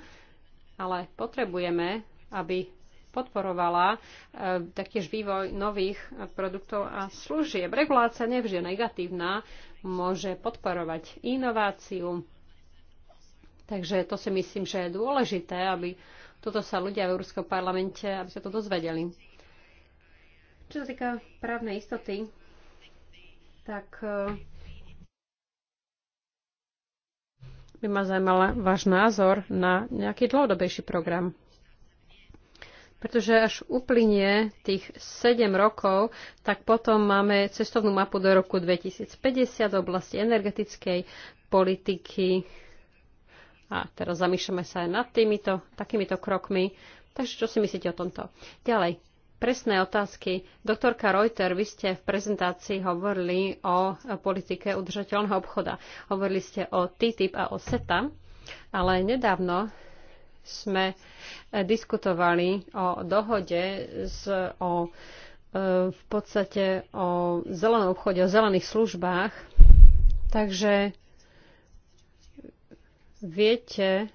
ale potrebujeme, aby podporovala e, taktiež vývoj nových produktov a služieb. Regulácia nevždy je negatívna, môže podporovať inováciu. Takže to si myslím, že je dôležité, aby toto sa ľudia v Európskom parlamente, aby sa to dozvedeli. Čo sa týka právnej istoty, tak e, by ma zaujímal váš názor na nejaký dlhodobejší program. Pretože až uplynie tých 7 rokov, tak potom máme cestovnú mapu do roku 2050 v oblasti energetickej politiky, a teraz zamýšľame sa aj nad týmito, takýmito krokmi. Takže čo si myslíte o tomto? Ďalej, presné otázky. Doktorka Reuter, vy ste v prezentácii hovorili o politike udržateľného obchoda. Hovorili ste o TTIP a o SETA, ale nedávno sme diskutovali o dohode s, o e, v podstate o zelenom obchode, o zelených službách. Takže Viete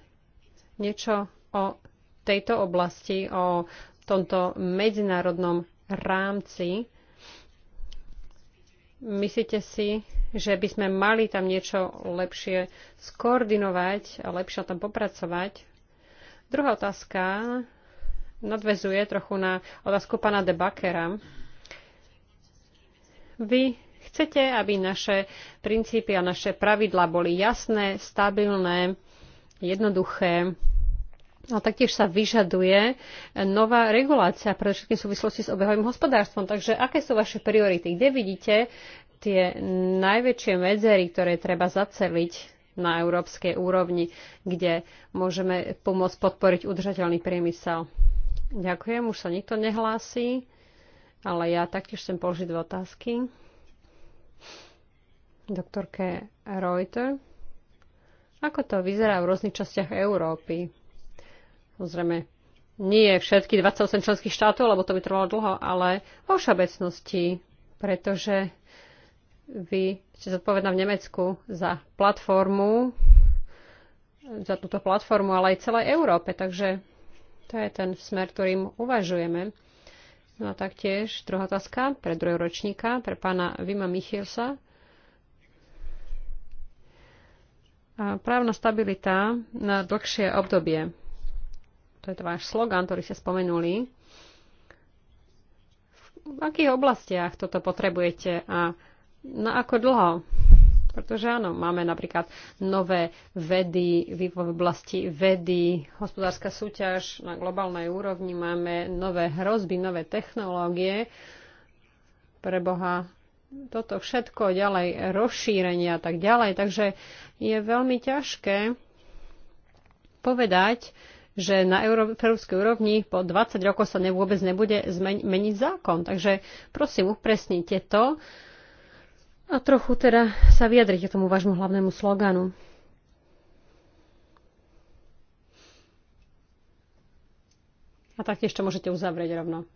niečo o tejto oblasti, o tomto medzinárodnom rámci? Myslíte si, že by sme mali tam niečo lepšie skoordinovať a lepšie tam popracovať? Druhá otázka nadvezuje trochu na otázku pana Debakera. Vy Chcete, aby naše princípy a naše pravidlá boli jasné, stabilné, jednoduché. A taktiež sa vyžaduje nová regulácia, pre všetky súvislosti s obehovým hospodárstvom. Takže aké sú vaše priority? Kde vidíte tie najväčšie medzery, ktoré treba zaceliť na európskej úrovni, kde môžeme pomôcť podporiť udržateľný priemysel. Ďakujem, už sa nikto nehlási, ale ja taktiež chcem položiť dve otázky doktorke Reuter. Ako to vyzerá v rôznych častiach Európy? Samozrejme, nie všetky 28 členských štátov, lebo to by trvalo dlho, ale vo všeobecnosti, pretože vy ste zodpovedná v Nemecku za platformu, za túto platformu, ale aj celej Európe, takže to je ten smer, ktorým uvažujeme. No a taktiež druhá otázka pre druhého ročníka, pre pána Vima Michielsa. A právna stabilita na dlhšie obdobie. To je to váš slogan, ktorý ste spomenuli. V akých oblastiach toto potrebujete a na ako dlho? Pretože áno, máme napríklad nové vedy, v oblasti vedy, hospodárska súťaž na globálnej úrovni, máme nové hrozby, nové technológie. Pre Boha, toto všetko ďalej rozšírenie a tak ďalej. Takže je veľmi ťažké povedať, že na európskej úrovni po 20 rokov sa ne, vôbec nebude zmeniť zákon. Takže prosím, upresnite to a trochu teda sa vyjadrite tomu vášmu hlavnému sloganu. A taktiež to môžete uzavrieť rovno.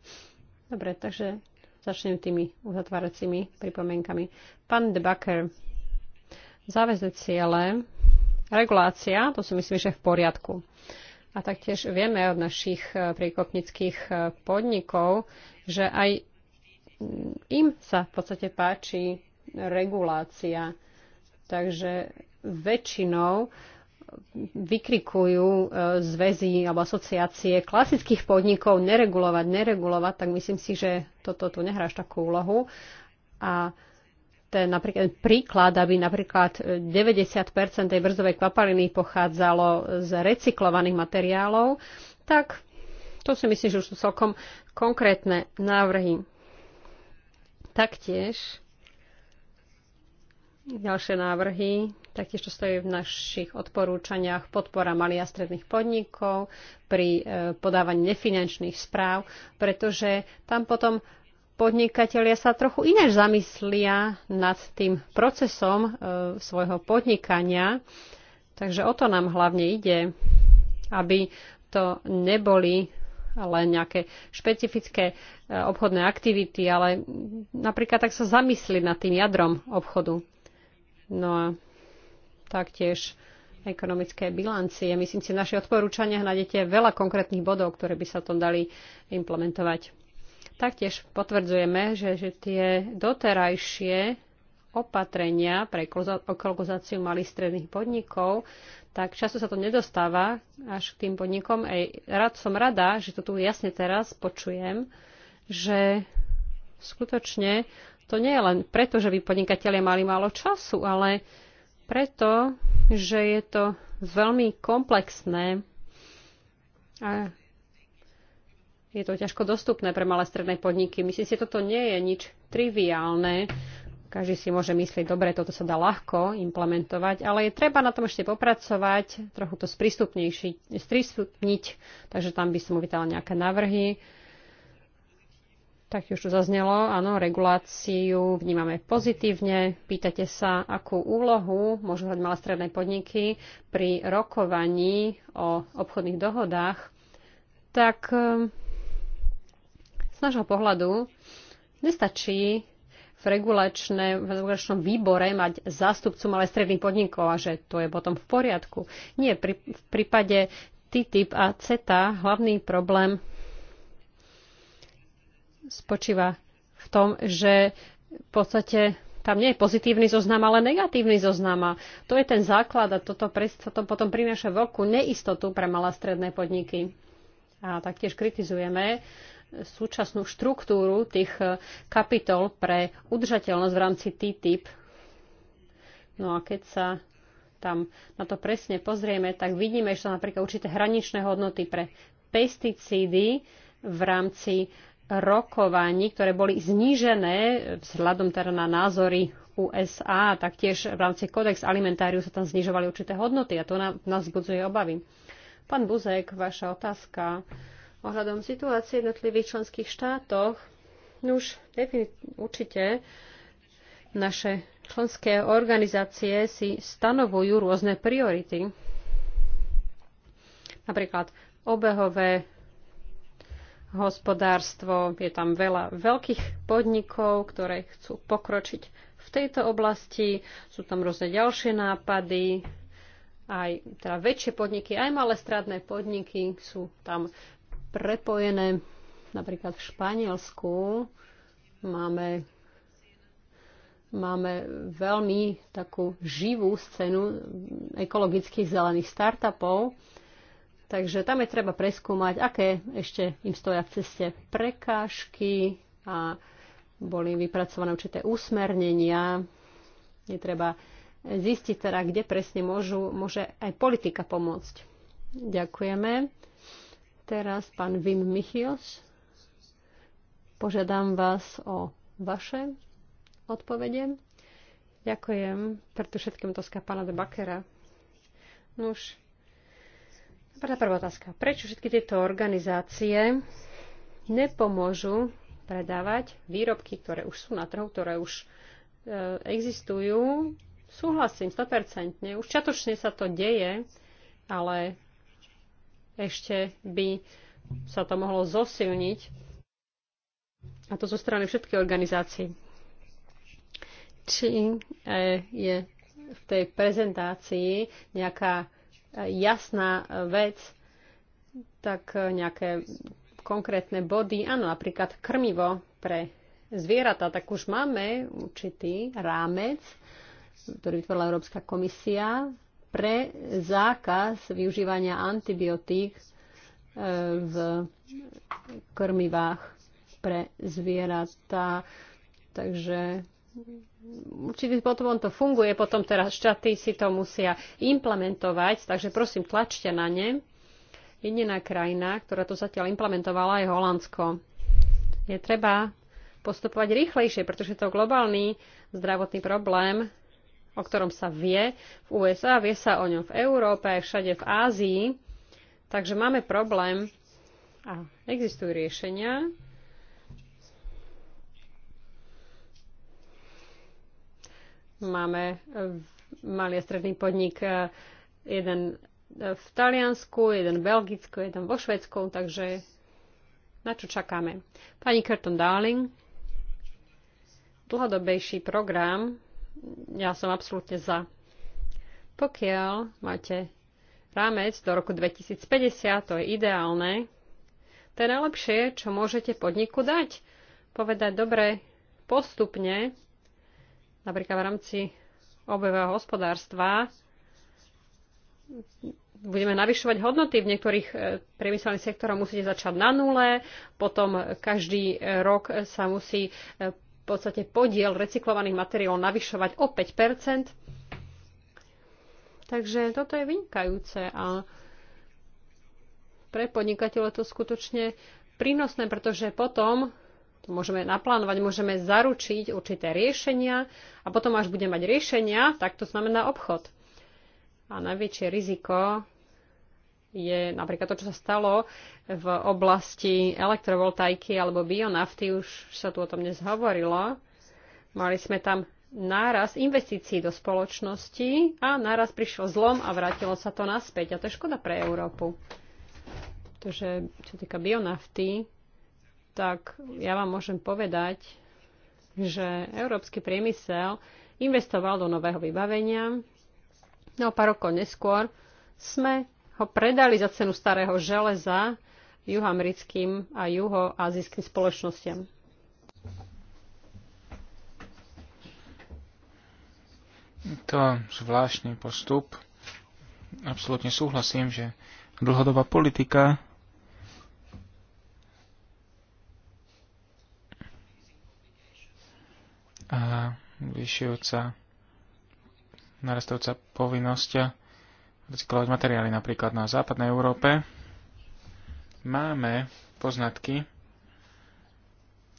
Dobre, takže začnem tými uzatváracími pripomienkami. Pán de Backer, záväzne ciele, regulácia, to si myslím, že je v poriadku. A taktiež vieme od našich e, príkopnických e, podnikov, že aj im sa v podstate páči regulácia. Takže väčšinou vykrikujú e, zväzy alebo asociácie klasických podnikov neregulovať, neregulovať, tak myslím si, že toto tu nehráš takú úlohu. A ten napríklad, príklad, aby napríklad 90% tej brzovej kvapaliny pochádzalo z recyklovaných materiálov, tak to si myslím, že už sú celkom konkrétne návrhy. Taktiež ďalšie návrhy, taktiež to stojí v našich odporúčaniach podpora malých a stredných podnikov pri e, podávaní nefinančných správ, pretože tam potom podnikatelia sa trochu ináč zamyslia nad tým procesom e, svojho podnikania. Takže o to nám hlavne ide, aby to neboli len nejaké špecifické e, obchodné aktivity, ale napríklad tak sa zamysliť nad tým jadrom obchodu. No a taktiež ekonomické bilancie. Myslím si, v našich odporúčaniach nájdete veľa konkrétnych bodov, ktoré by sa tom dali implementovať. Taktiež potvrdzujeme, že, že tie doterajšie opatrenia pre ekologizáciu malých stredných podnikov, tak často sa to nedostáva až k tým podnikom. Ej, rád som rada, že to tu jasne teraz počujem, že skutočne to nie je len preto, že by podnikatelia mali málo času, ale preto, že je to veľmi komplexné a je to ťažko dostupné pre malé stredné podniky. Myslím si, že toto nie je nič triviálne. Každý si môže myslieť, dobre, toto sa dá ľahko implementovať, ale je treba na tom ešte popracovať, trochu to sprístupniť. Takže tam by som uvítala nejaké návrhy tak už tu zaznelo, áno, reguláciu vnímame pozitívne. Pýtate sa, akú úlohu môžu hrať malé stredné podniky pri rokovaní o obchodných dohodách. Tak ehm, z nášho pohľadu nestačí v, v regulačnom výbore mať zástupcu malé stredných podnikov a že to je potom v poriadku. Nie, pri, v prípade TTIP a CETA hlavný problém spočíva v tom, že v podstate tam nie je pozitívny zoznam, ale negatívny zoznam. A to je ten základ a toto, to potom prináša veľkú neistotu pre malé stredné podniky. A taktiež kritizujeme súčasnú štruktúru tých e, kapitol pre udržateľnosť v rámci TTIP. No a keď sa tam na to presne pozrieme, tak vidíme, že sú napríklad určité hraničné hodnoty pre pesticídy v rámci rokovaní, ktoré boli znížené vzhľadom teda na názory USA, taktiež v rámci kodex Alimentáriu sa tam znižovali určité hodnoty a to nás zbudzuje obavy. Pán Buzek, vaša otázka ohľadom situácie v jednotlivých členských štátoch. No už určite naše členské organizácie si stanovujú rôzne priority. Napríklad obehové hospodárstvo. Je tam veľa veľkých podnikov, ktoré chcú pokročiť v tejto oblasti. Sú tam rôzne ďalšie nápady. Aj teda väčšie podniky, aj malé stradné podniky sú tam prepojené. Napríklad v Španielsku máme máme veľmi takú živú scénu ekologických zelených startupov Takže tam je treba preskúmať, aké ešte im stoja v ceste prekážky a boli vypracované určité úsmernenia. Je treba zistiť teda, kde presne môžu, môže aj politika pomôcť. Ďakujeme. Teraz pán Vim Michios. Požiadam vás o vaše odpovede. Ďakujem. Preto všetkým to skápala de Bakera. Nuž, no Prvá prvá otázka. Prečo všetky tieto organizácie nepomôžu predávať výrobky, ktoré už sú na trhu, ktoré už e, existujú. Súhlasím 100%. Už čatočne sa to deje, ale ešte by sa to mohlo zosilniť. A to zo strany všetkých organizácií. Či e, je v tej prezentácii nejaká jasná vec, tak nejaké konkrétne body, áno, napríklad krmivo pre zvieratá, tak už máme určitý rámec, ktorý vytvorila Európska komisia pre zákaz využívania antibiotík e, v krmivách pre zvieratá. Takže určitým spôsobom to funguje, potom teraz štáty si to musia implementovať, takže prosím, tlačte na ne. Jediná krajina, ktorá to zatiaľ implementovala, je Holandsko. Je treba postupovať rýchlejšie, pretože to globálny zdravotný problém, o ktorom sa vie v USA, vie sa o ňom v Európe, aj všade v Ázii. Takže máme problém a existujú riešenia, Máme malý a stredný podnik eh, jeden eh, v Taliansku, jeden v Belgicku, jeden vo Švedsku, takže na čo čakáme? Pani Kerton Darling, dlhodobejší program, ja som absolútne za. Pokiaľ máte rámec do roku 2050, to je ideálne, to je najlepšie, čo môžete podniku dať. Povedať, dobre, postupne Napríklad v rámci obehového hospodárstva budeme navyšovať hodnoty v niektorých e, priemyselných sektoroch musíte začať na nule, potom každý rok sa musí e, v podstate podiel recyklovaných materiálov navyšovať o 5 Takže toto je vynikajúce a pre podnikateľov to skutočne prínosné, pretože potom to môžeme naplánovať, môžeme zaručiť určité riešenia a potom, až budeme mať riešenia, tak to znamená obchod. A najväčšie riziko je napríklad to, čo sa stalo v oblasti elektrovoltajky alebo bionafty, už sa tu o tom dnes hovorilo. Mali sme tam náraz investícií do spoločnosti a náraz prišiel zlom a vrátilo sa to naspäť. A to je škoda pre Európu. Pretože čo týka bionafty, tak ja vám môžem povedať, že európsky priemysel investoval do nového vybavenia. No pár rokov neskôr sme ho predali za cenu starého železa juhoamerickým a juhoazijským spoločnostiam. To zvláštny postup. Absolutne súhlasím, že dlhodobá politika a vyšujúca narastajúca povinnosť recyklovať materiály napríklad na západnej Európe. Máme poznatky,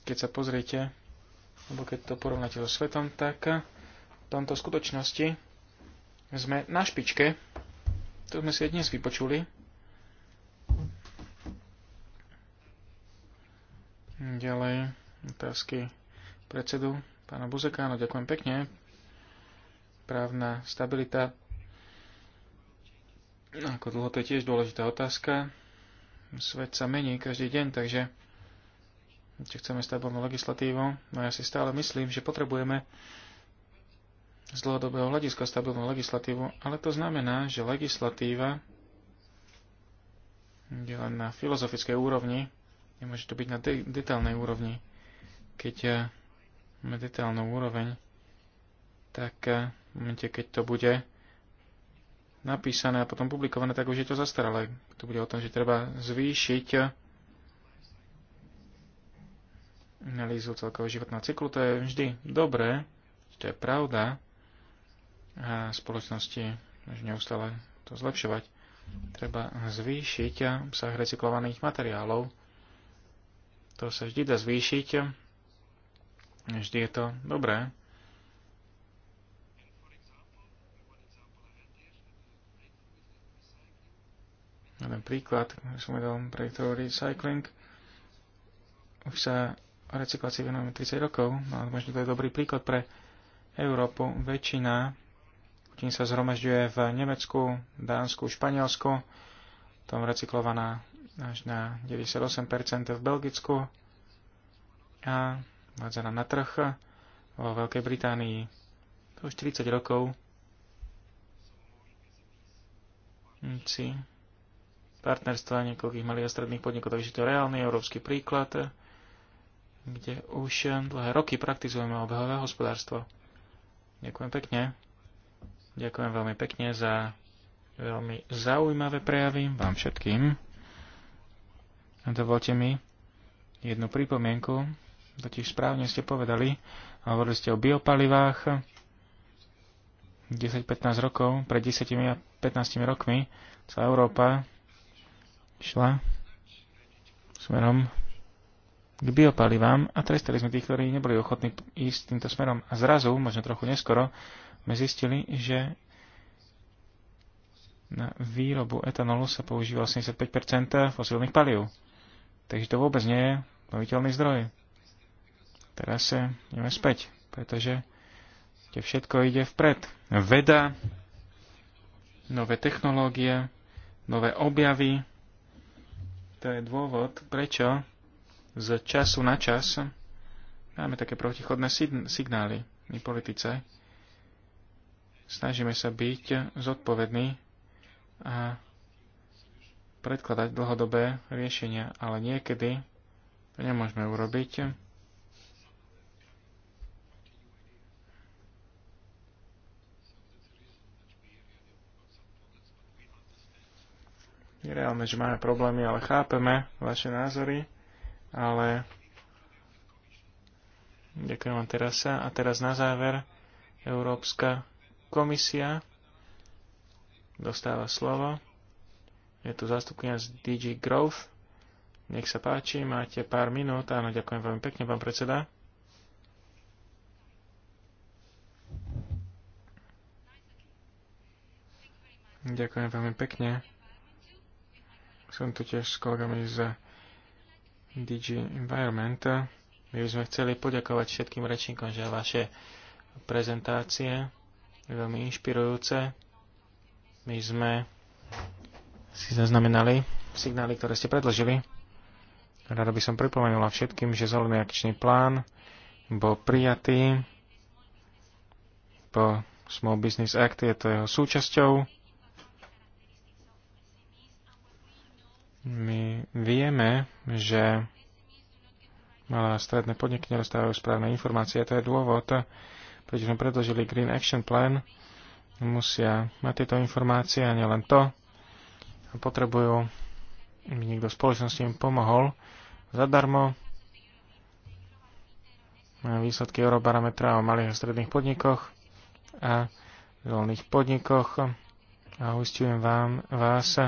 keď sa pozriete, alebo keď to porovnáte so svetom, tak v tomto skutočnosti sme na špičke. To sme si aj dnes vypočuli. Ďalej otázky predsedu pána áno, ďakujem pekne. Právna stabilita. Ako dlho to je tiež dôležitá otázka. Svet sa mení každý deň, takže či chceme stabilnú legislatívu, no ja si stále myslím, že potrebujeme z dlhodobého hľadiska stabilnú legislatívu, ale to znamená, že legislatíva je len na filozofickej úrovni, nemôže to byť na de- detailnej úrovni. Keď eh, na detailnú úroveň, tak eh, v momente, keď to bude napísané a potom publikované, tak už je to zastaralé. Tu bude o tom, že treba zvýšiť eh, analýzu celkového životného cyklu. To je vždy dobré, to je pravda. A spoločnosti už neustále to zlepšovať. Treba zvýšiť eh, obsah recyklovaných materiálov. To sa vždy dá zvýšiť Vždy je to dobré. Jeden príklad, som pre projektov recycling. Už sa recyklácii venujeme 30 rokov, no, možno to je dobrý príklad pre Európu. Väčšina tým sa zhromažďuje v Nemecku, Dánsku, Španielsku, tam recyklovaná až na 98% v Belgicku a vádzana na trh vo Veľkej Británii. To už 40 rokov si partnerstva niekoľkých malých a stredných podnikov, takže to je reálny európsky príklad, kde už dlhé roky praktizujeme obehové hospodárstvo. Ďakujem pekne. Ďakujem veľmi pekne za veľmi zaujímavé prejavy vám všetkým. Dovolte mi jednu pripomienku totiž správne ste povedali, hovorili ste o biopalivách, 10-15 rokov, pred 10 a 15 rokmi sa Európa šla smerom k biopalivám a trestali sme tých, ktorí neboli ochotní ísť týmto smerom. A zrazu, možno trochu neskoro, sme zistili, že na výrobu etanolu sa používa 85% fosílnych palív. Takže to vôbec nie je obnoviteľný zdroj. Teraz ideme späť, pretože kde všetko ide vpred. Veda, nové technológie, nové objavy. To je dôvod, prečo z času na čas máme také protichodné signály my politice. Snažíme sa byť zodpovední a predkladať dlhodobé riešenia, ale niekedy to nemôžeme urobiť nereálne, že máme problémy, ale chápeme vaše názory, ale ďakujem vám teraz sa. A teraz na záver Európska komisia dostáva slovo. Je tu zástupkynia z DG Growth. Nech sa páči, máte pár minút. Áno, ďakujem veľmi pekne, pán predseda. Ďakujem veľmi pekne. Som tu tiež s kolegami z DG Environment. My by sme chceli poďakovať všetkým rečníkom, že vaše prezentácie veľmi inšpirujúce. My sme si zaznamenali signály, ktoré ste predložili. Rado by som pripomenula všetkým, že zelený akčný plán bol prijatý po Small Business Act, je to jeho súčasťou. My vieme, že malé a stredné podniky nedostávajú správne informácie. A to je dôvod, prečo sme predložili Green Action Plan. Musia mať tieto informácie a nielen to. Potrebujú, aby niekto v spoločnosti im pomohol zadarmo. Výsledky Eurobarometra o malých a stredných podnikoch a voľných podnikoch. A uistujem vám, vás,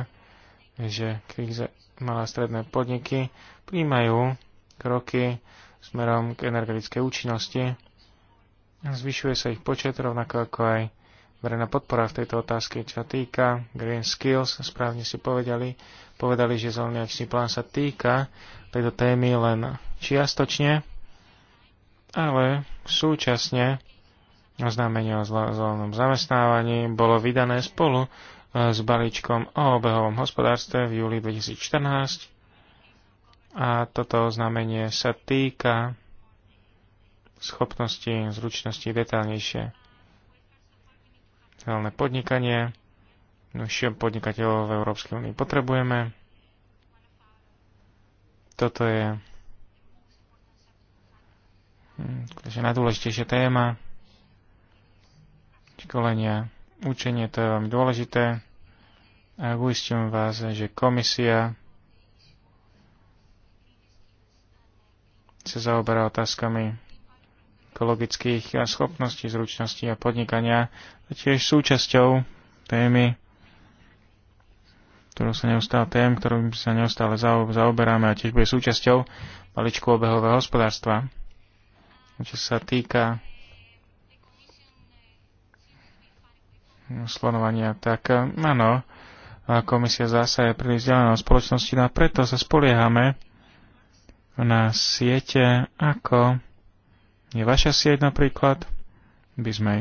že kríze malé a stredné podniky príjmajú kroky smerom k energetickej účinnosti. Zvyšuje sa ich počet, rovnako ako aj verejná podpora v tejto otázke, čo týka Green Skills. Správne si povedali, povedali, že zelený akčný plán sa týka tejto témy len čiastočne, ale súčasne oznámenie o zelenom zamestnávaní bolo vydané spolu E, s balíčkom o obehovom hospodárstve v júli 2014 a toto oznámenie sa týka schopnosti, zručnosti detálnejšie. Hlavné podnikanie, už no, podnikateľov v Európskej únii potrebujeme. Toto je hm, najdôležitejšia téma školenia učenie, to je veľmi dôležité. A uistím vás, že komisia sa zaoberá otázkami ekologických schopností, zručností a podnikania, a tiež súčasťou témy, ktorú sa neustále tém, ktorú sa neustále zaoberáme a tiež bude súčasťou maličku obehového hospodárstva. Čo sa týka slonovania, tak eh, áno, komisia zasa je príliš vzdialená od spoločnosti, no a preto sa spoliehame na siete, ako je vaša sieť napríklad, by sme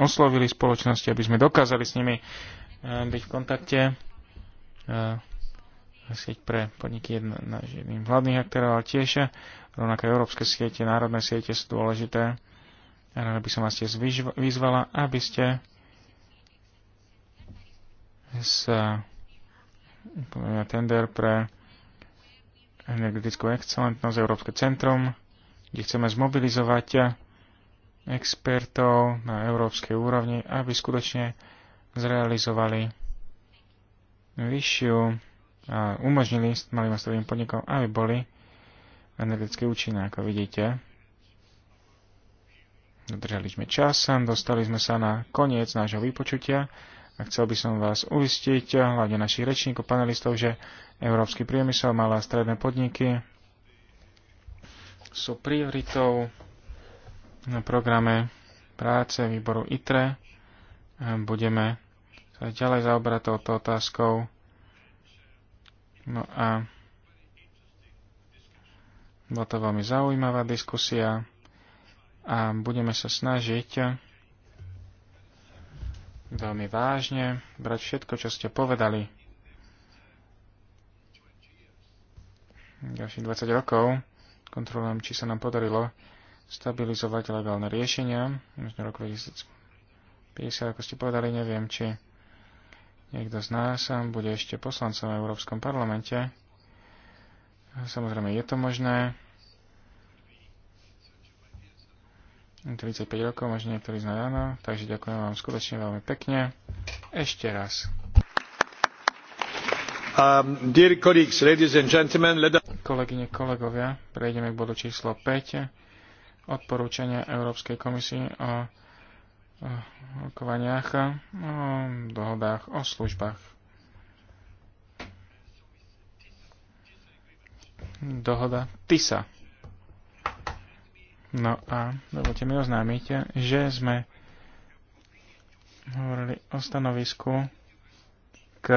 oslovili spoločnosti, aby sme dokázali s nimi eh, byť v kontakte. Sieť pre podniky jedným hlavných aktérov, ale tiež eh, rovnaké európske siete, národné siete sú dôležité. Rada by som vás tiež vyzvala, aby ste sa eh, tender pre energetickú excelentnosť Európske centrum, kde chceme zmobilizovať eh, expertov na európskej úrovni, aby skutočne zrealizovali vyššiu a umožnili malým a stredným podnikom, aby boli energetické účinné, ako vidíte. Dodržali sme čas, dostali sme sa na koniec nášho vypočutia. Chcel by som vás uistiť, eh, hlavne našich rečníkov, panelistov, že európsky priemysel, malé a stredné podniky sú prioritou na programe práce výboru ITRE. Budeme sa ďalej zaoberať touto otázkou. No a bola to veľmi zaujímavá diskusia a budeme sa snažiť veľmi vážne, brať všetko, čo ste povedali. Ďalších 20 rokov kontrolujem, či sa nám podarilo stabilizovať legálne riešenia. Možno roku 2050, ako ste povedali, neviem, či niekto z nás bude ešte poslancom v Európskom parlamente. Samozrejme, je to možné. 35 rokov, možno niektorí z ráno, takže ďakujem vám skutočne veľmi pekne. Ešte raz. Um, dear colleagues, ladies and gentlemen, let... Kolegyne, kolegovia, prejdeme k bodu číslo 5. Odporúčania Európskej komisie o rokovaniach a o dohodách o službách. Dohoda TISA No a dovolte mi oznámiť, že sme hovorili o stanovisku k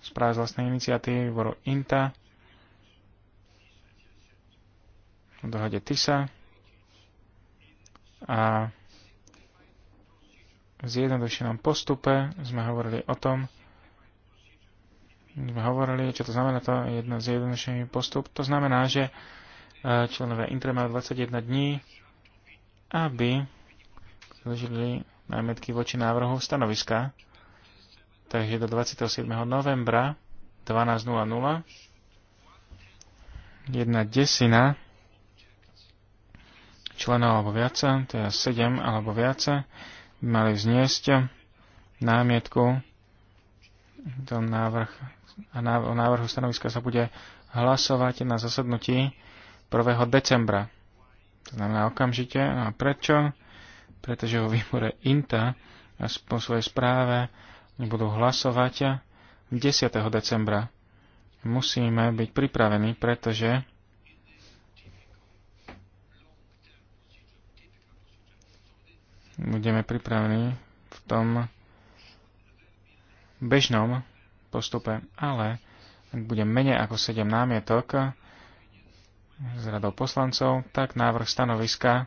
správe z vlastnej iniciatívy výboru INTA o dohode TISA a v zjednodušenom postupe sme hovorili o tom, sme hovorili, čo to znamená to jedno zjednodušený postup. To znamená, že členovia Intre majú 21 dní, aby zložili námietky voči návrhu stanoviska. Takže do 27. novembra 12.00 jedna desina členov alebo viaca, teda 7 alebo viaca, by mali vzniesť námietku do návrh a návrhu stanoviska sa bude hlasovať na zasadnutí 1. decembra. To znamená okamžite. No a prečo? Pretože vo výbore INTA a po svojej správe budú hlasovať 10. decembra. Musíme byť pripravení, pretože budeme pripravení v tom bežnom postupe, ale ak bude menej ako 7 námietok, s radou poslancov, tak návrh stanoviska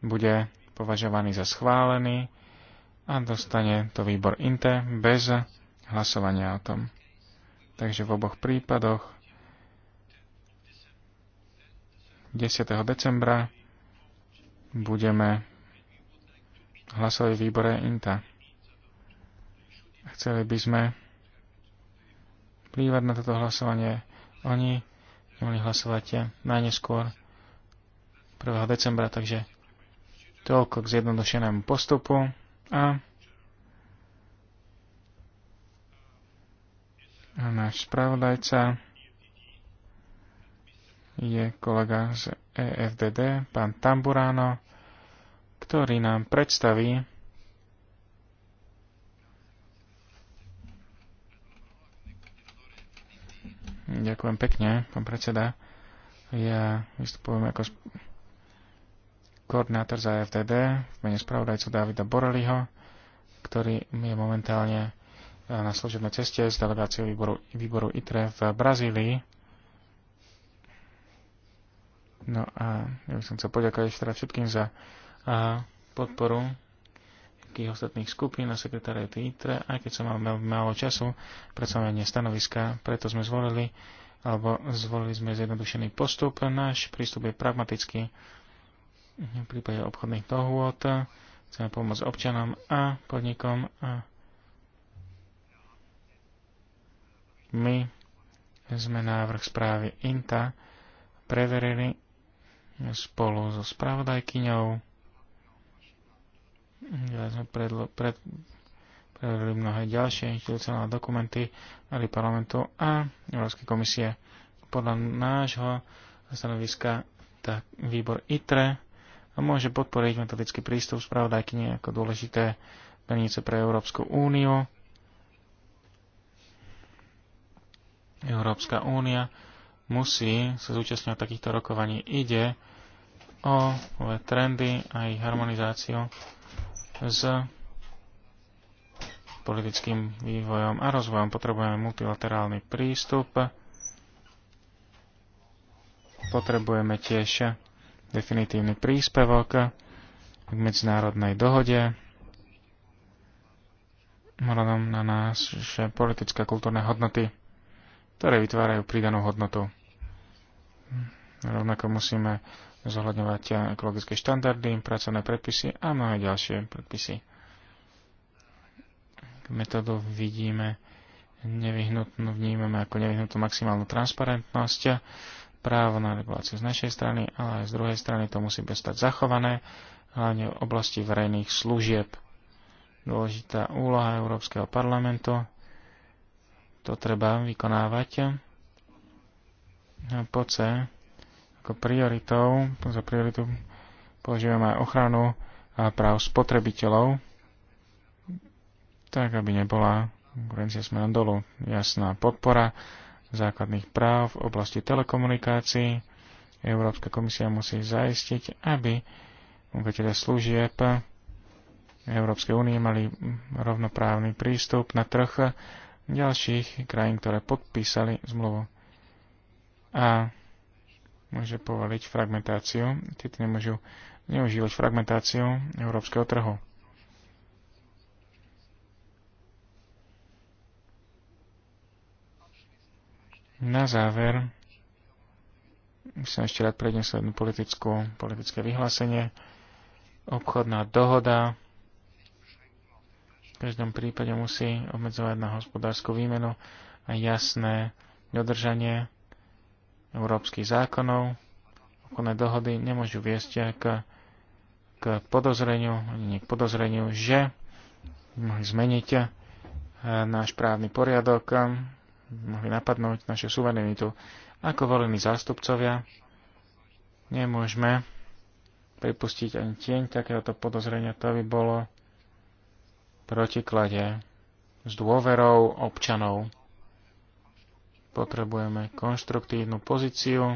bude považovaný za schválený a dostane to výbor INTE bez hlasovania o tom. Takže v oboch prípadoch 10. decembra budeme hlasovať v výbore INTA. Chceli by sme plývať na toto hlasovanie. Oni mali hlasovať eh, najneskôr 1. decembra, takže toľko k zjednodušenému postupu a A náš spravodajca je kolega z EFDD, pán Tamburáno, ktorý nám predstaví Ďakujem pekne, pán predseda. Ja vystupujem ako koordinátor za e FDD v mene spravodajcu Davida Boreliho, ktorý je momentálne eh, na služebnej ceste z delegáciou výboru, výboru ITRE v Brazílii. No a ja by som chcel poďakovať všetkým za eh, podporu všetkých ostatných skupín na sekretariat ITRE, aj keď som mal málo času, predstavenie stanoviska, preto sme zvolili, alebo zvolili sme zjednodušený postup. Náš prístup je pragmatický. V prípade obchodných dohôd chceme pomôcť občanom a podnikom a my sme návrh správy INTA preverili spolu so spravodajkyňou ja sme predali pred, mnohé ďalšie inštitucionálne dokumenty Rady parlamentu a Európskej komisie. Podľa nášho stanoviska tak výbor ITRE môže podporiť metodický prístup spravodajkyne ako dôležité plnice pre Európsku úniu. Európska únia musí sa zúčastňovať takýchto rokovaní. Ide o nové trendy a ich harmonizáciu s politickým vývojom a rozvojom. Potrebujeme multilaterálny prístup. Potrebujeme tiež definitívny príspevok k medzinárodnej dohode. Hľadom na nás, že politické a kultúrne hodnoty, ktoré vytvárajú pridanú hodnotu. Hm, rovnako musíme zohľadňovať ekologické štandardy, pracovné predpisy a mnohé ďalšie predpisy. Metódu vidíme nevyhnutnú, vnímame ako nevyhnutnú maximálnu transparentnosť, právo na reguláciu z našej strany, ale aj z druhej strany to musí stať zachované, hlavne v oblasti verejných služieb. Dôležitá úloha Európskeho parlamentu, to treba vykonávať. Po C, ako prioritou, za prioritu považujeme aj ochranu a práv spotrebiteľov, tak aby nebola konkurencia sme na dolu. Jasná podpora základných práv v oblasti telekomunikácií. Európska komisia musí zaistiť, aby obyvateľe služieb Európskej únie mali rovnoprávny prístup na trh ďalších krajín, ktoré podpísali zmluvu. A môže povaliť fragmentáciu, tieto nemôžu neužívať fragmentáciu európskeho trhu. Na záver som ešte rád prednesol jednu politickú, politické vyhlásenie. Obchodná dohoda v každom prípade musí obmedzovať na hospodárskú výmenu a jasné dodržanie európskych zákonov, obchodné dohody nemôžu viesť k, k podozreniu, ani nie k podozreniu, že mohli zmeniť eh, náš právny poriadok, eh, mohli napadnúť našu suverenitu. Ako volení zástupcovia nemôžeme pripustiť ani tieň takéhoto podozrenia. To by bolo protiklade s dôverou občanov potrebujeme konštruktívnu pozíciu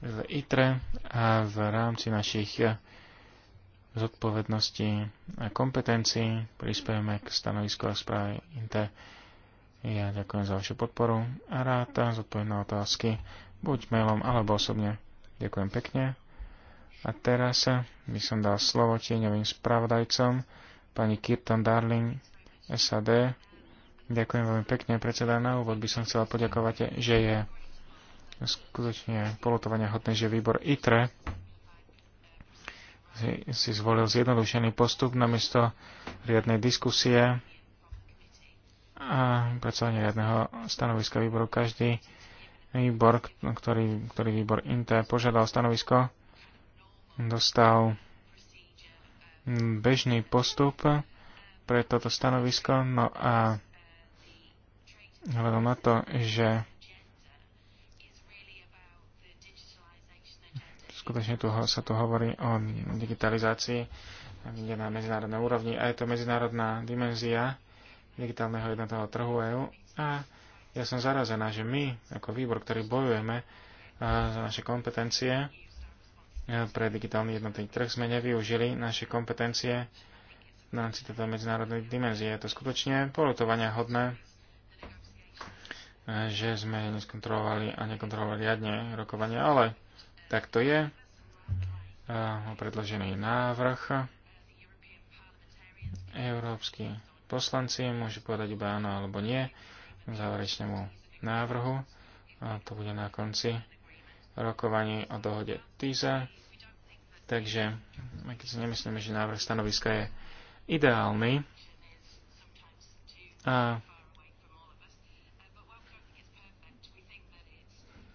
v ITRE a v rámci našich zodpovedností a kompetencií prispievame k stanovisku a správe INTE. Ja ďakujem za vašu podporu a rád zodpoviem na otázky buď mailom alebo osobne. Ďakujem pekne. A teraz by som dal slovo tieňovým spravodajcom pani Kirton Darling SAD. Ďakujem veľmi pekne, predseda. Na úvod by som chcela poďakovať, že je skutočne polotovania hodné, že výbor ITRE si, si zvolil zjednodušený postup namiesto riadnej diskusie a pracovanie riadneho stanoviska výboru. Každý výbor, ktorý, ktorý výbor INTE požiadal stanovisko, dostal bežný postup pre toto stanovisko, no a hľadom na to, že skutočne tu sa tu hovorí o digitalizácii kde na medzinárodnej úrovni a je to medzinárodná dimenzia digitálneho jednotného trhu EU a ja som zarazená, že my ako výbor, ktorý bojujeme za naše kompetencie pre digitálny jednotný trh, sme nevyužili naše kompetencie v rámci tejto medzinárodnej dimenzie. Je to skutočne polutovania hodné že sme neskontrolovali a nekontrolovali riadne rokovanie, ale tak to je. Predložený návrh. Európsky poslanci môžu povedať iba áno alebo nie záverečnému návrhu. A to bude na konci rokovanie o dohode TISA. Takže, keď si nemyslíme, že návrh stanoviska je ideálny, a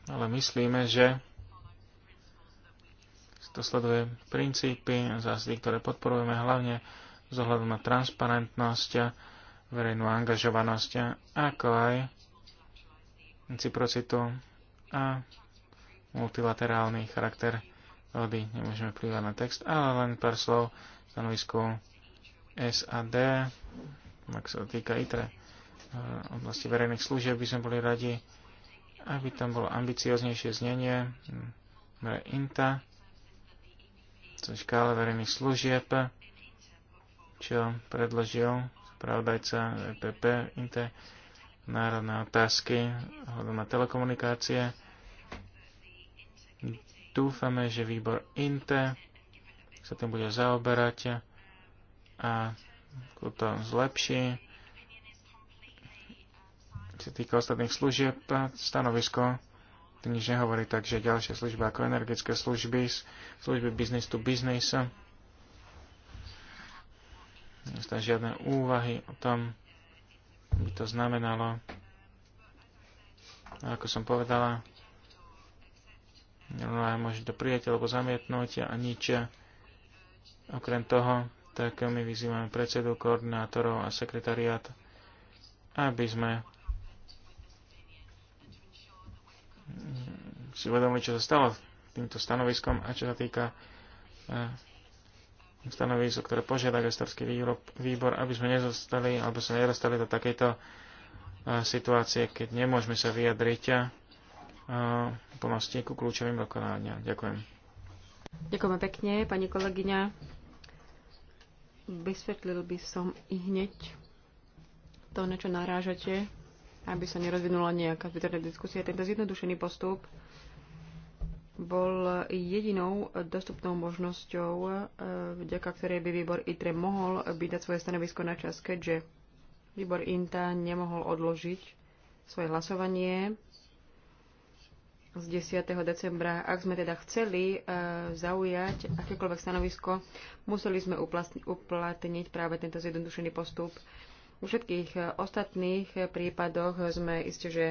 ale myslíme, že to sleduje princípy, zásady, ktoré podporujeme hlavne z ohľadu na transparentnosť, verejnú angažovanosť, ako aj reciprocitu a multilaterálny charakter dohody. Nemôžeme plývať na text, ale len pár slov stanovisku SAD, ak sa týka ITRE eh, oblasti verejných služieb, by sme boli radi, aby tam bolo ambicioznejšie znenie pre INTA, čo škále verejných služieb, čo predložil pravdajca EPP inte, národné otázky hľadom na telekomunikácie. Dúfame, že výbor INTE sa tým bude zaoberať a to zlepší sa týka ostatných služieb, stanovisko to nič nehovorí, takže ďalšie služby ako energetické služby, služby business to business, nestáť žiadne úvahy o tom, by to znamenalo. A ako som povedala, rovnováha môže to prijať alebo zamietnúť a nič. Okrem toho, tak my vyzývame predsedu, koordinátorov a sekretariát, aby sme si uvedomiť, čo sa stalo týmto stanoviskom a čo sa týka eh, stanovisko, ktoré požiada gestorský výbor, aby sme nezostali, alebo sa nedostali do takejto eh, situácie, keď nemôžeme sa vyjadriť a eh, plnosti ku kľúčovým rokovania. Ďakujem. Ďakujem pekne, pani kolegyňa. Vysvetlil by som i hneď to, na čo narážate aby sa nerozvinula nejaká zbytočná diskusia. Tento zjednodušený postup bol jedinou dostupnou možnosťou, e, vďaka ktorej by výbor ITRE mohol vydať svoje stanovisko na čas, keďže výbor INTA nemohol odložiť svoje hlasovanie z 10. decembra. Ak sme teda chceli e, zaujať akékoľvek stanovisko, museli sme uplatniť práve tento zjednodušený postup. U všetkých e, ostatných e, prípadoch sme isté, že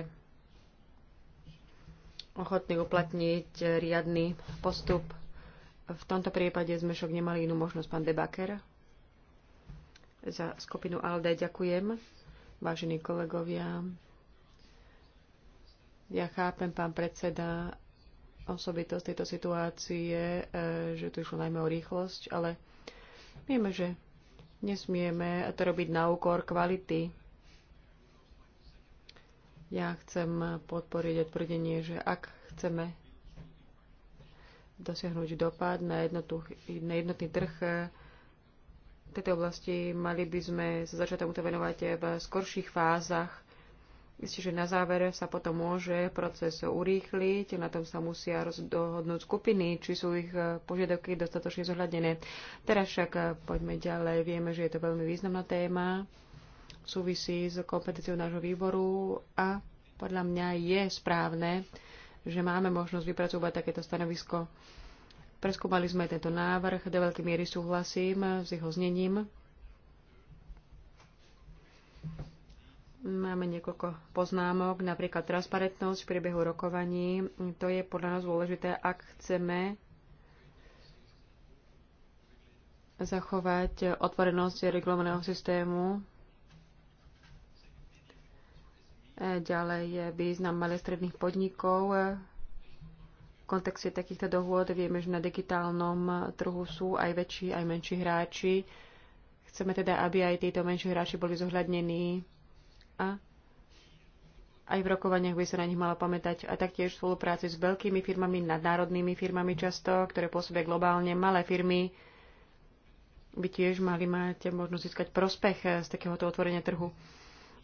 ochotní uplatniť e, riadny postup. V tomto prípade sme však nemali inú možnosť. Pán Debaker, za skupinu ALDE ďakujem. Vážení kolegovia, ja chápem, pán predseda, osobitosť tejto situácie, že tu išlo najmä o rýchlosť, ale vieme, že Nesmieme to robiť na úkor kvality. Ja chcem podporiť odprdenie, že ak chceme dosiahnuť dopad na, jednotu, na jednotný trh v tejto oblasti, mali by sme sa začať tomuto venovať v skorších fázach Myslím, že na záver sa potom môže proces urýchliť, na tom sa musia rozdohodnúť skupiny, či sú ich eh, požiadavky dostatočne zohľadené. Teraz však eh, poďme ďalej. Vieme, že je to veľmi významná téma, súvisí s kompetenciou nášho výboru a podľa mňa je správne, že máme možnosť vypracovať takéto stanovisko. Preskúmali sme tento návrh, do veľkej miery súhlasím eh, s jeho znením Máme niekoľko poznámok, napríklad transparentnosť v priebehu rokovaní. To je podľa nás dôležité, ak chceme zachovať otvorenosť regulovaného systému. Ďalej je význam malých stredných podnikov. V kontexte takýchto dohôd vieme, že na digitálnom trhu sú aj väčší, aj menší hráči. Chceme teda, aby aj títo menší hráči boli zohľadnení a aj v rokovaniach by sa na nich mala pamätať a taktiež v spolupráci s veľkými firmami, nadnárodnými firmami často, ktoré pôsobia globálne, malé firmy by tiež mali mať možnosť získať prospech z takéhoto otvorenia trhu.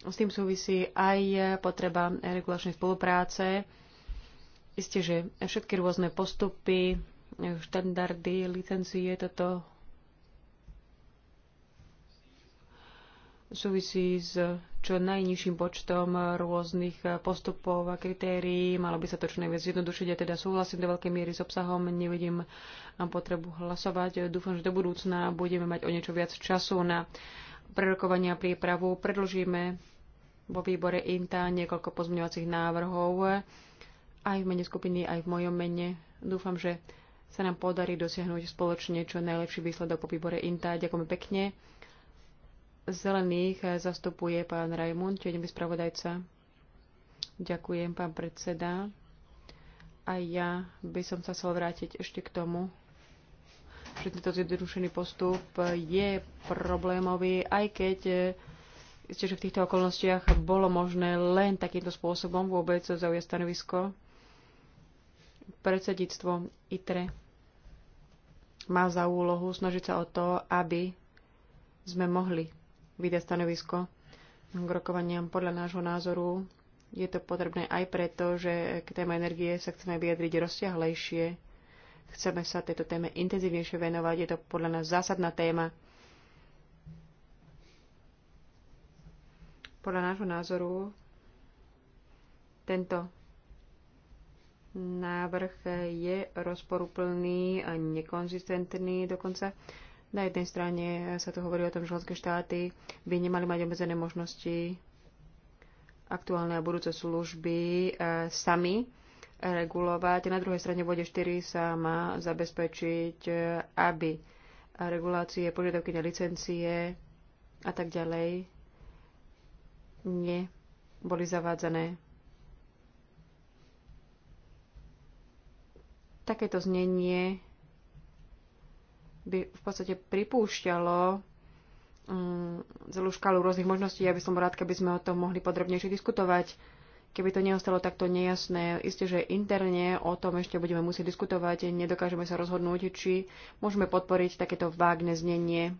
S tým súvisí aj potreba regulačnej spolupráce. Isté, že všetky rôzne postupy, štandardy, licencie, toto súvisí s čo najnižším počtom rôznych postupov a kritérií. Malo by sa to čo najviac zjednodušiť. Ja teda súhlasím do veľkej miery s obsahom, nevidím potrebu hlasovať. Dúfam, že do budúcna budeme mať o niečo viac času na prerokovanie a prípravu. Predložíme vo výbore INTA niekoľko pozmeňovacích návrhov aj v mene skupiny, aj v mojom mene. Dúfam, že sa nám podarí dosiahnuť spoločne čo najlepší výsledok po výbore INTA. Ďakujem pekne zelených eh, zastupuje pán Rajmund, tieňový spravodajca. Ďakujem, pán predseda. A ja by som sa chcel vrátiť ešte k tomu, že tento zjednodušený postup je problémový, aj keď ste, eh, že v týchto okolnostiach bolo možné len takýmto spôsobom vôbec zaujať stanovisko. Predsedníctvo ITRE má za úlohu snažiť sa o to, aby sme mohli Vydá stanovisko k rokovaniam. Podľa nášho názoru je to potrebné aj preto, že k téme energie sa chceme vyjadriť rozsiahlejšie. Chceme sa tejto téme intenzívnejšie venovať. Je to podľa nás zásadná téma. Podľa nášho názoru tento návrh je rozporuplný a nekonzistentný dokonca. Na jednej strane sa tu hovorí o tom, že členské štáty by nemali mať obmedzené možnosti aktuálne a budúce služby e, sami regulovať. Na druhej strane v bode 4 sa má zabezpečiť, e, aby regulácie, požiadavky na licencie a tak ďalej neboli zavádzané. Takéto znenie by v podstate pripúšťalo mm, celú škálu rôznych možností. Ja by som rád, keby sme o tom mohli podrobnejšie diskutovať, keby to neostalo takto nejasné. Isté, že interne o tom ešte budeme musieť diskutovať. Nedokážeme sa rozhodnúť, či môžeme podporiť takéto vágne znenie.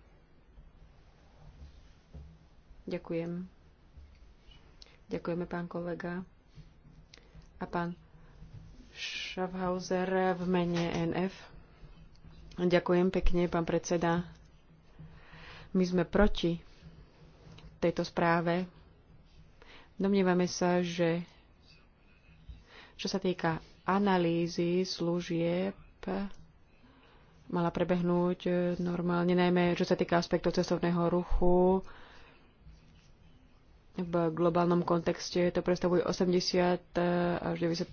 Ďakujem. Ďakujeme, pán kolega. A pán Schaffhauser v mene NF. Ďakujem pekne, pán predseda. My sme proti tejto správe. Domnievame sa, že čo sa týka analýzy služieb, mala prebehnúť normálne, najmä čo sa týka aspektov cestovného ruchu. V globálnom kontexte to predstavuje 80 až 90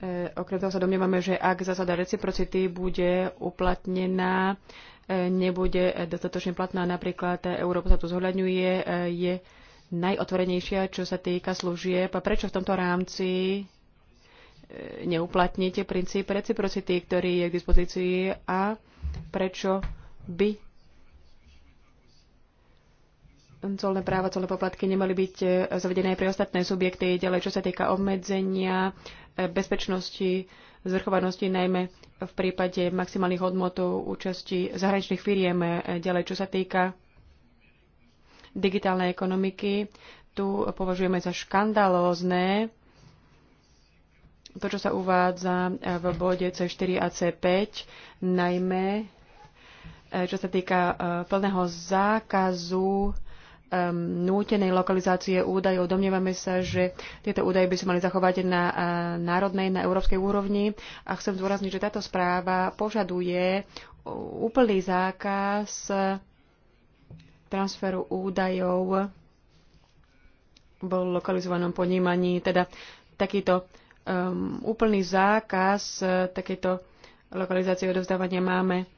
E, okrem toho sa domnievame, že ak zásada reciprocity bude uplatnená, e, nebude dostatočne platná. Napríklad Európa sa tu zhľadňuje, e, je najotvorenejšia, čo sa týka služieb. A prečo v tomto rámci neuplatníte princíp reciprocity, ktorý je k dispozícii a prečo by colné práva, colné poplatky nemali byť zavedené aj pre ostatné subjekty. Ďalej, čo sa týka obmedzenia bezpečnosti, zvrchovanosti, najmä v prípade maximálnych hodnotov účasti zahraničných firiem. Ďalej, čo sa týka digitálnej ekonomiky, tu považujeme za škandalózne to, čo sa uvádza v bode C4 a C5, najmä eh, čo sa týka eh, plného zákazu um, nútenej lokalizácie údajov. Domnievame sa, že tieto údaje by sa mali zachovať na uh, národnej, na európskej úrovni a chcem zdôrazniť, že táto správa požaduje úplný zákaz transferu údajov v lokalizovanom ponímaní, teda takýto um, úplný zákaz uh, takéto lokalizácie odovzdávania máme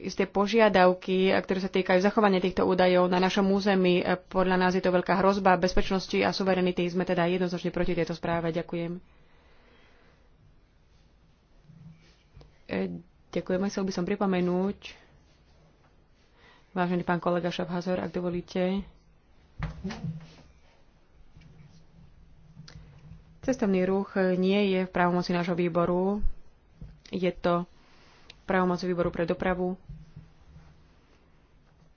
isté požiadavky, ktoré sa týkajú zachovania týchto údajov na našom území. Podľa nás je to veľká hrozba bezpečnosti a suverenity. Sme teda jednoznačne proti tejto správe. Ďakujem. E, ďakujem. Chcel by som pripomenúť, vážený pán kolega Šafhazor, ak dovolíte. Cestovný ruch nie je v právomoci nášho výboru. Je to právomoc výboru pre dopravu.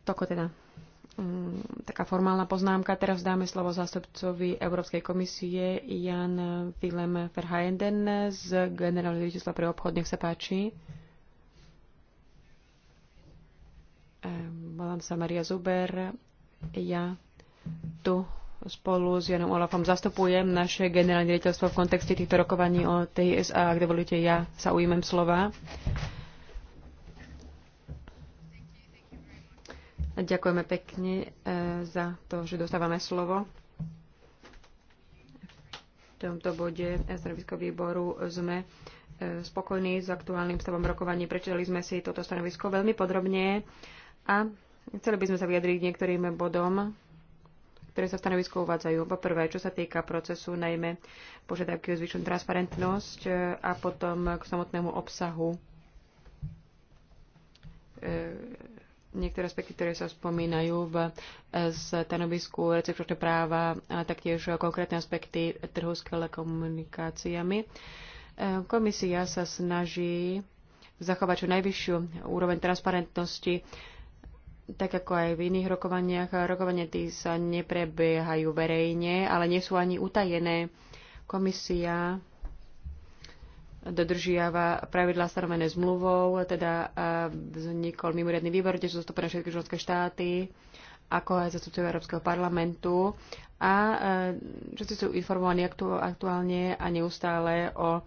Toko teda mm, taká formálna poznámka. Teraz dáme slovo zástupcovi Európskej komisie Jan Willem Verheijden z generálneho riaditeľstva pre obchod. Nech sa páči. Volám sa Maria Zuber. Ja tu spolu s Janom Olafom zastupujem naše generálne riaditeľstvo v kontexte týchto rokovaní o TSA. Ak dovolíte, ja sa ujmem slova. Ďakujeme pekne eh, za to, že dostávame slovo. V tomto bode stanovisko výboru sme eh, spokojní s aktuálnym stavom rokovaní. Prečítali sme si toto stanovisko veľmi podrobne a chceli by sme sa vyjadriť niektorým bodom, ktoré sa v stanovisku uvádzajú. Po prvé, čo sa týka procesu, najmä požiadavky o zvyšenú transparentnosť eh, a potom k samotnému obsahu niektoré aspekty, ktoré sa spomínajú v e, stanovisku recepčné práva a taktiež konkrétne aspekty trhu s telekomunikáciami. E, komisia sa snaží zachovať čo najvyššiu úroveň transparentnosti, tak ako aj v iných rokovaniach. Rokovania tí sa neprebiehajú verejne, ale nie sú ani utajené. Komisia dodržiava pravidlá stanovené zmluvou, teda vznikol mimoriadný výbor, kde sú zastúpené všetky členské štáty, ako aj zastupcov Európskeho parlamentu. A e, všetci sú informovaní aktuálne a neustále o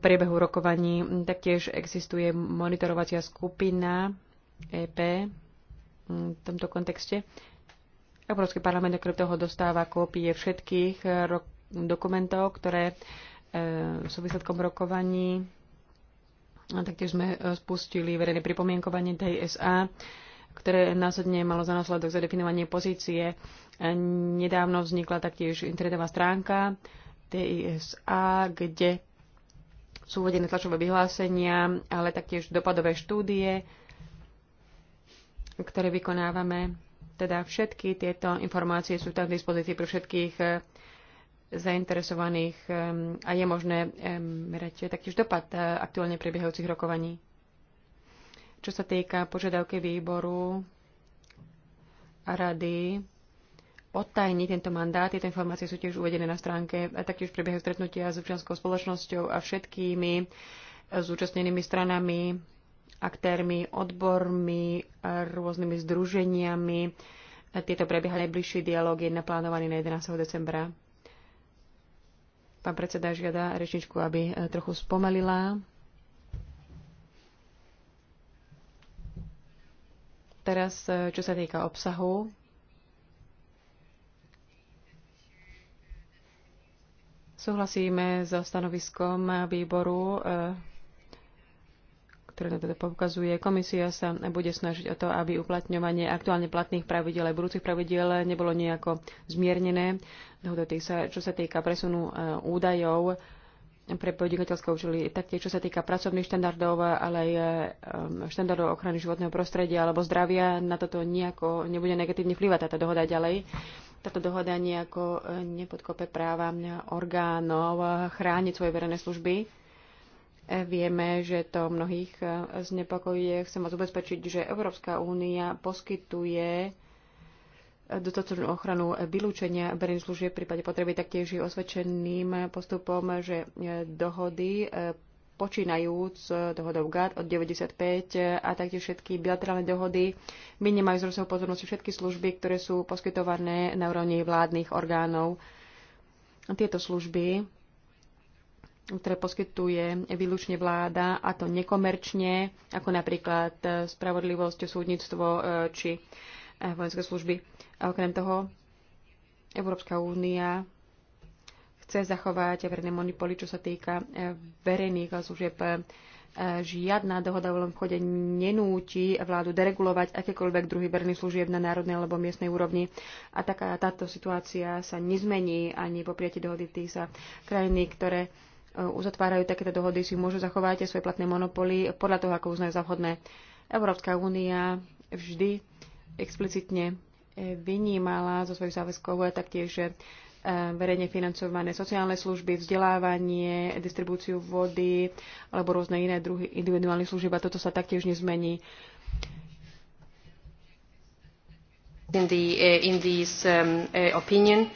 priebehu rokovaní. Taktiež existuje monitorovacia skupina EP v tomto kontexte. Európsky parlament okrem toho dostáva kópie všetkých e, dokumentov, ktoré E, sú výsledkom rokovaní. A taktiež sme e, spustili verejné pripomienkovanie TSA, ktoré následne malo za následok zadefinovanie pozície. E, nedávno vznikla taktiež internetová stránka TISA, kde sú uvedené tlačové vyhlásenia, ale taktiež dopadové štúdie, ktoré vykonávame. Teda všetky tieto informácie sú tam v dispozícii pre všetkých zainteresovaných a je možné merať taktiež dopad eh, aktuálne prebiehajúcich rokovaní. Čo sa týka požiadavky výboru a rady, odtajní tento mandát. Tieto informácie sú tiež uvedené na stránke. A taktiež prebiehajú stretnutia s občianskou spoločnosťou a všetkými eh, zúčastnenými stranami, aktérmi, odbormi, eh, rôznymi združeniami. Tieto prebiehali najbližší dialóg je naplánovaný na 11. decembra. Pán predseda žiada rečničku, aby e, trochu spomalila. Teraz, e, čo sa týka obsahu, súhlasíme so stanoviskom výboru e, ktoré na teda poukazuje. Komisia sa bude snažiť o to, aby uplatňovanie aktuálne platných pravidiel aj budúcich pravidiel nebolo nejako zmiernené. sa, čo sa týka presunu e, údajov pre podnikateľské účely, taktiež čo sa týka pracovných štandardov, ale aj e, štandardov ochrany životného prostredia alebo zdravia, na toto nejako nebude negatívne vplyvať táto dohoda ďalej. Táto dohoda nejako e, nepodkope práva orgánov chrániť svoje verejné služby Vieme, že to mnohých eh, znepokojuje. Chcem vás ubezpečiť, že Európska únia poskytuje eh, dostatočnú ochranu vylúčenia verejných služieb v prípade potreby taktiež je osvedčeným postupom, že eh, dohody počínajúc dohodou GATT od 95 a taktiež všetky bilaterálne dohody minimajú z rozsahu pozornosti všetky služby, ktoré sú poskytované na úrovni vládnych orgánov. Tieto služby ktoré poskytuje výlučne vláda, a to nekomerčne, ako napríklad e, spravodlivosť, súdnictvo e, či e, vojenské služby. A okrem toho, Európska únia chce zachovať verejné monopoly, čo sa týka verejných služieb. Žiadna dohoda o voľnom nenúti vládu deregulovať akékoľvek druhý verejných služieb na národnej alebo miestnej úrovni. A taká, táto situácia sa nezmení ani po prijatí dohody tých sa krajiny, ktoré Eh, uzatvárajú takéto dohody, si môžu zachovať aj svoje platné monopoly podľa toho, ako uznajú za vhodné. Európska únia vždy explicitne eh, vynímala zo svojich záväzkov a taktiež eh, verejne financované sociálne služby, vzdelávanie, distribúciu vody alebo rôzne iné druhy individuálnych služieb a toto sa taktiež nezmení. In, the, uh, in this um, uh, opinion,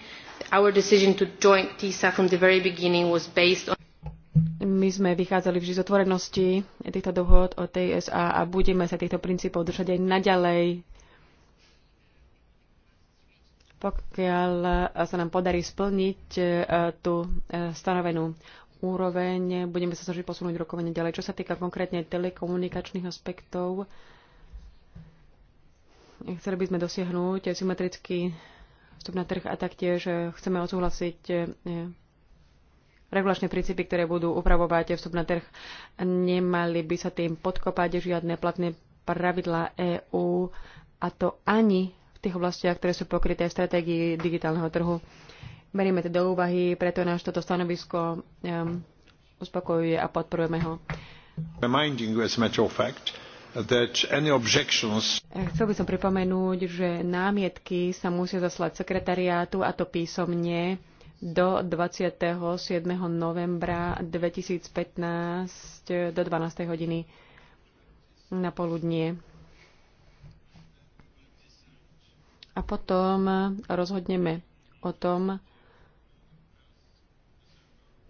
our decision to join TISA from the very beginning was based on aby sme vychádzali vždy z otvorenosti týchto dohod o TSA a budeme sa týchto princípov držať aj naďalej. Pokiaľ sa nám podarí splniť e, tú e, stanovenú úroveň, budeme sa snažiť posunúť rokovanie ďalej. Čo sa týka konkrétne telekomunikačných aspektov, chceli by sme dosiahnuť symetrický vstup na trh a taktiež chceme odsúhlasiť e, regulačné princípy, ktoré budú upravovať vstup na trh, nemali by sa tým podkopať žiadne platné pravidlá EÚ, a to ani v tých oblastiach, ktoré sú pokryté v stratégii digitálneho trhu. Berieme to do úvahy, preto náš toto stanovisko um, uspokojuje a podporujeme ho. Eh, chcel by som pripomenúť, že námietky sa musia zaslať sekretariátu a to písomne do 27. novembra 2015 do 12. hodiny na poludnie. A potom rozhodneme o tom,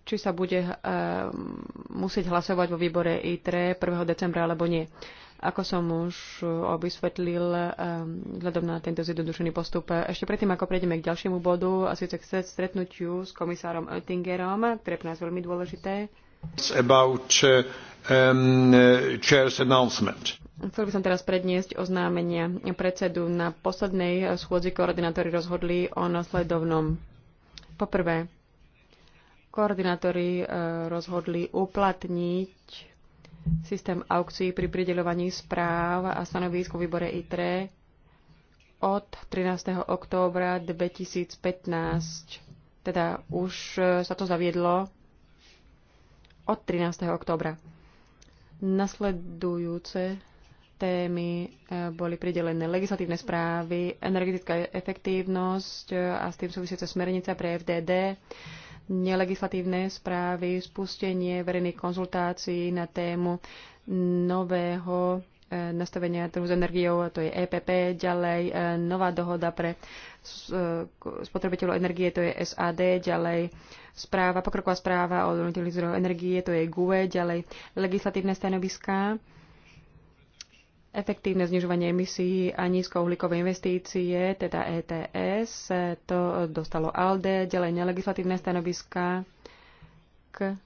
či sa bude eh, musieť hlasovať vo výbore ITRE 1. decembra alebo nie. Ako som už e, obysvetlil e, vzhľadom na tento zjednodušený postup, e, ešte predtým, ako prejdeme k ďalšiemu bodu, a síce k stretnutiu s komisárom Oettingerom, ktoré je pre nás veľmi dôležité. About, um, Chcel by som teraz predniesť oznámenia predsedu. Na poslednej schôdzi koordinátori rozhodli o nasledovnom. Poprvé, koordinátori rozhodli uplatniť systém aukcií pri prideľovaní správ a stanovisk v výbore ITRE od 13. októbra 2015. Teda už e, sa to zaviedlo od 13. októbra. Nasledujúce témy e, boli pridelené legislatívne správy, energetická efektívnosť e, a s tým súvisiace smernica pre FDD, nelegislatívne správy, spustenie verejných konzultácií na tému nového e, nastavenia trhu s energiou, to je EPP, ďalej e, nová dohoda pre e, spotrebiteľov energie, to je SAD, ďalej správa, pokroková správa o donutelných zdrojov energie, to je GUE, ďalej legislatívne stanoviská Efektívne znižovanie emisí a nízkouhlíkové investície, teda ETS, to dostalo ALDE, ďalej nelegislatívne stanoviska k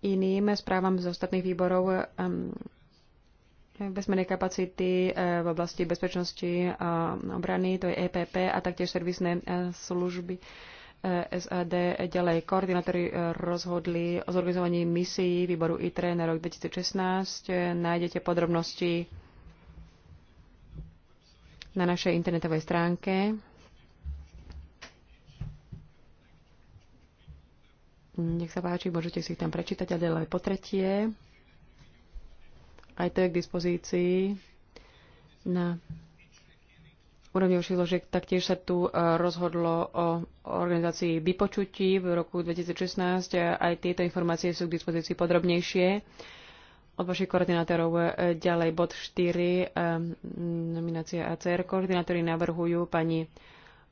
iným správam z ostatných výborov um, bezmenej kapacity eh, v oblasti bezpečnosti a obrany, to je EPP a taktiež servisné eh, služby. E SAD ďalej koordinátori e, rozhodli o zorganizovaní misií výboru ITRE na rok 2016. E, nájdete podrobnosti na našej internetovej stránke. Nech sa páči, môžete si ich tam prečítať a ďalej po tretie. Aj to je k dispozícii na úrovňových zložiek. Taktiež sa tu e, rozhodlo o organizácii vypočutí v roku 2016. Aj tieto informácie sú k dispozícii podrobnejšie od vašich koordinátorov. E, ďalej bod 4, e, nominácia ACR. Koordinátori navrhujú pani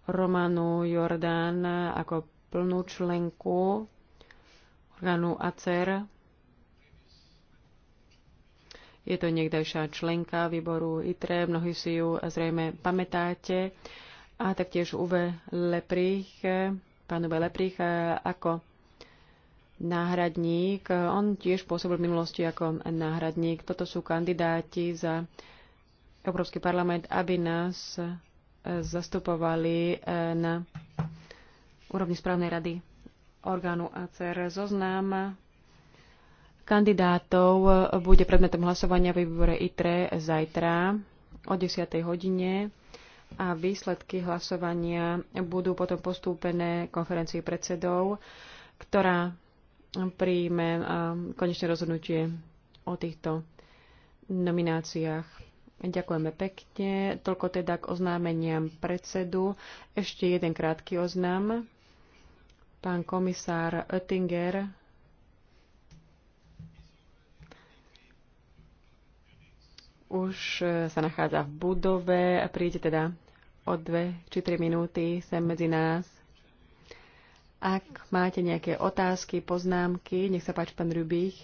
Romanu Jordán ako plnú členku orgánu ACER je to niekdajšia členka výboru ITRE, mnohí si ju zrejme pamätáte. A taktiež Uwe Leprich, pán Uwe Leprich, e, ako náhradník. On tiež pôsobil v minulosti ako náhradník. Toto sú kandidáti za Európsky parlament, aby nás e, zastupovali e, na úrovni správnej rady orgánu ACR. Zoznám kandidátov e, bude predmetom hlasovania v výbore ITRE zajtra o 10. hodine a výsledky hlasovania budú potom postúpené konferencii predsedov, ktorá príjme e, konečné rozhodnutie o týchto nomináciách. Ďakujeme pekne. Toľko teda k oznámeniam predsedu. Ešte jeden krátky oznám. Pán komisár Oettinger už e, sa nachádza v budove a príde teda o dve či tri minúty sem medzi nás. Ak máte nejaké otázky, poznámky, nech sa páči pán Rubich,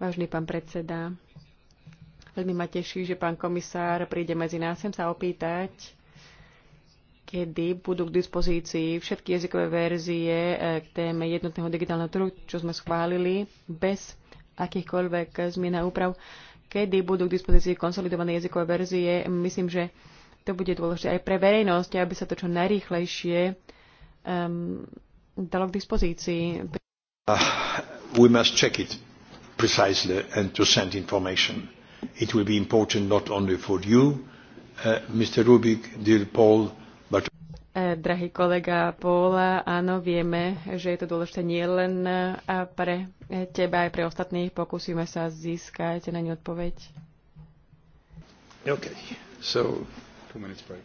vážny pán predseda. Veľmi ma teší, že pán komisár príde medzi nás. Chcem sa opýtať, kedy budú k dispozícii všetky jazykové verzie e, k téme jednotného digitálneho trhu, čo sme schválili, bez akýchkoľvek zmien a úprav kedy budú k dispozícii konsolidované jazykové verzie. Myslím, že to bude dôležité aj pre verejnosť, aby sa to čo najrýchlejšie um, dalo k dispozícii. Uh, we must check it precisely and to send information. It will be important not only for you, uh, Mr. Rubik, dear Paul, E, drahý kolega Póla, áno, vieme, že je to dôležité nielen e, pre e, teba, aj pre ostatných. Pokúsime sa získať na ňu odpoveď. OK, so two minutes break.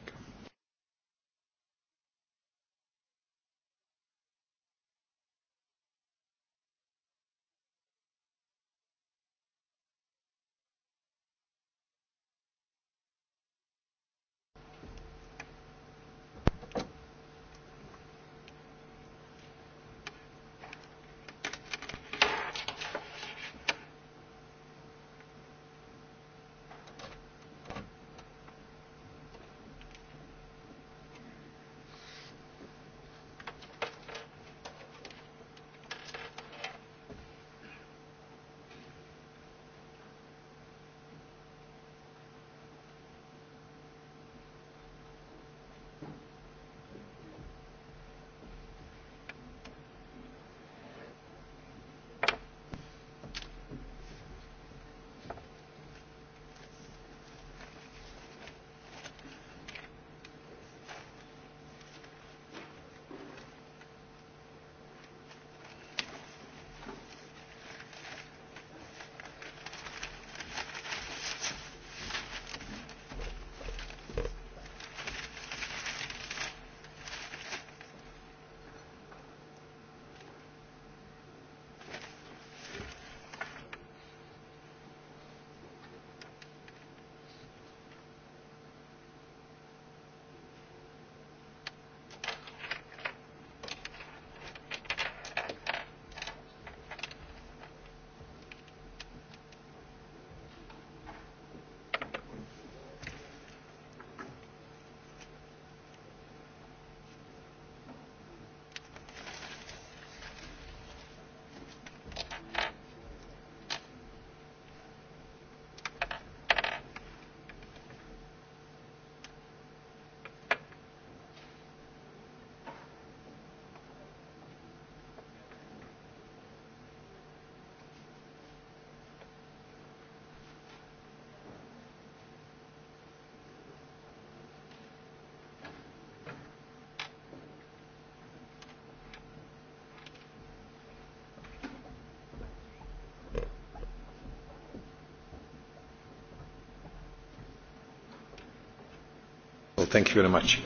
Well, thank you very much.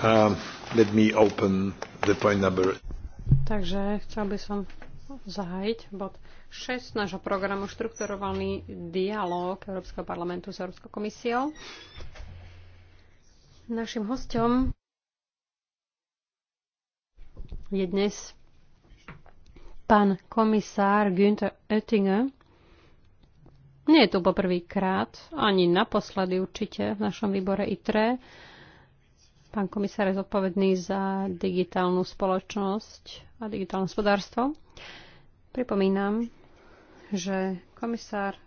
Um, let me open the point number... Takže chcel by som zahájiť bod 6 nášho programu Štrukturovaný dialog Európskeho parlamentu s Európskou komisiou. Našim hostom je dnes pán komisár Günther Oettinger, nie je tu poprvýkrát, ani naposledy určite v našom výbore ITRE. Pán komisár je zodpovedný za digitálnu spoločnosť a digitálne hospodárstvo. Pripomínam, že komisár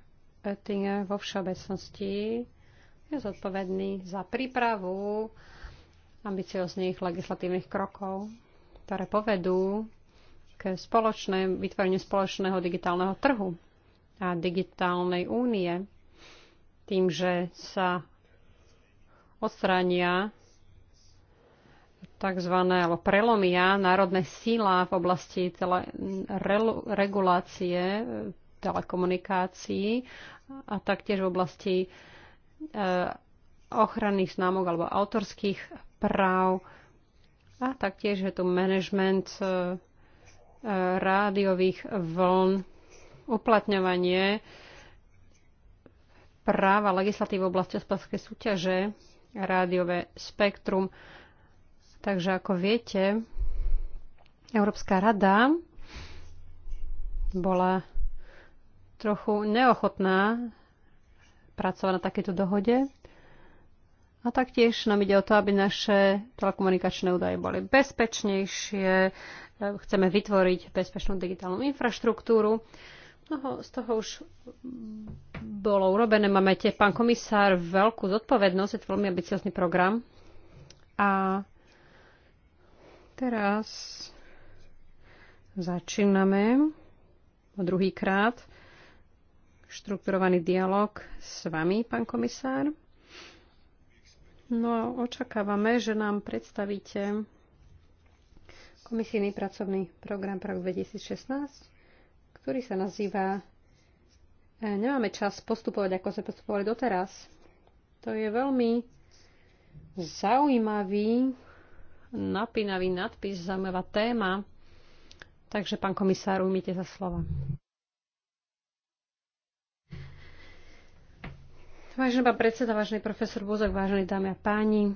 Oettinger vo všeobecnosti je zodpovedný za prípravu ambicioznych legislatívnych krokov, ktoré povedú k spoločné, vytvoreniu spoločného digitálneho trhu a digitálnej únie tým, že sa odstránia tzv. alebo prelomia národné síla v oblasti tele, re, regulácie telekomunikácií a taktiež v oblasti e, ochranných známok alebo autorských práv a taktiež je tu management e, e rádiových vln uplatňovanie práva legislatívy v oblasti hospodárskej súťaže rádiové spektrum. Takže ako viete, Európska rada bola trochu neochotná pracovať na takéto dohode. A taktiež nám ide o to, aby naše telekomunikačné údaje boli bezpečnejšie. Chceme vytvoriť bezpečnú digitálnu infraštruktúru. Mnoho z toho už bolo urobené. Máme tie, pán komisár, veľkú zodpovednosť, je to veľmi ambiciozný program. A teraz začíname druhý druhýkrát štrukturovaný dialog s vami, pán komisár. No a očakávame, že nám predstavíte komisijný pracovný program pre 2016 ktorý sa nazýva e, Nemáme čas postupovať, ako sme postupovali doteraz. To je veľmi zaujímavý, napínavý nadpis, zaujímavá téma. Takže, pán komisár, ujmite sa slova. Vážený pán predseda, vážený profesor Búzok, vážené dámy a páni,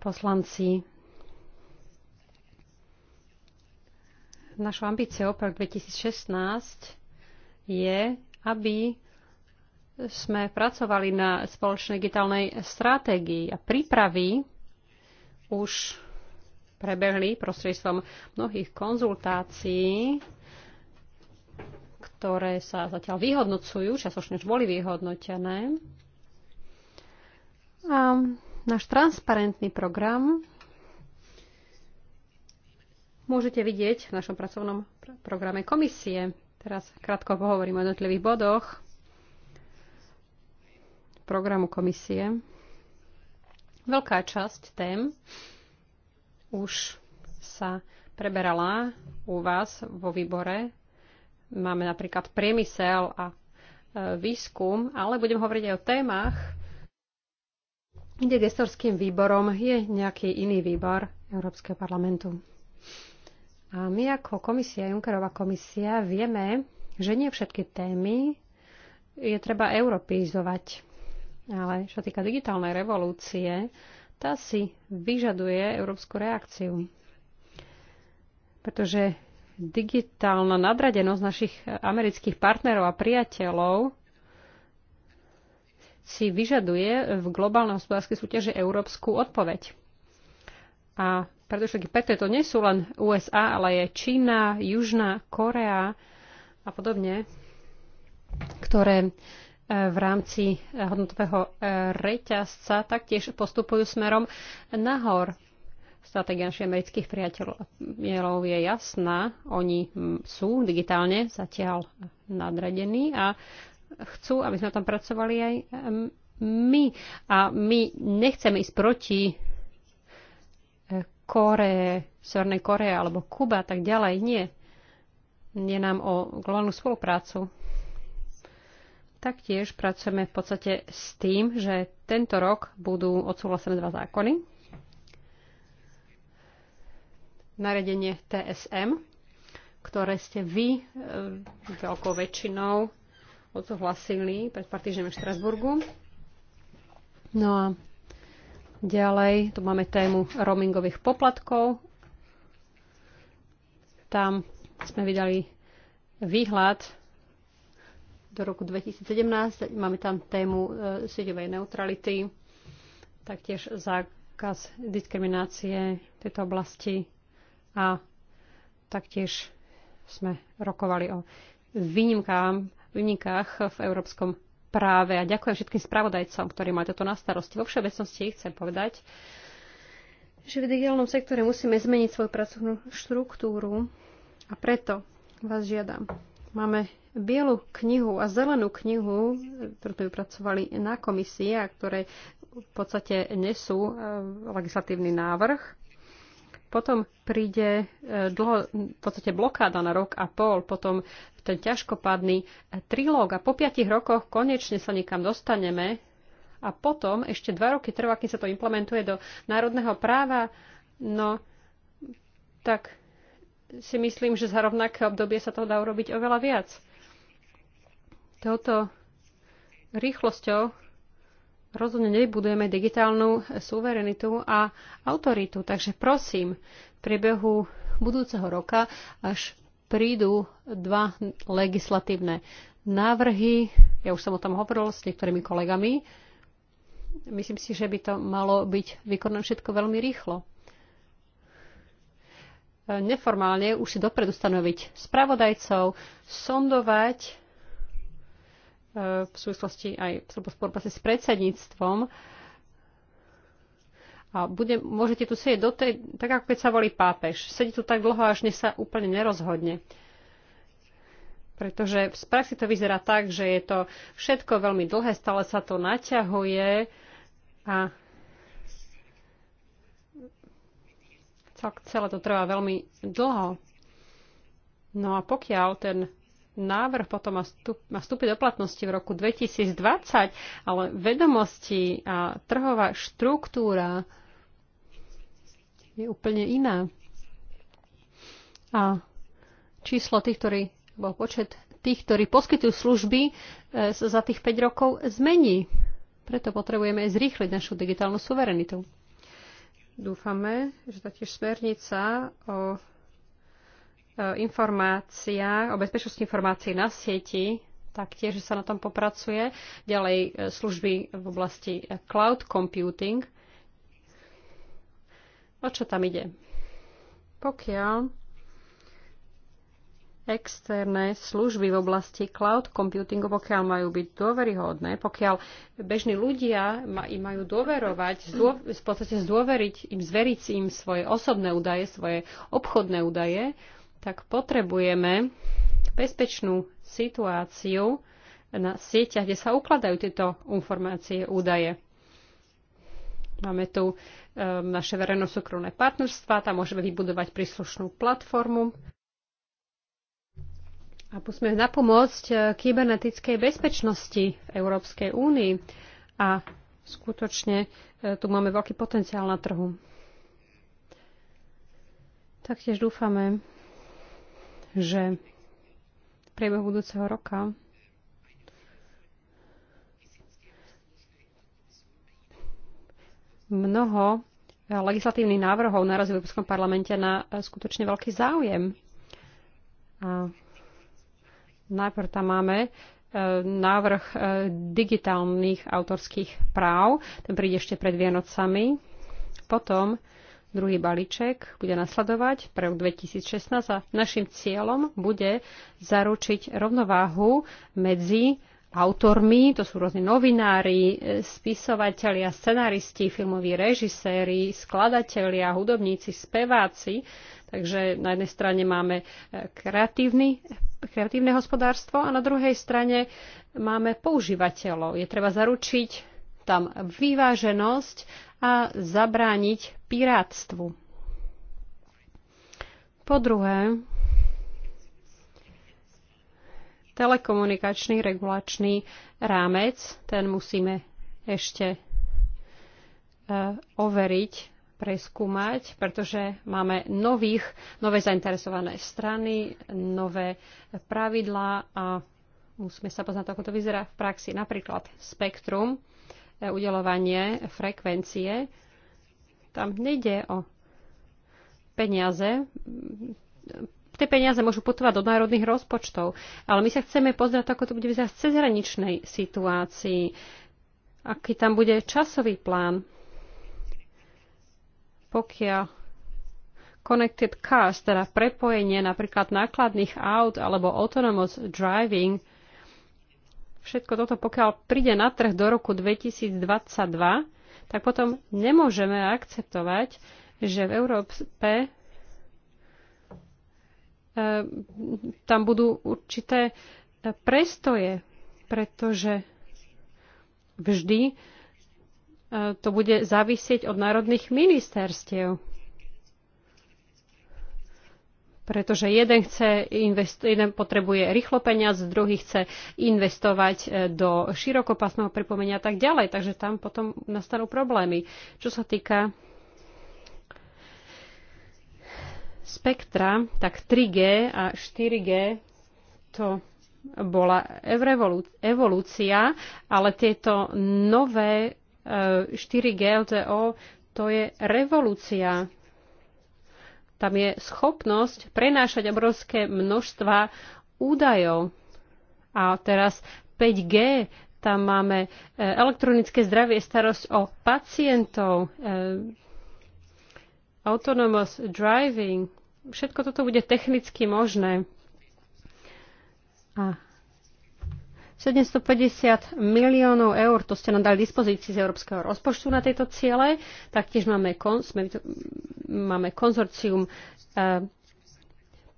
poslanci, našou ambíciou pre 2016 je, aby sme pracovali na spoločnej digitálnej stratégii a prípravy už prebehli prostredstvom mnohých konzultácií, ktoré sa zatiaľ vyhodnocujú, časočne už boli vyhodnotené. A náš transparentný program môžete vidieť v našom pracovnom programe komisie. Teraz krátko pohovorím o jednotlivých bodoch programu komisie. Veľká časť tém už sa preberala u vás vo výbore. Máme napríklad priemysel a e, výskum, ale budem hovoriť aj o témach, kde gestorským výborom je nejaký iný výbor Európskeho parlamentu. A my ako komisia, Junckerová komisia, vieme, že nie všetky témy je treba europeizovať. Ale čo týka digitálnej revolúcie, tá si vyžaduje európsku reakciu. Pretože digitálna nadradenosť našich amerických partnerov a priateľov si vyžaduje v globálnej hospodárskej súťaži európsku odpoveď. A predošlých preto to nie sú len USA, ale je Čína, Južná Korea a podobne, ktoré e, v rámci e, hodnotového e, reťazca taktiež postupujú smerom nahor. Stratégia našich amerických priateľov je jasná. Oni sú digitálne zatiaľ nadradení a chcú, aby sme tam pracovali aj my. A my nechceme ísť proti Koreje, Severnej Koreje alebo Kuba a tak ďalej. Nie. Je nám o globálnu spoluprácu. Taktiež pracujeme v podstate s tým, že tento rok budú odsúhlasené dva zákony. Naredenie TSM, ktoré ste vy e, veľkou väčšinou odsúhlasili pred pár týždňami v Štrasburgu. No a Ďalej, tu máme tému roamingových poplatkov. Tam sme vydali výhľad do roku 2017. Máme tam tému e, sieťovej neutrality, taktiež zákaz diskriminácie v tejto oblasti a taktiež sme rokovali o výnimkách v Európskom práve a ďakujem všetkým spravodajcom, ktorí majú toto na starosti. Vo všeobecnosti chcem povedať, že v digitálnom sektore musíme zmeniť svoju pracovnú štruktúru a preto vás žiadam. Máme bielu knihu a zelenú knihu, ktorú sme vypracovali na komisii a ktoré v podstate nesú eh, legislatívny návrh. Potom príde e, dlho, v podstate blokáda na rok a pol, potom ten ťažkopádny e, trilóg a po piatich rokoch konečne sa niekam dostaneme a potom ešte dva roky trvá, kým sa to implementuje do národného práva, no tak si myslím, že za rovnaké obdobie sa to dá urobiť oveľa viac. Touto rýchlosťou rozhodne nebudujeme digitálnu suverenitu a autoritu. Takže prosím, v priebehu budúceho roka, až prídu dva legislatívne návrhy, ja už som o tom hovoril s niektorými kolegami, myslím si, že by to malo byť vykonané všetko veľmi rýchlo. Neformálne už si dopredu stanoviť spravodajcov, sondovať v súvislosti aj v spolupráci s predsedníctvom. A bude, môžete tu sedieť do tej, tak ako keď sa volí pápež. Sedí tu tak dlho, až než sa úplne nerozhodne. Pretože v praxi to vyzerá tak, že je to všetko veľmi dlhé, stále sa to naťahuje a celé to trvá veľmi dlho. No a pokiaľ ten návrh potom má, vstúpiť do platnosti v roku 2020, ale vedomosti a trhová štruktúra je úplne iná. A číslo tých, ktorí, bol počet tých, ktorí poskytujú služby, e, sa za tých 5 rokov zmení. Preto potrebujeme zrýchliť našu digitálnu suverenitu. Dúfame, že tá tiež smernica o informácia o bezpečnosti informácií na sieti, taktiež sa na tom popracuje. Ďalej e, služby v oblasti e, cloud computing. O čo tam ide? Pokiaľ externé služby v oblasti cloud computingu, pokiaľ majú byť dôveryhodné, pokiaľ bežní ľudia im majú dôverovať, v podstate zdôveriť im, zveriť im svoje osobné údaje, svoje obchodné údaje, tak potrebujeme bezpečnú situáciu na sieťach, kde sa ukladajú tieto informácie, údaje. Máme tu um, naše verejno-súkromné partnerstva, tam môžeme vybudovať príslušnú platformu a musíme napomôcť eh, kybernetickej bezpečnosti v Európskej únii a skutočne eh, tu máme veľký potenciál na trhu. Taktiež dúfame, že v priebehu budúceho roka mnoho eh, legislatívnych návrhov narazí v Európskom parlamente na eh, skutočne veľký záujem. A najprv tam máme eh, návrh digitálnych autorských práv, ten príde ešte pred Vianocami. Potom Druhý balíček bude nasledovať pre rok 2016 a našim cieľom bude zaručiť rovnováhu medzi autormi, to sú rôzni novinári, spisovatelia, scenaristi, filmoví režiséri, skladatelia, hudobníci, speváci. Takže na jednej strane máme e, kreatívny kreatívne hospodárstvo a na druhej strane máme používateľov. Je treba zaručiť tam vyváženosť a zabrániť pirátstvu. Po druhé, telekomunikačný regulačný rámec, ten musíme ešte e, overiť, preskúmať, pretože máme nových, nové zainteresované strany, nové pravidlá a musíme sa poznať, ako to vyzerá v praxi. Napríklad Spektrum E, udelovanie frekvencie. Tam nejde o peniaze. Tie peniaze môžu putovať do národných rozpočtov, ale my sa chceme pozrieť, ako to bude vyzerať v cezhraničnej situácii, aký tam bude časový plán. Pokiaľ connected cars, teda prepojenie napríklad nákladných aut alebo autonomous driving – všetko toto, pokiaľ príde na trh do roku 2022, tak potom nemôžeme akceptovať, že v Európe e, tam budú určité e, prestoje, pretože vždy e, to bude závisieť od národných ministerstiev pretože jeden, chce invest- jeden potrebuje rýchlo peniaz, druhý chce investovať e, do širokopasného pripomenia a tak ďalej, takže tam potom nastanú problémy. Čo sa týka spektra, tak 3G a 4G to bola evolúcia, ale tieto nové 4G e, LTO to je revolúcia tam je schopnosť prenášať obrovské množstva údajov. A teraz 5G, tam máme e, elektronické zdravie, starosť o pacientov, e, autonomous driving, všetko toto bude technicky možné. A 750 miliónov eur, to ste nám dali dispozícii z európskeho rozpočtu na tieto ciele. Taktiež máme, kon, sme, máme konzorcium e,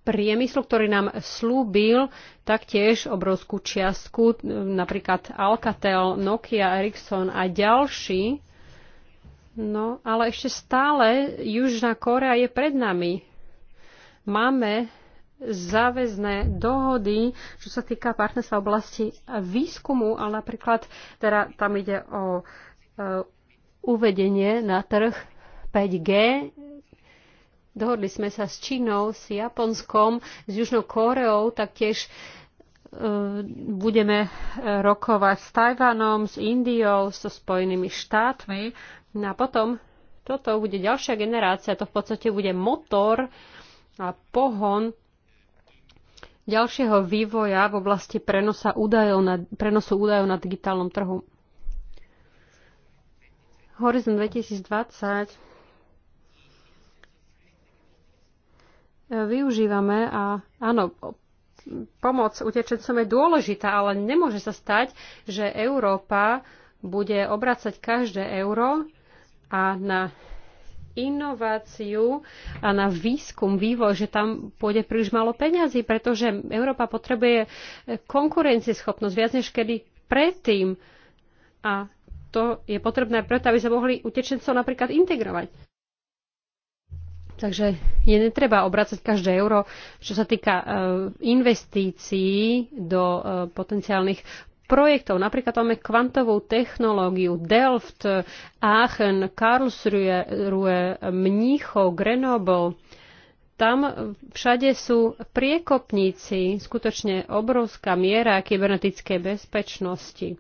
priemyslu, ktorý nám slúbil taktiež obrovskú čiastku, eh, napríklad Alcatel, Nokia, Ericsson a ďalší. No, ale ešte stále Južná Korea je pred nami. Máme záväzné dohody, čo sa týka partnerstva v oblasti výskumu, ale napríklad teda tam ide o e, uvedenie na trh 5G. Dohodli sme sa s Čínou, s Japonskom, s Južnou Kóreou, taktiež e, budeme e, rokovať s Tajvanom, s Indiou, so Spojenými štátmi. No a potom toto bude ďalšia generácia, to v podstate bude motor a pohon ďalšieho vývoja v oblasti prenosa údajov na, prenosu údajov na digitálnom trhu. Horizon 2020 využívame a áno, pomoc utečencom je dôležitá, ale nemôže sa stať, že Európa bude obracať každé euro a na inováciu a na výskum, vývoj, že tam pôjde príliš málo peňazí, pretože Európa potrebuje konkurencieschopnosť viac než kedy predtým. A to je potrebné preto, aby sa mohli utečencov napríklad integrovať. Takže je netreba obracať každé euro, čo sa týka eh, investícií do eh, potenciálnych projektov. Napríklad máme kvantovú technológiu Delft, Aachen, Karlsruhe, Mníchov, Grenoble. Tam všade sú priekopníci, skutočne obrovská miera kybernetickej bezpečnosti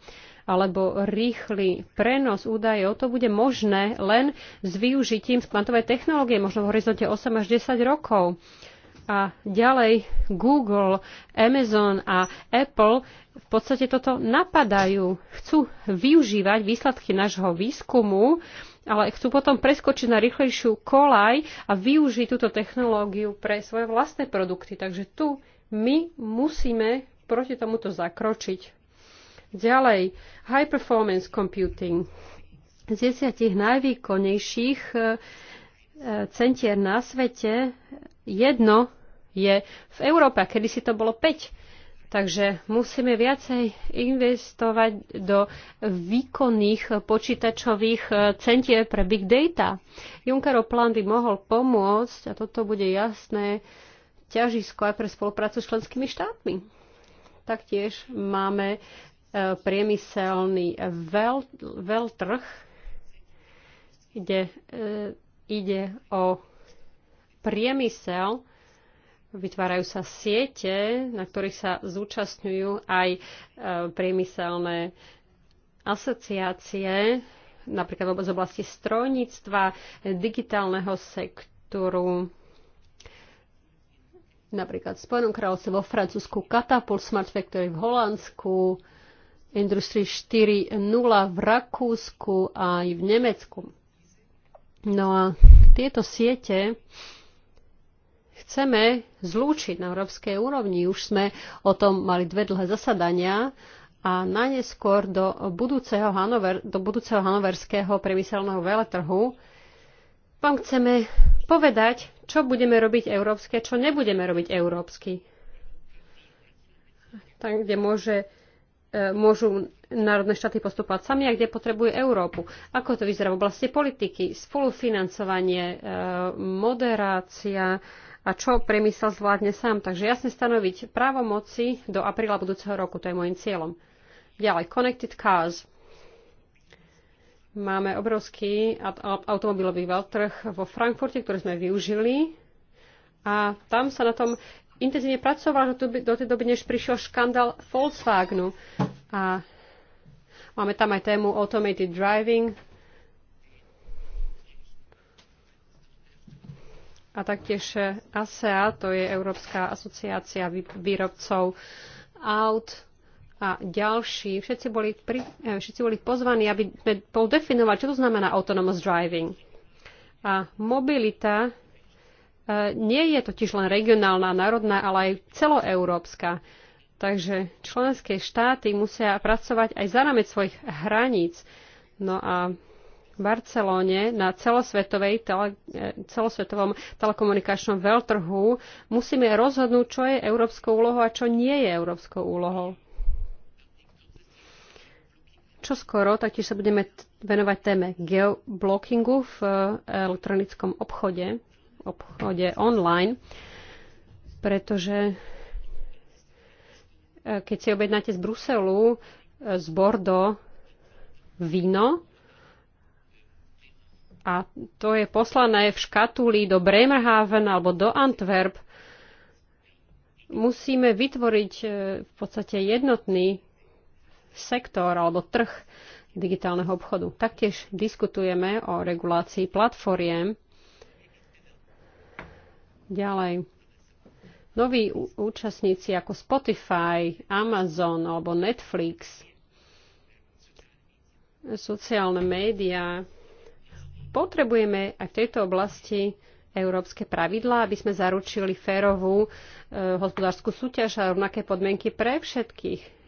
alebo rýchly prenos údajov, to bude možné len s využitím kvantovej technológie, možno v horizonte 8 až 10 rokov. A ďalej Google, Amazon a Apple v podstate toto napadajú. Chcú využívať výsledky nášho výskumu, ale chcú potom preskočiť na rýchlejšiu kolaj a využiť túto technológiu pre svoje vlastné produkty. Takže tu my musíme proti tomuto zakročiť. Ďalej, high performance computing. Z desiatich najvýkonnejších centier na svete, jedno je v Európe, kedy si to bolo 5. Takže musíme viacej investovať do výkonných počítačových eh, centier pre big data. Junckerov plán by mohol pomôcť, a toto bude jasné, ťažisko aj pre spoluprácu s členskými štátmi. Taktiež máme eh, priemyselný veľ, veľtrh, kde eh, ide o priemysel, vytvárajú sa siete, na ktorých sa zúčastňujú aj e, priemyselné asociácie, napríklad z oblasti strojníctva, digitálneho sektoru, napríklad v Spojenom kráľovstve, vo Francúzsku, Katapult Smart Factory v Holandsku, Industry 4.0 v Rakúsku a aj v Nemecku. No a tieto siete chceme zlúčiť na európskej úrovni. Už sme o tom mali dve dlhé zasadania a najneskôr do budúceho, Hanover, do budúceho hanoverského priemyselného veletrhu vám chceme povedať, čo budeme robiť európske, čo nebudeme robiť európsky. Tam, kde môže, e, môžu národné štáty postupovať sami a kde potrebujú Európu. Ako to vyzerá v oblasti politiky, spolufinancovanie, e, moderácia a čo priemysel zvládne sám. Takže jasne stanoviť právomoci do apríla budúceho roku, to je môjim cieľom. Ďalej, Connected Cars. Máme obrovský automobilový veľtrh vo Frankfurte, ktorý sme využili a tam sa na tom intenzívne pracovalo do tej doby, než prišiel škandál Volkswagenu. A Máme tam aj tému automated driving a taktiež ASEA, eh, e to je Európska asociácia výrobcov aut a ďalší. Všetci boli, pri, eh, všetci boli pozvaní, aby sme definovali, čo to znamená autonomous driving. A mobilita eh, nie je totiž len regionálna, národná, ale aj celoeurópska. Takže členské štáty musia pracovať aj za rámec svojich hraníc. No a v Barcelóne na celosvetovej, tele, celosvetovom telekomunikačnom veľtrhu musíme rozhodnúť, čo je európskou úlohou a čo nie je európskou úlohou. Čo skoro, taktiež sa budeme venovať téme geoblockingu v e, elektronickom obchode, obchode online, pretože keď si objednáte z Bruselu, e, z Bordo víno a to je poslané v škatuli do Bremerhaven alebo do Antwerp, musíme vytvoriť e, v podstate jednotný sektor alebo trh digitálneho obchodu. Taktiež diskutujeme o regulácii platformiem. Ďalej, noví účastníci ako Spotify, Amazon alebo Netflix, sociálne médiá. Potrebujeme aj v tejto oblasti európske pravidlá, aby sme zaručili férovú e, hospodárskú súťaž a rovnaké podmienky pre všetkých.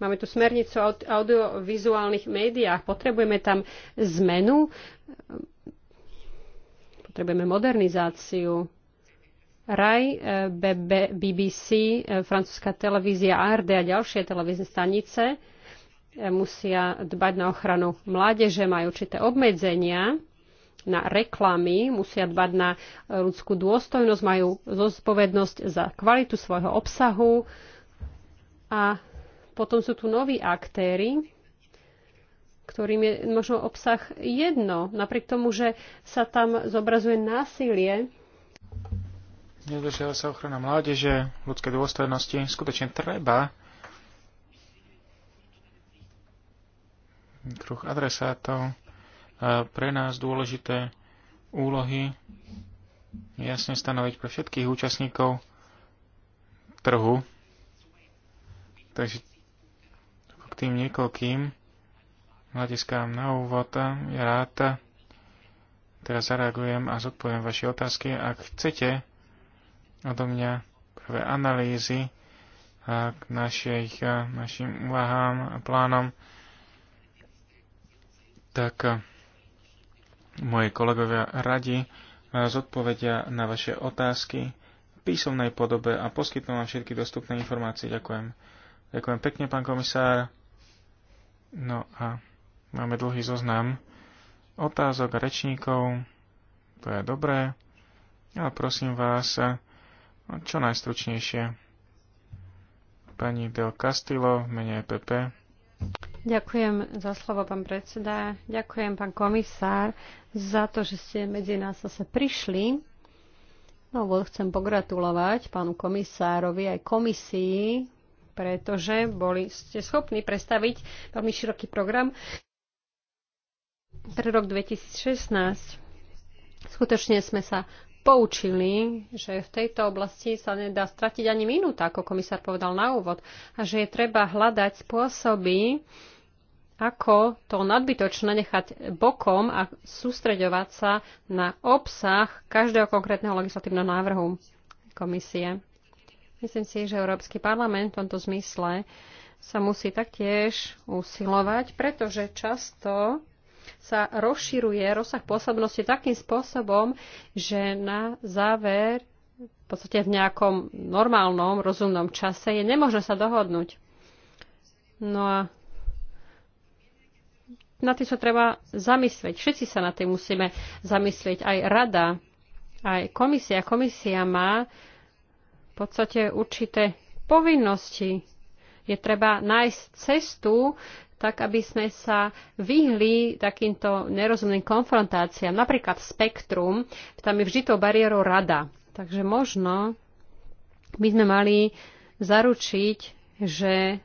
Máme tu smernicu o audiovizuálnych médiách. Potrebujeme tam zmenu potrebujeme modernizáciu. RAI, eh, BBC, eh, francúzska televízia ARD a ďalšie televízne stanice eh, musia dbať na ochranu mládeže, majú určité obmedzenia na reklamy, musia dbať na ľudskú dôstojnosť, majú zodpovednosť za kvalitu svojho obsahu a potom sú tu noví aktéry, ktorým je možno obsah jedno, napriek tomu, že sa tam zobrazuje násilie. Nedržiava sa ochrana mládeže, ľudské dôstojnosti. Skutočne treba kruh adresátov, e, pre nás dôležité úlohy jasne stanoviť pre všetkých účastníkov trhu. Takže k tým niekoľkým hľadiska na úvod. Ja rád teraz zareagujem a zodpoviem vaše otázky. Ak chcete odo mňa prvé analýzy k našich, našim úvahám a plánom, tak moji kolegovia radi zodpovedia na vaše otázky v písomnej podobe a poskytnú vám všetky dostupné informácie. Ďakujem. Ďakujem pekne, pán komisár. No a Máme dlhý zoznam otázok a rečníkov. To je dobré. Ale prosím vás, čo najstručnejšie. Pani Del Castillo, mene PP. E Ďakujem za slovo, pán predseda. Ďakujem, pán komisár, za to, že ste medzi nás zase prišli. No, chcem pogratulovať pánu komisárovi aj komisii, pretože boli, ste schopní predstaviť veľmi široký program pre rok 2016 skutočne sme sa poučili, že v tejto oblasti sa nedá stratiť ani minúta, ako komisár povedal na úvod, a že je treba hľadať spôsoby, ako to nadbytočné nechať bokom a sústreďovať sa na obsah každého konkrétneho legislatívneho návrhu komisie. Myslím si, že Európsky parlament v tomto zmysle sa musí taktiež usilovať, pretože často sa rozširuje rozsah pôsobnosti takým spôsobom, že na záver v podstate v nejakom normálnom, rozumnom čase je nemožné sa dohodnúť. No a na tým sa treba zamyslieť. Všetci sa na tým musíme zamyslieť. Aj rada, aj komisia. Komisia má v podstate určité povinnosti. Je treba nájsť cestu, tak aby sme sa vyhli takýmto nerozumným konfrontáciám. Napríklad spektrum, tam je vždy tou bariérou rada. Takže možno by sme mali zaručiť, že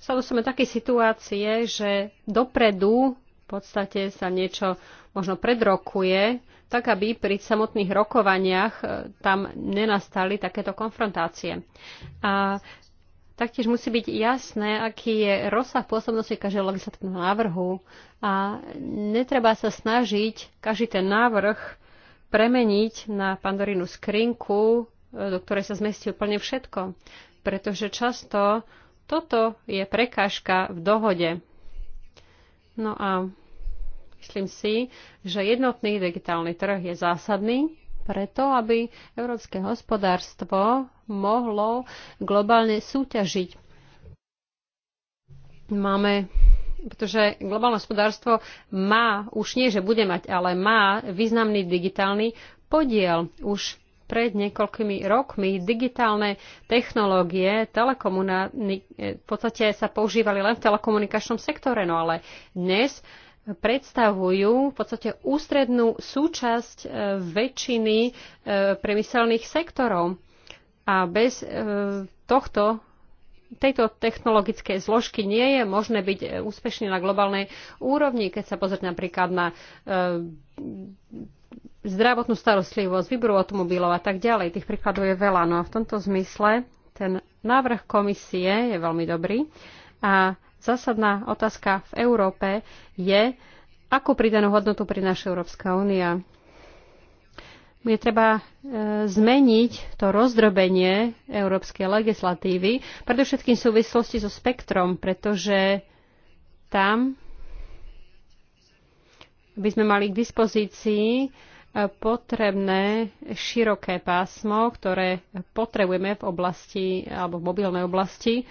sa dostaneme také situácie, že dopredu v podstate sa niečo možno predrokuje, tak aby pri samotných rokovaniach eh, tam nenastali takéto konfrontácie. A Taktiež musí byť jasné, aký je rozsah pôsobnosti každého legislatívneho návrhu a netreba sa snažiť každý ten návrh premeniť na pandorínu skrinku, e, do ktorej sa zmestí úplne všetko. Pretože často toto je prekážka v dohode. No a myslím si, že jednotný digitálny trh je zásadný preto, aby európske hospodárstvo mohlo globálne súťažiť. Máme pretože globálne hospodárstvo má, už nie, že bude mať, ale má významný digitálny podiel. Už pred niekoľkými rokmi digitálne technológie v podstate sa používali len v telekomunikačnom sektore, no ale dnes predstavujú v podstate ústrednú súčasť e, väčšiny e, priemyselných sektorov. A bez e, tohto tejto technologickej zložky nie je možné byť úspešný na globálnej úrovni, keď sa pozrieť napríklad na zdravotnú starostlivosť, výboru automobilov a tak ďalej. Tých príkladov je veľa. No a v tomto zmysle ten návrh komisie je veľmi dobrý a zásadná otázka v Európe je, akú pridanú hodnotu prináša Európska únia. Je treba e, zmeniť to rozdrobenie európskej legislatívy, predovšetkým v súvislosti so spektrom, pretože tam by sme mali k dispozícii e, potrebné široké pásmo, ktoré potrebujeme v oblasti alebo v mobilnej oblasti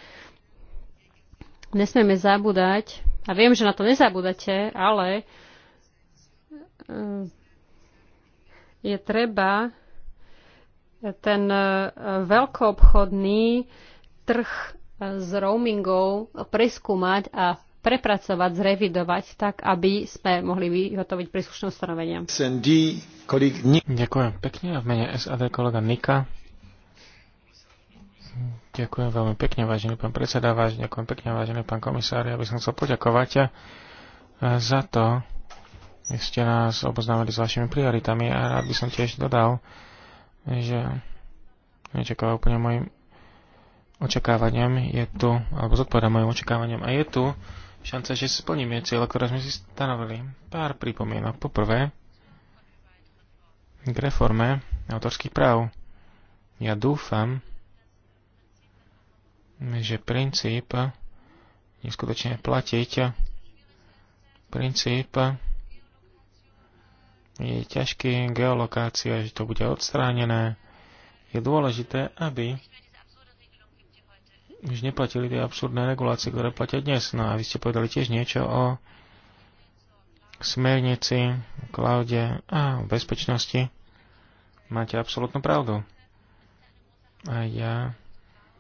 nesmieme zabúdať, a viem, že na to nezabúdate, ale eh, je treba ten eh, veľkoobchodný trh eh, s roamingou preskúmať a prepracovať, zrevidovať tak, aby sme mohli vyhotoviť príslušné ustanovenia. Ďakujem pekne a v mene SAD kolega Nika. Ďakujem veľmi pekne, vážený pán predseda, vážený, ďakujem pekne, vážený pán komisár. Ja by som chcel poďakovať eh, za to, že ste nás oboznámili s vašimi prioritami a rád by som tiež dodal, že nečakáva úplne mojim očakávaniam, je tu, alebo zodpovedám mojim očakávaniam a je tu šanca, že splníme cieľa, ktoré sme si stanovili. Pár pripomienok. Poprvé, k reforme autorských práv. Ja dúfam, že princíp neskutočne platiť, princíp je ťažký, geolokácia, že to bude odstránené. Je dôležité, aby už neplatili tie absurdné regulácie, ktoré platia dnes. No a vy ste povedali tiež niečo o smernici, klaude a bezpečnosti. Máte absolútnu pravdu. A ja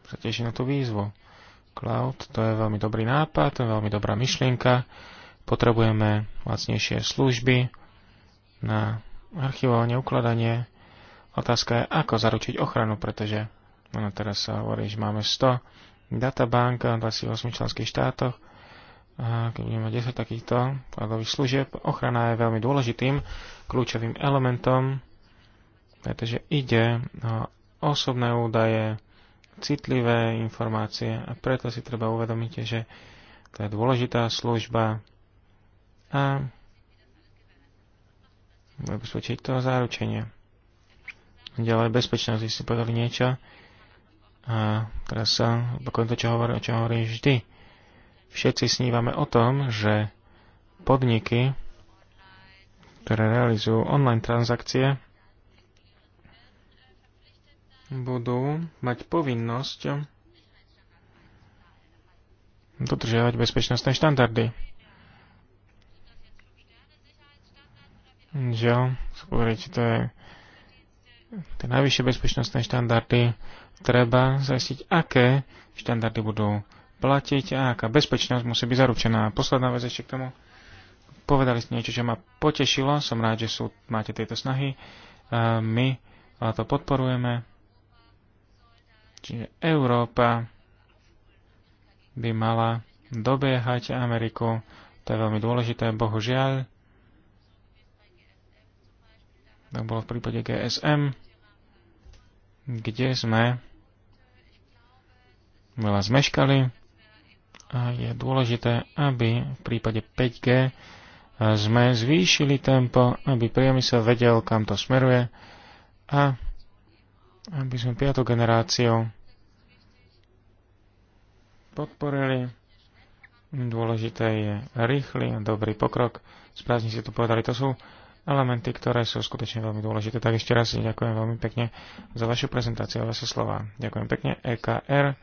sa teší na tú výzvu. Cloud, to je veľmi dobrý nápad, to je veľmi dobrá myšlienka. Potrebujeme lacnejšie služby na archivovanie, ukladanie. Otázka je, ako zaručiť ochranu, pretože no, teraz sa hovorí, že máme 100 databank v 28 členských štátoch. A keď budeme 10 takýchto kladových služieb, ochrana je veľmi dôležitým kľúčovým elementom, pretože ide o osobné údaje, citlivé informácie a preto si treba uvedomiť, že to je dôležitá služba a zabezpečiť to záručenie. Ďalej bezpečnosť, si ste povedali niečo a teraz sa opakujem to, čo hovorím, čo hovorím vždy. Všetci snívame o tom, že podniky, ktoré realizujú online transakcie, budú mať povinnosť dodržiavať bezpečnostné štandardy. Žiaľ, chcem to je tie najvyššie bezpečnostné štandardy treba zajistiť, aké štandardy budú platiť a aká bezpečnosť musí byť zaručená. posledná vec ešte k tomu. Povedali ste niečo, čo ma potešilo. Som rád, že sú, máte tieto snahy. My to podporujeme. Čiže Európa by mala dobiehať Ameriku. To je veľmi dôležité, bohužiaľ. Tak bolo v prípade GSM, kde sme veľa zmeškali a je dôležité, aby v prípade 5G sme zvýšili tempo, aby priemysel vedel, kam to smeruje a aby sme piatou generáciou podporili. Dôležité je rýchly a dobrý pokrok. Správne ste to povedali, to sú elementy, ktoré sú skutočne veľmi dôležité. Tak ešte raz ďakujem veľmi pekne za vašu prezentáciu a vaše slova. Ďakujem pekne. EKR,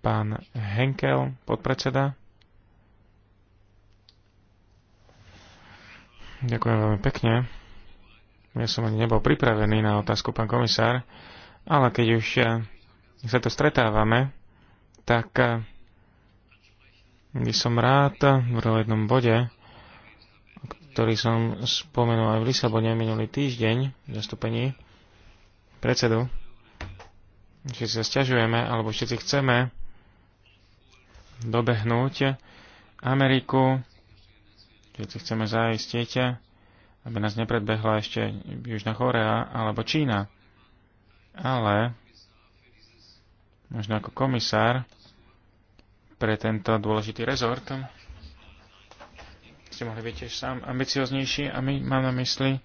pán Henkel, podpredseda. Ďakujem veľmi pekne. Ja som ani nebol pripravený na otázku, pán komisár, ale keď už eh, sa to stretávame, tak eh, by som rád v jednom bode, ktorý som spomenul aj v Lisabone minulý týždeň v zastúpení predsedu, že sa stiažujeme, alebo všetci chceme dobehnúť Ameriku, všetci chceme zaistiť eh, aby nás nepredbehla ešte Južná Korea alebo Čína. Ale možno ako komisár pre tento dôležitý rezort ste mohli byť tiež sám ambicioznejší a my máme na mysli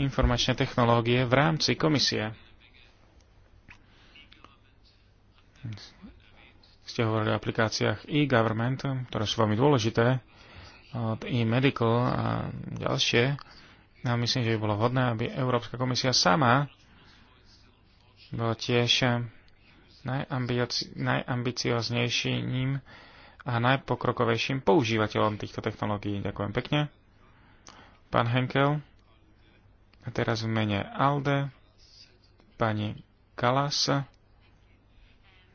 informačné technológie v rámci komisie. Ste hovorili o aplikáciách e-government, ktoré sú veľmi dôležité, od e-medical a ďalšie No, myslím, že by bolo vhodné, aby Európska komisia sama bola tiež najambicioznejším a najpokrokovejším používateľom týchto technológií. Ďakujem pekne. Pán Henkel. A teraz v mene Alde. Pani Kalas.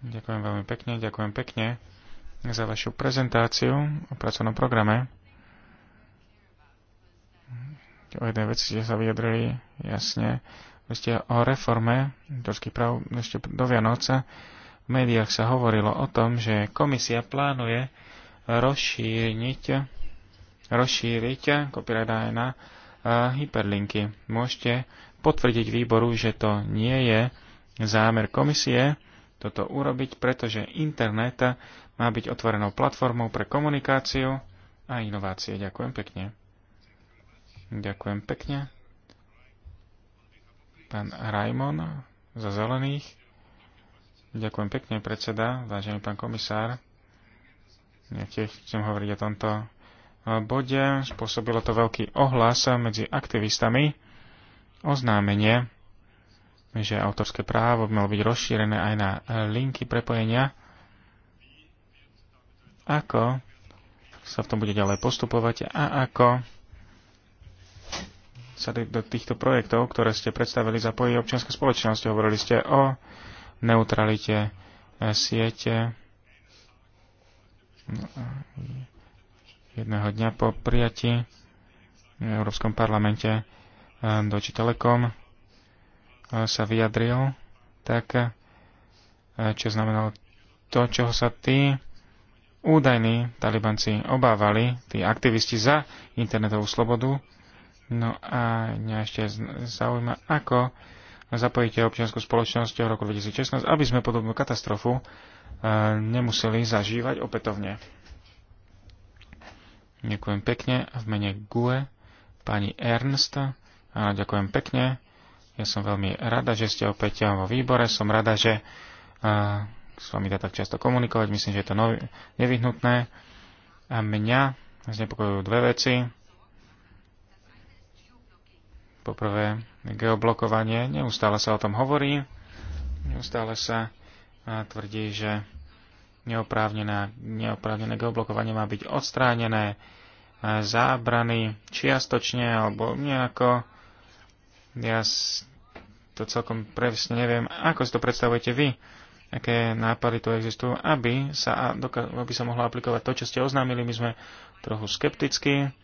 Ďakujem veľmi pekne, ďakujem pekne za vašu prezentáciu o pracovnom programe o jednej veci ste sa vyjadrili jasne. Vy ste o reforme autorských práv ešte do Vianoca. V médiách sa hovorilo o tom, že komisia plánuje rozšíriť, rozšíriť copyright aj na e, hyperlinky. Môžete potvrdiť výboru, že to nie je zámer komisie toto urobiť, pretože internet má byť otvorenou platformou pre komunikáciu a inovácie. Ďakujem pekne. Ďakujem pekne. Pán Rajmon za zelených. Ďakujem pekne, predseda, vážený pán komisár. Ja tiež chcem hovoriť o tomto bode. Spôsobilo to veľký ohlas medzi aktivistami. Oznámenie, že autorské právo by malo byť rozšírené aj na linky prepojenia. Ako sa v tom bude ďalej postupovať a ako sa do týchto projektov, ktoré ste predstavili, zapojí občianská spoločnosti. Hovorili ste o neutralite e, siete. No, e, jedného dňa po prijati v Európskom parlamente e, Deutsche Telekom sa vyjadril, tak čo znamenalo to, čoho sa tí údajní talibanci obávali, tí aktivisti za internetovú slobodu, No a mňa ešte zaujíma, ako zapojíte občianskú spoločnosť v roku 2016, aby sme podobnú katastrofu e, nemuseli zažívať opätovne. Ďakujem pekne v mene GUE, pani Ernst. Áno, ďakujem pekne. Ja som veľmi rada, že ste opäť vo výbore. Som rada, že uh, s vami dá tak často komunikovať. Myslím, že je to nov- nevyhnutné. A mňa znepokojujú dve veci Poprvé, geoblokovanie. Neustále sa o tom hovorí. Neustále sa tvrdí, že neoprávnené, neoprávnené geoblokovanie má byť odstránené, zábrany čiastočne alebo nejako. Ja to celkom presne neviem, ako si to predstavujete vy, aké nápady tu existujú, aby sa, aby sa mohlo aplikovať to, čo ste oznámili. My sme trochu skeptickí.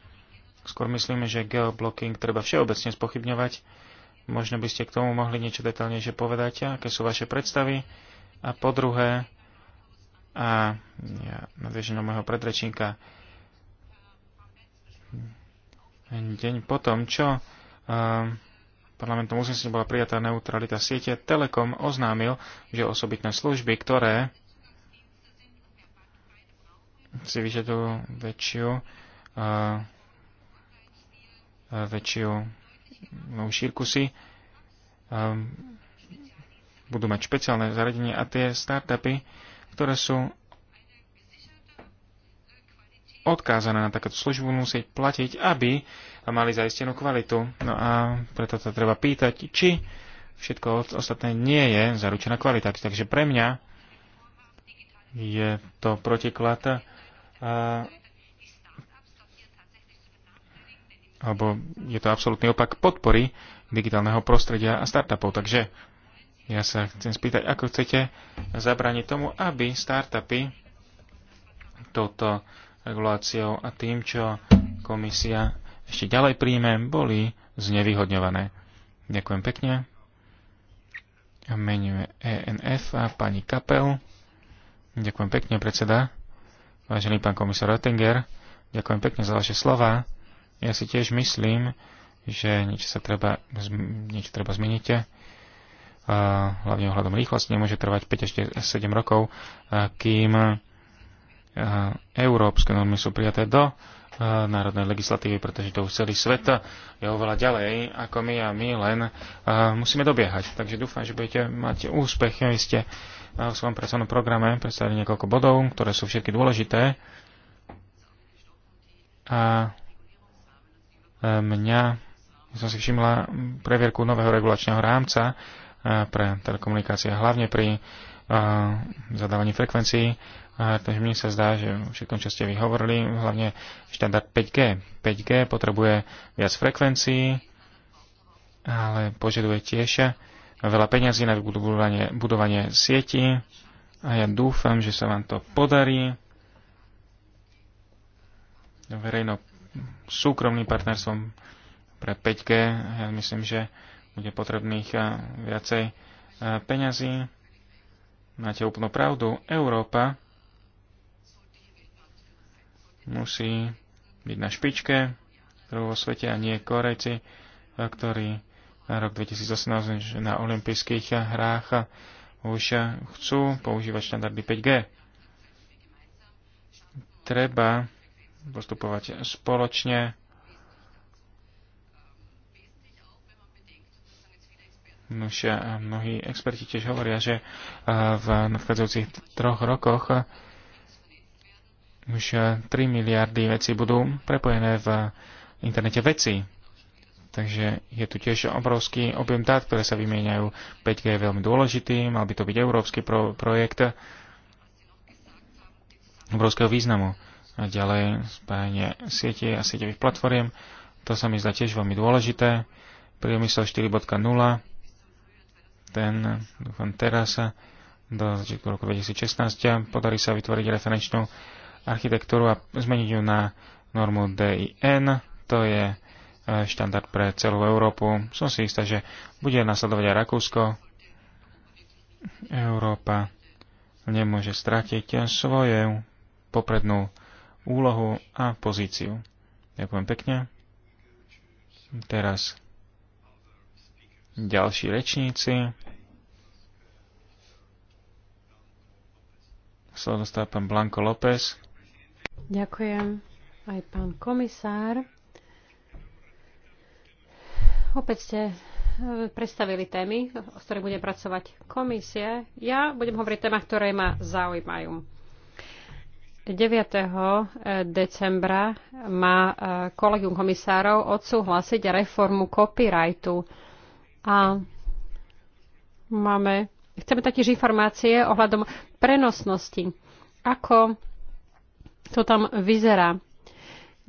Skôr myslíme, že geoblocking treba všeobecne spochybňovať. Možno by ste k tomu mohli niečo detaľnejšie povedať, aké sú vaše predstavy. A po druhé, a ja nadviežem na môjho predrečníka, deň potom, čo uh, parlamentom uznesení bola prijatá neutralita siete, Telekom oznámil, že osobitné služby, ktoré si vyžadujú väčšiu uh, väčšiu šírku si, ehm, budú mať špeciálne zariadenie a tie startupy, ktoré sú odkázané na takúto službu, musieť platiť, aby mali zaistenú kvalitu. No a preto sa treba pýtať, či všetko ostatné nie je zaručená kvalita. Takže pre mňa je to protiklad alebo je to absolútny opak podpory digitálneho prostredia a startupov. Takže ja sa chcem spýtať, ako chcete zabrániť tomu, aby startupy touto reguláciou a tým, čo komisia ešte ďalej príjme, boli znevýhodňované. Ďakujem pekne. Menuje ENF a pani Kapel. Ďakujem pekne, predseda. Vážený pán komisár Oettinger, ďakujem pekne za vaše slova ja si tiež myslím, že niečo sa treba, niečo treba zmeniť. Hlavne ohľadom rýchlosti nemôže trvať 5 až 7 rokov, kým európske normy sú prijaté do národnej legislatívy, pretože to už celý svet je oveľa ďalej ako my a my len musíme dobiehať. Takže dúfam, že budete mať úspech. Vy ste v svojom pracovnom programe predstavili niekoľko bodov, ktoré sú všetky dôležité. A mňa, som si všimla previerku nového regulačného rámca eh, pre telekomunikácie, hlavne pri eh, zadávaní frekvencií. Takže mne sa zdá, že všetkom, čo ste vyhovorili, hlavne štandard 5G. 5G potrebuje viac frekvencií, ale požaduje tiež veľa peňazí na budovanie, budovanie sieti a ja dúfam, že sa vám to podarí. Verejno súkromným partnerstvom pre 5G. Ja myslím, že bude potrebných eh, viacej eh, peňazí. Máte úplnú pravdu. Európa musí byť na špičke vo svete a nie Korejci, eh, ktorí na rok 2018 na olympijských hrách už chcú používať štandardy 5G. Treba postupovať spoločne. Nušia, mnohí experti tiež hovoria, že v nadchádzajúcich troch rokoch už 3 miliardy vecí budú prepojené v internete vecí. Takže je tu tiež obrovský objem dát, ktoré sa vymieňajú. 5G je veľmi dôležitý, mal by to byť európsky pro- projekt obrovského významu a ďalej spájanie siete a sieťových platform. To sa mi zdá tiež veľmi dôležité. Priemysel 4.0, ten dúfam teraz do začiatku roku 2016 podarí sa vytvoriť referenčnú architektúru a zmeniť ju na normu DIN. To je e, štandard pre celú Európu. Som si istá, že bude nasledovať aj Rakúsko. Európa nemôže stratiť svoju poprednú úlohu a pozíciu. Ďakujem pekne. Teraz ďalší rečníci. Slovo dostáva pán Blanko López. Ďakujem aj pán komisár. Opäť ste e, predstavili témy, o ktorých bude pracovať komisie. Ja budem hovoriť témach, ktoré ma zaujímajú. 9. Eh, decembra má eh, kolegium komisárov odsúhlasiť reformu copyrightu. A máme, chceme taktiež informácie ohľadom prenosnosti. Ako to tam vyzerá?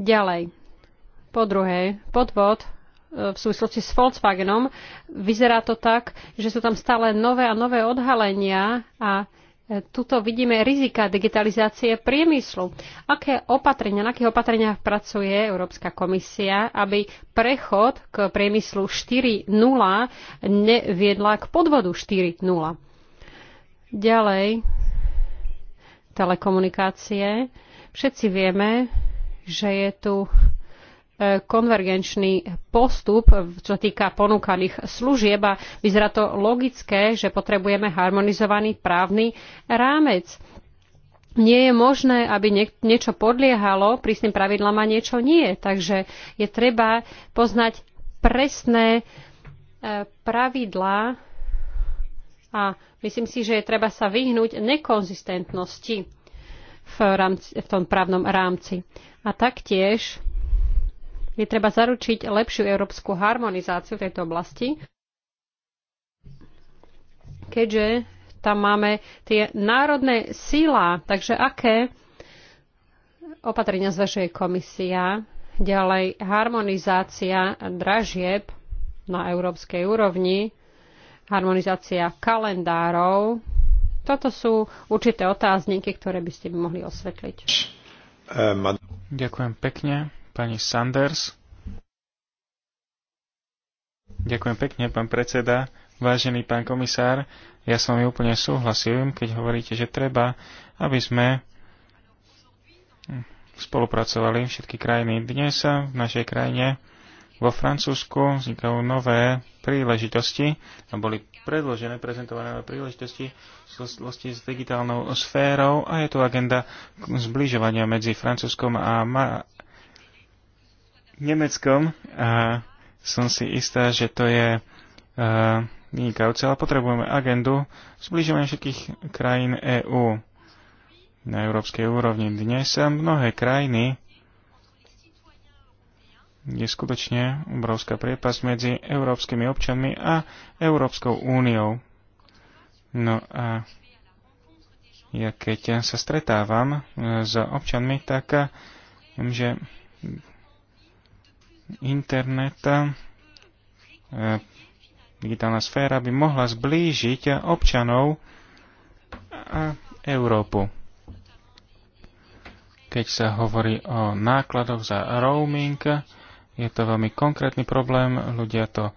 Ďalej. Po druhé, podvod eh, v súvislosti s Volkswagenom. Vyzerá to tak, že sú tam stále nové a nové odhalenia a Tuto vidíme rizika digitalizácie priemyslu. Aké opatrenia, na akých opatreniach pracuje Európska komisia, aby prechod k priemyslu 4.0 neviedla k podvodu 4.0? Ďalej, telekomunikácie. Všetci vieme, že je tu E, konvergenčný postup, čo týka ponúkaných služieb a vyzerá to logické, že potrebujeme harmonizovaný právny rámec. Nie je možné, aby niečo podliehalo prísnym pravidlám a niečo nie. Takže je treba poznať presné e, pravidlá a myslím si, že je treba sa vyhnúť nekonzistentnosti v, rámci, v tom právnom rámci. A taktiež je treba zaručiť lepšiu európsku harmonizáciu v tejto oblasti, keďže tam máme tie národné síla. Takže aké opatrenia zvažuje komisia? Ďalej harmonizácia dražieb na európskej úrovni, harmonizácia kalendárov. Toto sú určité otázniky, ktoré by ste mi mohli osvetliť. Ďakujem pekne. Pani Sanders. Ďakujem pekne, pán predseda. Vážený pán komisár, ja s vami úplne súhlasím, keď hovoríte, že treba, aby sme spolupracovali všetky krajiny. Dnes sa v našej krajine vo Francúzsku vznikajú nové príležitosti a boli predložené, prezentované nové príležitosti v súvislosti s digitálnou sférou a je tu agenda zbližovania medzi Francúzskom a, Ma- Nemeckom a som si istá, že to je vynikajúce, ale potrebujeme agendu zbližovania všetkých krajín EÚ na európskej úrovni. Dnes sa mnohé krajiny je skutočne obrovská priepas medzi európskymi občanmi a Európskou úniou. No a ja keď sa stretávam e, s občanmi, tak viem, že internet, e, digitálna sféra by mohla zblížiť občanov a Európu. Keď sa hovorí o nákladoch za roaming, je to veľmi konkrétny problém, ľudia to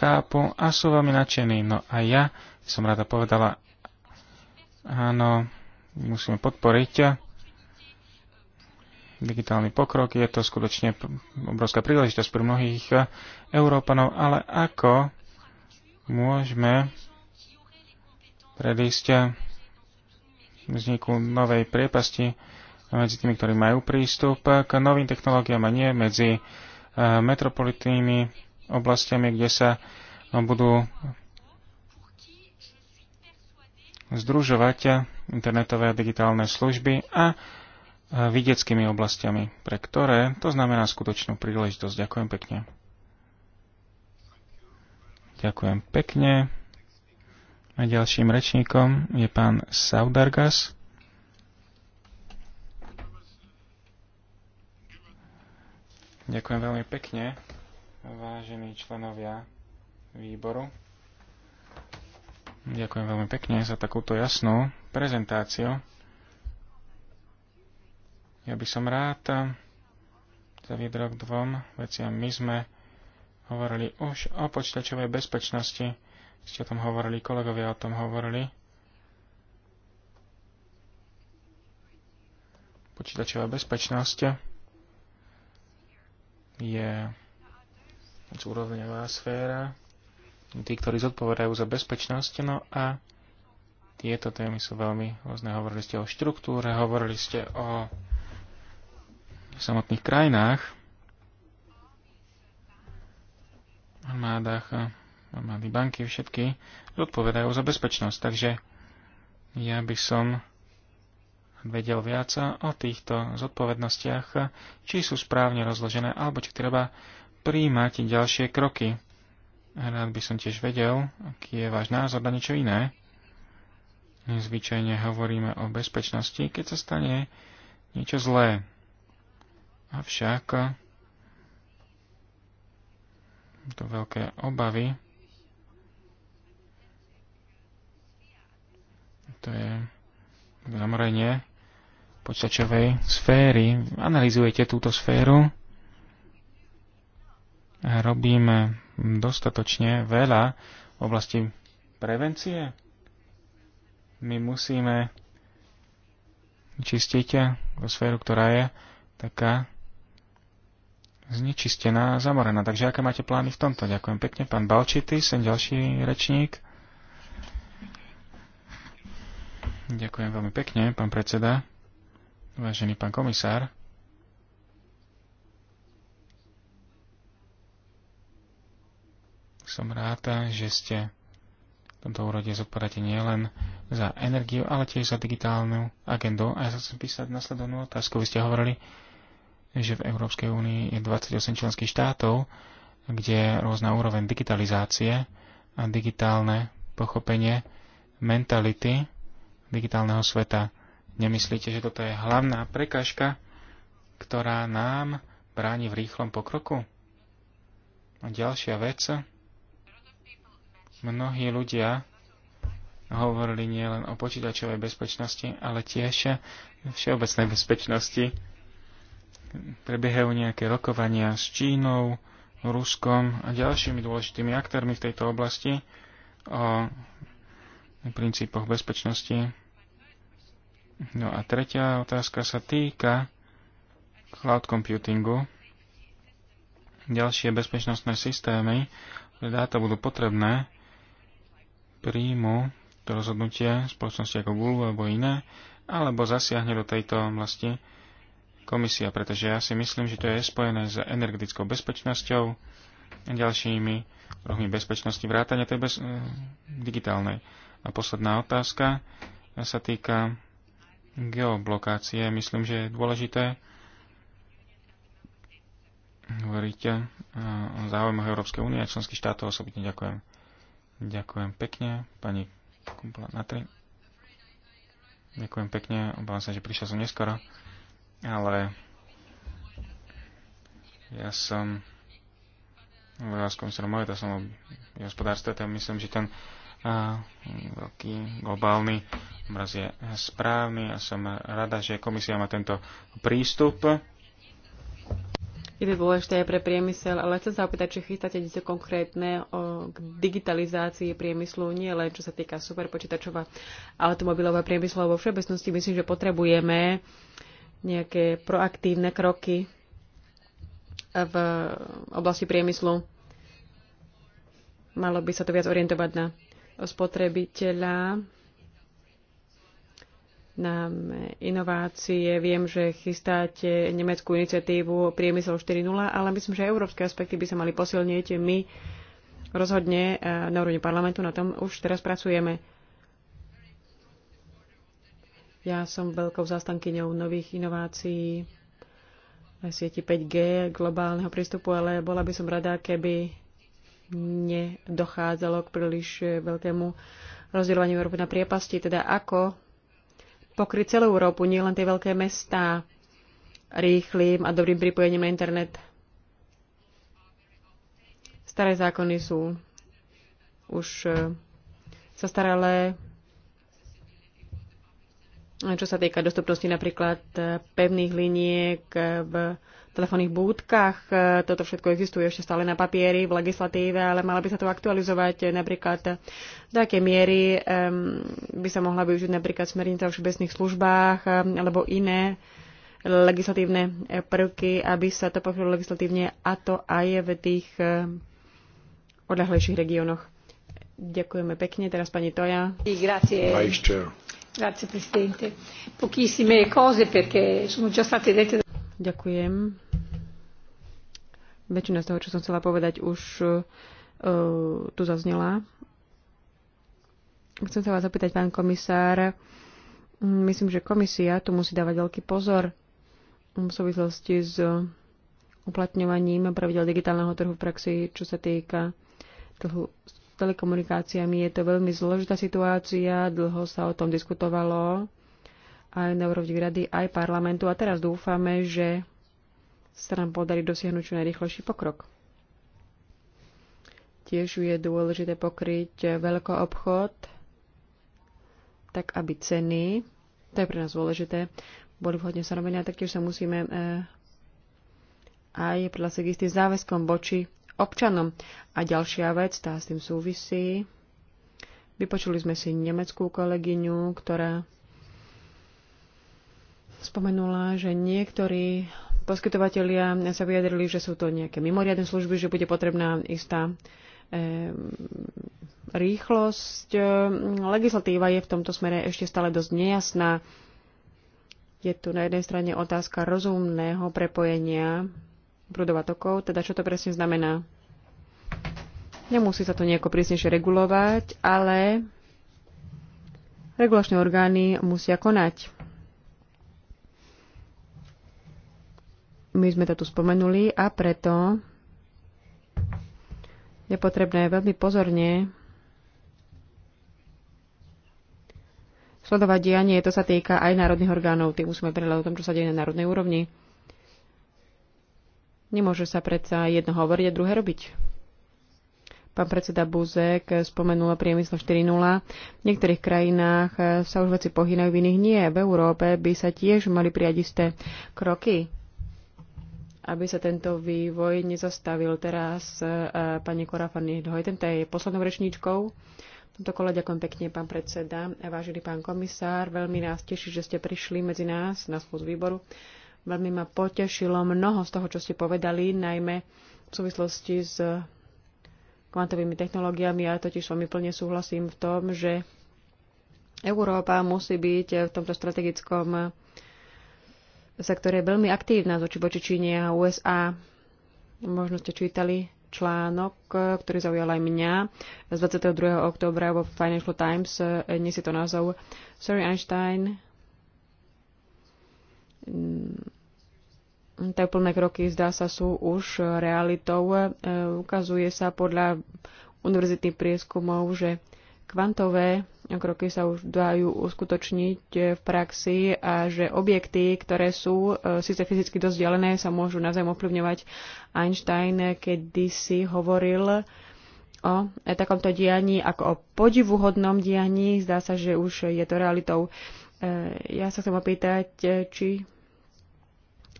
chápu a sú veľmi nadšení. No a ja som rada povedala, áno, musíme podporiť digitálny pokrok. Je to skutočne obrovská príležitosť pre mnohých eh, Európanov, ale ako môžeme predísť eh, vzniku novej priepasti medzi tými, ktorí majú prístup eh, k novým technológiám a nie medzi metropolitnými oblastiami, kde sa budú združovať internetové a digitálne služby a E, vidieckými oblastiami, pre ktoré to znamená skutočnú príležitosť. Ďakujem pekne. Ďakujem pekne. A ďalším rečníkom je pán Saudargas. Ďakujem veľmi pekne, vážení členovia výboru. Ďakujem veľmi pekne za takúto jasnú prezentáciu. Ja by som rád eh, za k dvom veciam. My sme hovorili už o počítačovej bezpečnosti. Ste o tom hovorili, kolegovia o tom hovorili. Počítačová bezpečnosť je úrovňová sféra. Tí, ktorí zodpovedajú za bezpečnosť, no a tieto témy sú veľmi rôzne. Hovorili ste o štruktúre, hovorili ste o v samotných krajinách, armádach, armády banky, všetky zodpovedajú za bezpečnosť. Takže ja by som vedel viac o týchto zodpovednostiach, či sú správne rozložené, alebo či treba príjmať ďalšie kroky. Rád by som tiež vedel, aký je váš názor na niečo iné. Zvyčajne hovoríme o bezpečnosti, keď sa stane niečo zlé. Avšak to veľké obavy. To je zamorenie počítačovej sféry. Analizujete túto sféru. Robíme dostatočne veľa v oblasti prevencie. My musíme čistiť tú sféru, ktorá je taká znečistená a zamorená. Takže aké máte plány v tomto? Ďakujem pekne. Pán Balčity, sem ďalší rečník. Ďakujem veľmi pekne, pán predseda. Vážený pán komisár. Som rád, že ste v tomto úrode zodpovedáte nielen za energiu, ale tiež za digitálnu agendu. A ja sa chcem písať nasledovnú otázku. Vy ste hovorili, že v Európskej únii je 28 členských štátov, kde je rôzna úroveň digitalizácie a digitálne pochopenie mentality digitálneho sveta. Nemyslíte, že toto je hlavná prekažka, ktorá nám bráni v rýchlom pokroku? A ďalšia vec. Mnohí ľudia hovorili nielen o počítačovej bezpečnosti, ale tiež všeobecnej bezpečnosti prebiehajú nejaké rokovania s Čínou, Ruskom a ďalšími dôležitými aktérmi v tejto oblasti o princípoch bezpečnosti. No a tretia otázka sa týka cloud computingu. Ďalšie bezpečnostné systémy, ktoré dáta budú potrebné, príjmu to rozhodnutie spoločnosti ako Google alebo iné, alebo zasiahne do tejto oblasti komisia, pretože ja si myslím, že to je spojené s energetickou bezpečnosťou a ďalšími rohmi bezpečnosti vrátania tej bez, e, digitálnej. A posledná otázka sa týka geoblokácie. Myslím, že je dôležité hovoriť eh, o záujmoch Európskej únie a členských štátov osobitne. Ďakujem. Ďakujem pekne, pani Kumpla Natri. Ďakujem pekne, obávam sa, že prišiel som neskoro ale ja som v komisárom to som v hospodárstve, tak myslím, že ten a, veľký globálny obraz je správny a som rada, že komisia má tento prístup. Je to dôležité aj pre priemysel, ale chcem sa opýtať, či chystáte niečo konkrétne o, k digitalizácii priemyslu, nie len čo sa týka superpočítačov a automobilového priemyslu, vo všeobecnosti myslím, že potrebujeme uh, nejaké proaktívne kroky v oblasti priemyslu. Malo by sa to viac orientovať na spotrebiteľa, na inovácie. Viem, že chystáte nemeckú iniciatívu Priemysel 4.0, ale myslím, že európske aspekty by sa mali posilniť. My rozhodne eh, na úrovni parlamentu na tom už teraz pracujeme. Ja som veľkou zastankyňou nových inovácií sieti 5G, globálneho prístupu, ale bola by som rada, keby nedochádzalo k príliš veľkému rozdielovaniu Európy na priepasti, teda ako pokryť celú Európu, nielen tie veľké mestá, rýchlým a dobrým pripojením na internet. Staré zákony sú už e, zastaralé, čo sa týka dostupnosti napríklad e, pevných liniek e, v telefónnych búdkach. E, toto všetko existuje ešte stále na papieri, v legislatíve, ale mala by sa to aktualizovať napríklad do akej miery by sa mohla využiť napríklad smernica o všeobecných službách alebo iné legislatívne prvky, aby sa to pokrylo legislatívne a to aj v tých odľahlejších regiónoch. Ďakujeme pekne. Teraz pani Toja. Grazie. Grazie Presidente. Pochissime cose perché sono già state dette. Ďakujem. Väčšina z toho, čo som chcela povedať, už uh, tu zaznela. Chcem sa vás zapýtať, pán komisár, myslím, že komisia tu musí dávať veľký pozor v súvislosti s uplatňovaním pravidel digitálneho trhu v praxi, čo sa týka trhu telekomunikáciami je to veľmi zložitá situácia, dlho sa o tom diskutovalo aj na úrovni rady, aj parlamentu a teraz dúfame, že sa nám podarí dosiahnuť čo najrychlejší pokrok. Tiež je dôležité pokryť veľkoobchod, tak aby ceny, to je pre nás dôležité, boli vhodne stanovené a taktiež sa musíme eh, aj prihlásiť k istým záväzkom voči občanom. A ďalšia vec, tá s tým súvisí. Vypočuli sme si nemeckú kolegyňu, ktorá spomenula, že niektorí poskytovatelia sa vyjadrili, že sú to nejaké mimoriadne služby, že bude potrebná istá rýchlosť. Legislatíva je v tomto smere ešte stále dosť nejasná. Je tu na jednej strane otázka rozumného prepojenia prúdov tokov. Teda čo to presne znamená? Nemusí sa to nejako prísnejšie regulovať, ale regulačné orgány musia konať. My sme to tu spomenuli a preto je potrebné veľmi pozorne sledovať dianie. To sa týka aj národných orgánov. Tým musíme prehľadať o tom, čo sa deje na národnej úrovni. Nemôže sa predsa jedno hovoriť a druhé robiť. Pán predseda Buzek spomenul priemysel 4.0. V niektorých krajinách sa už veci pohýnajú, v iných nie. V Európe by sa tiež mali prijať isté kroky, aby sa tento vývoj nezastavil. Teraz e, pani Kora van Hojten, je poslednou rečníčkou. V tomto kole ďakujem pekne, pán predseda. Vážený pán komisár, veľmi nás teší, že ste prišli medzi nás na schôdzu výboru. Veľmi ma potešilo mnoho z toho, čo ste povedali, najmä v súvislosti s kvantovými technológiami. Ja totiž s vami plne súhlasím v tom, že Európa musí byť v tomto strategickom sektore veľmi aktívna zoči voči Číne a USA. Možno ste čítali článok, ktorý zaujal aj mňa z 22. oktobra vo Financial Times. Nesie to názov Sir Einstein Mm, teplné kroky, zdá sa, sú už realitou. E, ukazuje sa podľa univerzitných prieskumov, že kvantové kroky sa už dajú uskutočniť e, v praxi a že objekty, ktoré sú e, síce fyzicky dosť vzdialené, sa môžu navzájom ovplyvňovať. Einstein kedysi hovoril o takomto dianí ako o podivuhodnom dianí. Zdá sa, že už je to realitou. Ja sa chcem opýtať, či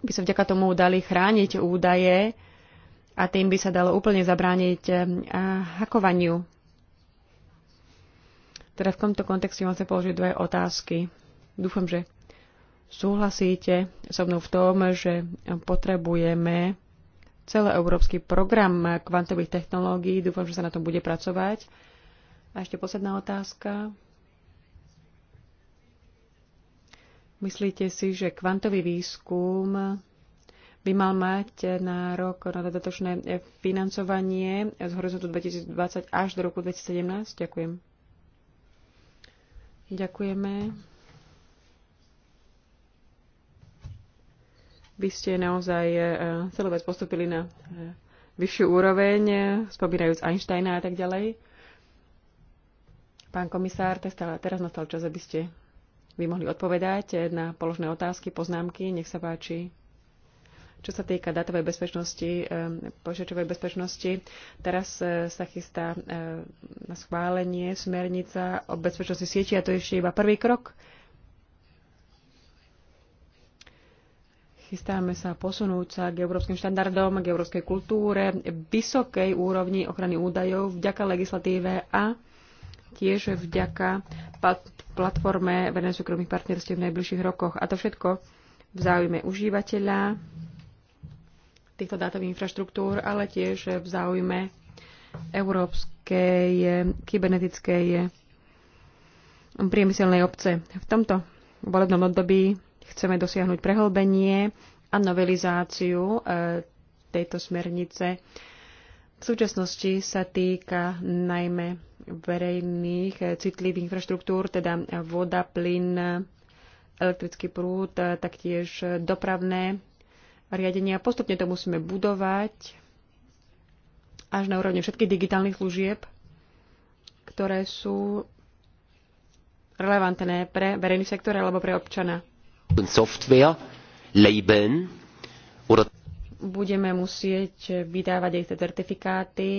by sa vďaka tomu dali chrániť údaje a tým by sa dalo úplne zabrániť eh, hakovaniu. Teda v tomto kontexte vám vlastne položiť dve otázky. Dúfam, že súhlasíte so mnou v tom, že potrebujeme európsky program kvantových technológií. Dúfam, že sa na tom bude pracovať. A ešte posledná otázka. Myslíte si, že kvantový výskum by mal mať nárok na dodatočné financovanie z horizontu 2020 až do roku 2017? Ďakujem. Ďakujeme. Vy ste naozaj e, celú vec postupili na e, vyššiu úroveň, e, spomínajúc Einsteina a tak ďalej. Pán komisár, teraz nastal čas, aby ste by mohli odpovedať na položné otázky, poznámky. Nech sa páči. Čo sa týka datovej bezpečnosti, počítačovej bezpečnosti, teraz e, sa chystá e, na schválenie smernica o bezpečnosti sieti a to je ešte iba prvý krok. Chystáme sa posunúť sa k európskym štandardom, k európskej kultúre, vysokej úrovni ochrany údajov vďaka legislatíve a tiež vďaka platforme verejne súkromných partnerstiev v najbližších rokoch. A to všetko v záujme užívateľa týchto dátových infraštruktúr, ale tiež v záujme európskej kybernetickej priemyselnej obce. V tomto volebnom období chceme dosiahnuť prehlbenie a novelizáciu e, tejto smernice. V súčasnosti sa týka najmä verejných eh, citlivých infraštruktúr, teda eh, voda, plyn, elektrický prúd, eh, taktiež dopravné riadenia. Postupne to musíme budovať až na úrovni všetkých digitálnych služieb, ktoré sú relevantné pre verejný sektor alebo pre občana. Software, labeln, oder... Budeme musieť vydávať aj tie certifikáty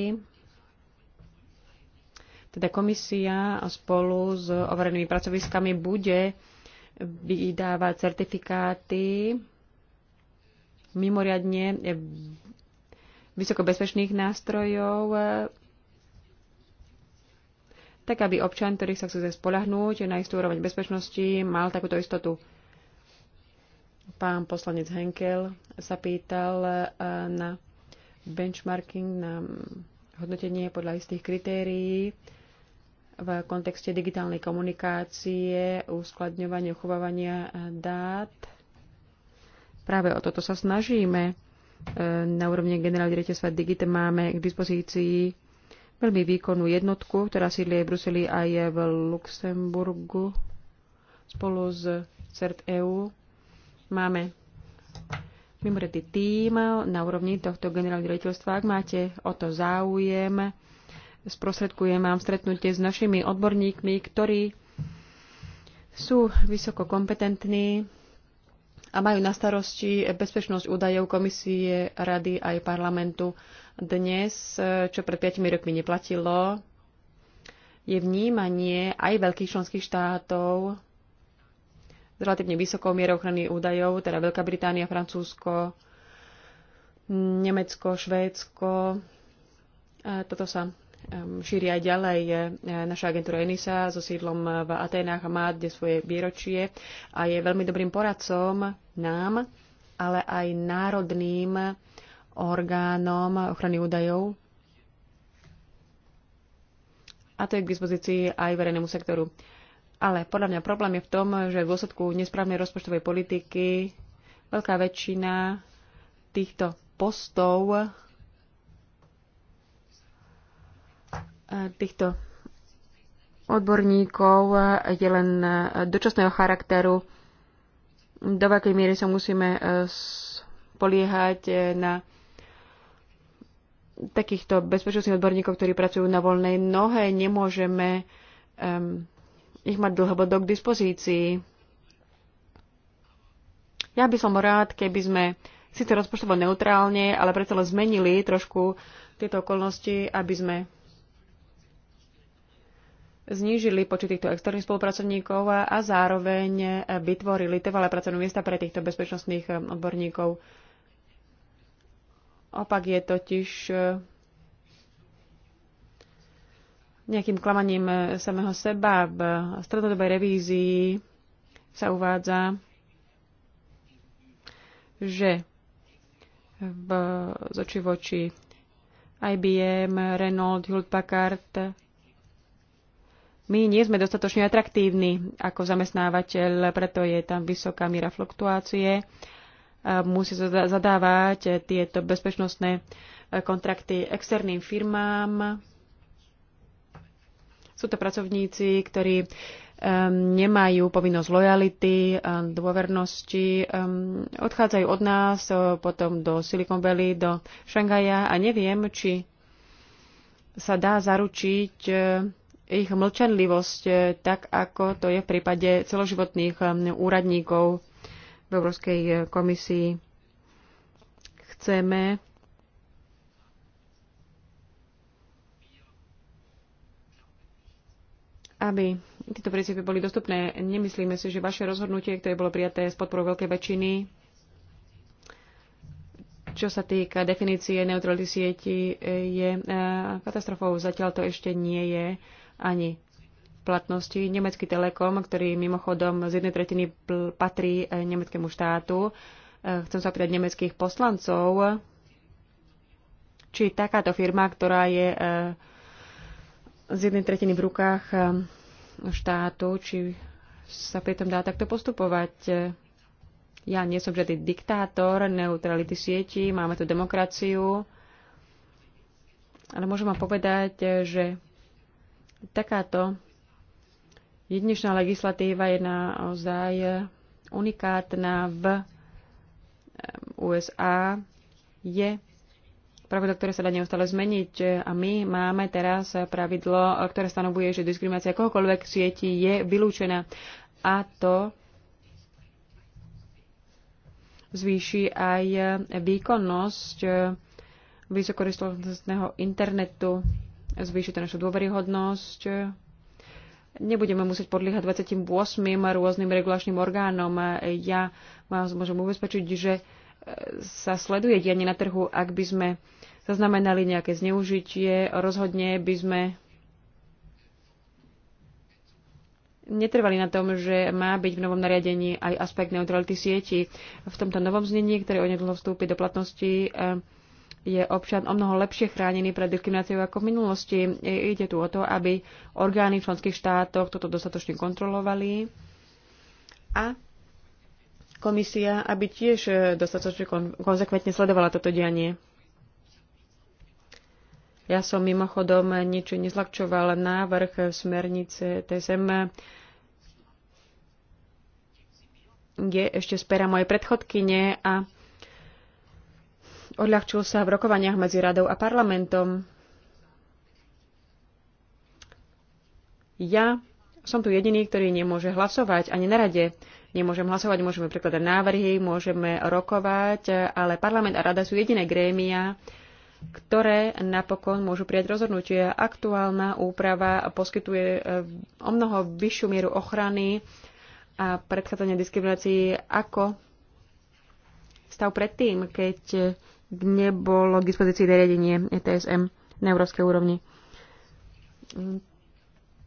teda komisia spolu s overenými pracoviskami bude vydávať certifikáty mimoriadne vysokobezpečných nástrojov, tak aby občan, ktorý sa chce spolahnúť na istú úroveň bezpečnosti, mal takúto istotu. Pán poslanec Henkel sa pýtal e, na benchmarking, na hodnotenie podľa istých kritérií v kontexte digitálnej komunikácie, uskladňovania, uchovávania eh, dát. Práve o toto sa snažíme. Eh, na úrovni generálneho direktorstva Digit máme k dispozícii veľmi výkonnú jednotku, ktorá sídlie v Bruseli a je v Luxemburgu spolu s CERT EU. Máme mimoriadný tým na úrovni tohto generálneho riaditeľstva. Ak máte o to záujem, sprostredkujem vám stretnutie s našimi odborníkmi, ktorí sú vysoko kompetentní a majú na starosti bezpečnosť údajov komisie, rady aj parlamentu. Dnes, čo pred 5 rokmi neplatilo, je vnímanie aj veľkých členských štátov s relatívne vysokou mierou ochrany údajov, teda Veľká Británia, Francúzsko, Nemecko, Švédsko. Toto sa šíria aj ďalej e, naša agentúra ENISA so sídlom v Aténách a má kde svoje výročie a je veľmi dobrým poradcom nám, ale aj národným orgánom ochrany údajov. A to je k dispozícii aj verejnému sektoru. Ale podľa mňa problém je v tom, že v dôsledku nesprávnej rozpočtovej politiky veľká väčšina týchto postov E, týchto odborníkov e, je len e, dočasného charakteru. Do veľkej miery sa musíme spoliehať na takýchto bezpečnostných odborníkov, ktorí pracujú na voľnej nohe. Nemôžeme um, ich mať dlhodobo k dispozícii. Ja by som rád, keby sme síce rozpočtovo neutrálne, ale predsa len zmenili trošku tieto okolnosti, aby sme znížili počet týchto externých spolupracovníkov a zároveň e, vytvorili trvalé pracovné miesta pre týchto bezpečnostných e, odborníkov. Opak je totiž e, nejakým klamaním samého seba. V strednodobej revízii sa uvádza, že v, z oči v oči IBM, Renault, Hewlett Packard my nie sme dostatočne atraktívni ako zamestnávateľ, preto je tam vysoká miera fluktuácie. Musí sa zadávať tieto bezpečnostné e, kontrakty externým firmám. Sú to pracovníci, ktorí e, nemajú povinnosť lojality, dôvernosti, e, odchádzajú od nás potom do Silicon Valley, do Šangaja a neviem, či sa dá zaručiť ich mlčanlivosť, e, tak ako to je v prípade celoživotných e, úradníkov v Európskej e, komisii. Chceme aby tieto princípy boli dostupné. Nemyslíme si, že vaše rozhodnutie, ktoré bolo prijaté s podporou veľkej väčšiny, čo sa týka definície neutrality sieti, je katastrofou. Zatiaľ to ešte nie je ani platnosti. Nemecký Telekom, ktorý mimochodom z jednej tretiny patrí eh, nemeckému štátu, eh, chcem sa opýtať nemeckých poslancov, či takáto firma, ktorá je eh, z jednej tretiny v rukách štátu, či sa pritom dá takto postupovať. Ja nie som žiadny diktátor neutrality sieti, máme tu demokraciu, ale môžem vám povedať, že Takáto jedinečná legislatíva je naozaj unikátna v USA. Je pravidlo, ktoré sa dá neustále zmeniť a my máme teraz pravidlo, ktoré stanovuje, že diskriminácia kohokoľvek v sieti je vylúčená a to zvýši aj výkonnosť vysokorýchlostného internetu zvýši to našu dôveryhodnosť. Nebudeme musieť podliehať 28 rôznym regulačným orgánom. Ja vás môžem ubezpečiť, že e, sa sleduje dianie na trhu, ak by sme zaznamenali nejaké zneužitie, rozhodne by sme netrvali na tom, že má byť v novom nariadení aj aspekt neutrality sieti. V tomto novom znení, ktoré onedlho vstúpi do platnosti, e, je občan o mnoho lepšie chránený pred diskrimináciou ako v minulosti. Ide tu o to, aby orgány v členských štátoch toto dostatočne kontrolovali a komisia, aby tiež e, dostatočne konzekventne sledovala toto dianie. Ja som mimochodom nič nezlakčoval návrh smernice TSM kde ešte z moje predchodkyne a Odľahčil sa v rokovaniach medzi radou a parlamentom. Ja som tu jediný, ktorý nemôže hlasovať ani na rade. Nemôžem hlasovať, môžeme prekladať návrhy, môžeme rokovať, ale parlament a rada sú jediné grémia, ktoré napokon môžu prijať rozhodnutie. Aktuálna úprava poskytuje eh, o mnoho vyššiu mieru ochrany a predchádzania diskriminácií ako stav predtým, keď nebolo k dispozícii nariadenie ETSM na európskej úrovni.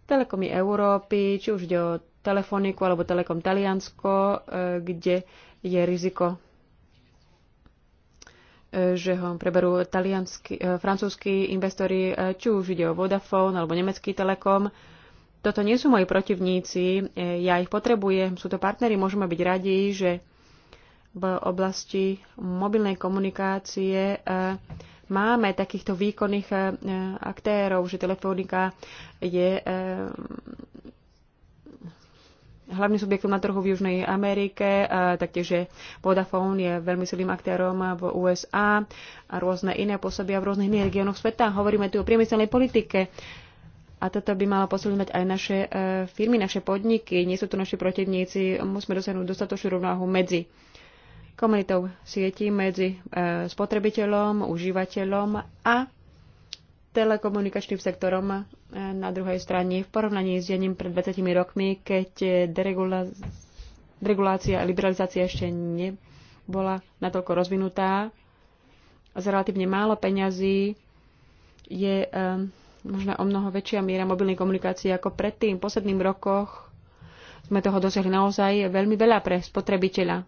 Telekomy Európy, či už ide o Telefoniku alebo Telekom Taliansko, e, kde je riziko, e, že ho preberú e, francúzskí investori, či už ide o Vodafone alebo nemecký Telekom. Toto nie sú moji protivníci, ja ich potrebujem, sú to partnery, môžeme byť radi, že v oblasti mobilnej komunikácie e, máme takýchto výkonných e, aktérov, že telefonika je e, hlavným subjektom na trhu v Južnej Amerike, taktiež Vodafone je veľmi silným aktérom v USA a rôzne iné pôsobia v rôznych iných regiónoch sveta. Hovoríme tu o priemyselnej politike. A toto by malo posilňovať aj naše firmy, naše podniky. Nie sú to naši protivníci. Musíme dosiahnuť dostatočnú rovnáhu medzi komunitou sietí medzi e, spotrebiteľom, užívateľom a telekomunikačným sektorom e, na druhej strane v porovnaní s dením pred 20 rokmi, keď e, deregulácia a liberalizácia ešte nebola natoľko rozvinutá. z relatívne málo peňazí je um, možno o mnoho väčšia miera mobilnej komunikácie ako predtým. V posledných rokoch sme toho dosiahli naozaj veľmi veľa pre spotrebiteľa.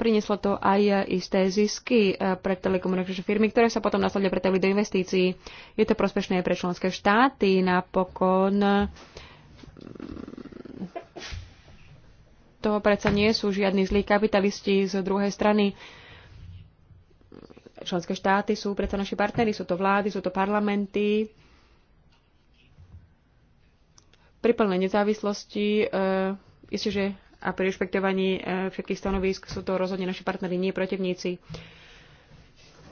Prinieslo to aj e, isté zisky e, pre telekomunikačné firmy, ktoré sa potom následne pretavili do investícií. Je to prospešné aj pre členské štáty. Napokon to predsa nie sú žiadni zlí kapitalisti z druhej strany. Členské štáty sú predsa naši partnery, sú to vlády, sú to parlamenty. Pri plnej nezávislosti e, isté, že a pri rešpektovaní e, všetkých stanovísk sú to rozhodne naši partnery, nie protivníci.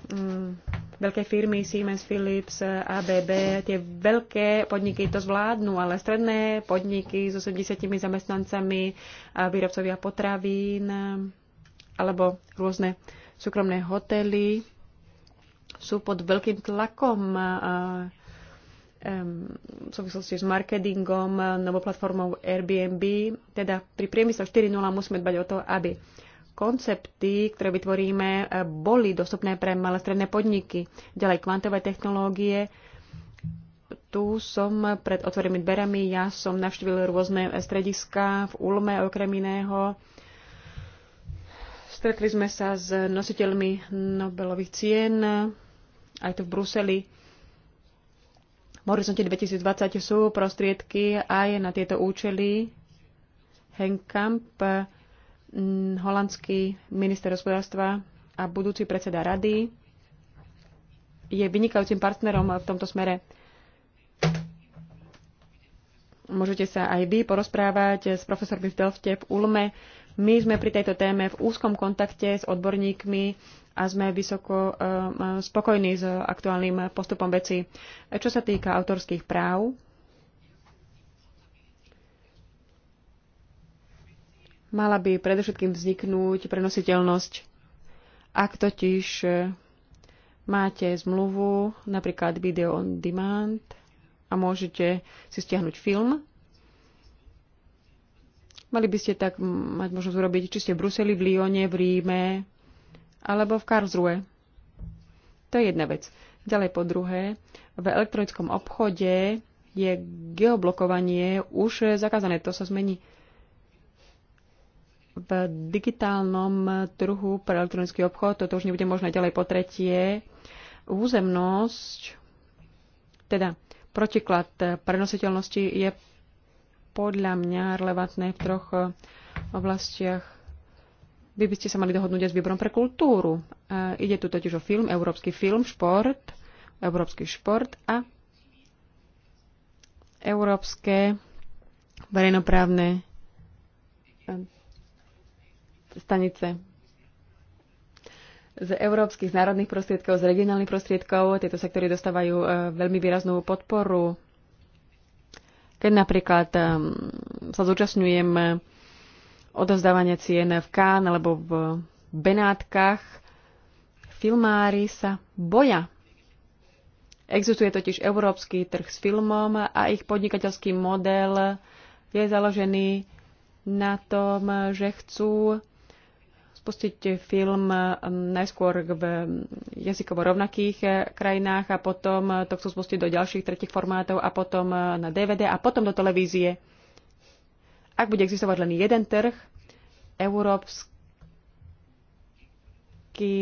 Mm, veľké firmy Siemens, Philips, e, ABB, tie veľké podniky to zvládnu, ale stredné podniky s 80 zamestnancami, e, výrobcovia potravín alebo rôzne súkromné hotely sú pod veľkým tlakom v súvislosti s marketingom, eh, novou platformou Airbnb. Teda pri priemysle 4.0 musíme dbať o to, aby koncepty, ktoré vytvoríme, eh, boli dostupné pre malé stredné podniky. Ďalej kvantové technológie. Tu som pred otvorenými dverami. Ja som navštívil rôzne eh, strediska v Ulme okrem iného. Stretli sme sa s nositeľmi Nobelových cien aj tu v Bruseli horizonte 2020 sú prostriedky aj na tieto účely. Henkamp, holandský minister hospodárstva a budúci predseda rady, je vynikajúcim partnerom v tomto smere. Môžete sa aj vy porozprávať s profesormi v Delfte v Ulme. My sme pri tejto téme v úzkom kontakte s odborníkmi a sme vysoko eh, eh, spokojní s aktuálnym postupom veci. Čo sa týka autorských práv, mala by predovšetkým vzniknúť prenositeľnosť. Ak totiž eh, máte zmluvu, napríklad video on demand, a môžete si stiahnuť film, mali by ste tak mať možnosť urobiť, či ste v Bruseli, v Lyone, v Ríme, alebo v Karlsruhe. To je jedna vec. Ďalej po druhé, v elektronickom obchode je geoblokovanie už zakázané. To sa zmení v digitálnom trhu pre elektronický obchod. Toto už nebude možné ďalej po tretie. Územnosť, teda protiklad prenositeľnosti je podľa mňa relevantné v troch oblastiach vy by ste sa mali dohodnúť aj s výborom pre kultúru. E, ide tu totiž o film, európsky film, šport, európsky šport a európske verejnoprávne e, stanice z európskych z národných prostriedkov, z regionálnych prostriedkov. Tieto sektory dostávajú e, veľmi výraznú podporu. Keď napríklad sa zúčastňujem odovzdávania cien v Kán alebo v Benátkach. Filmári sa boja. Existuje totiž európsky trh s filmom a ich podnikateľský model je založený na tom, že chcú spustiť film najskôr v jazykovo rovnakých krajinách a potom to chcú spustiť do ďalších tretich formátov a potom na DVD a potom do televízie. Ak bude existovať len jeden trh, európsky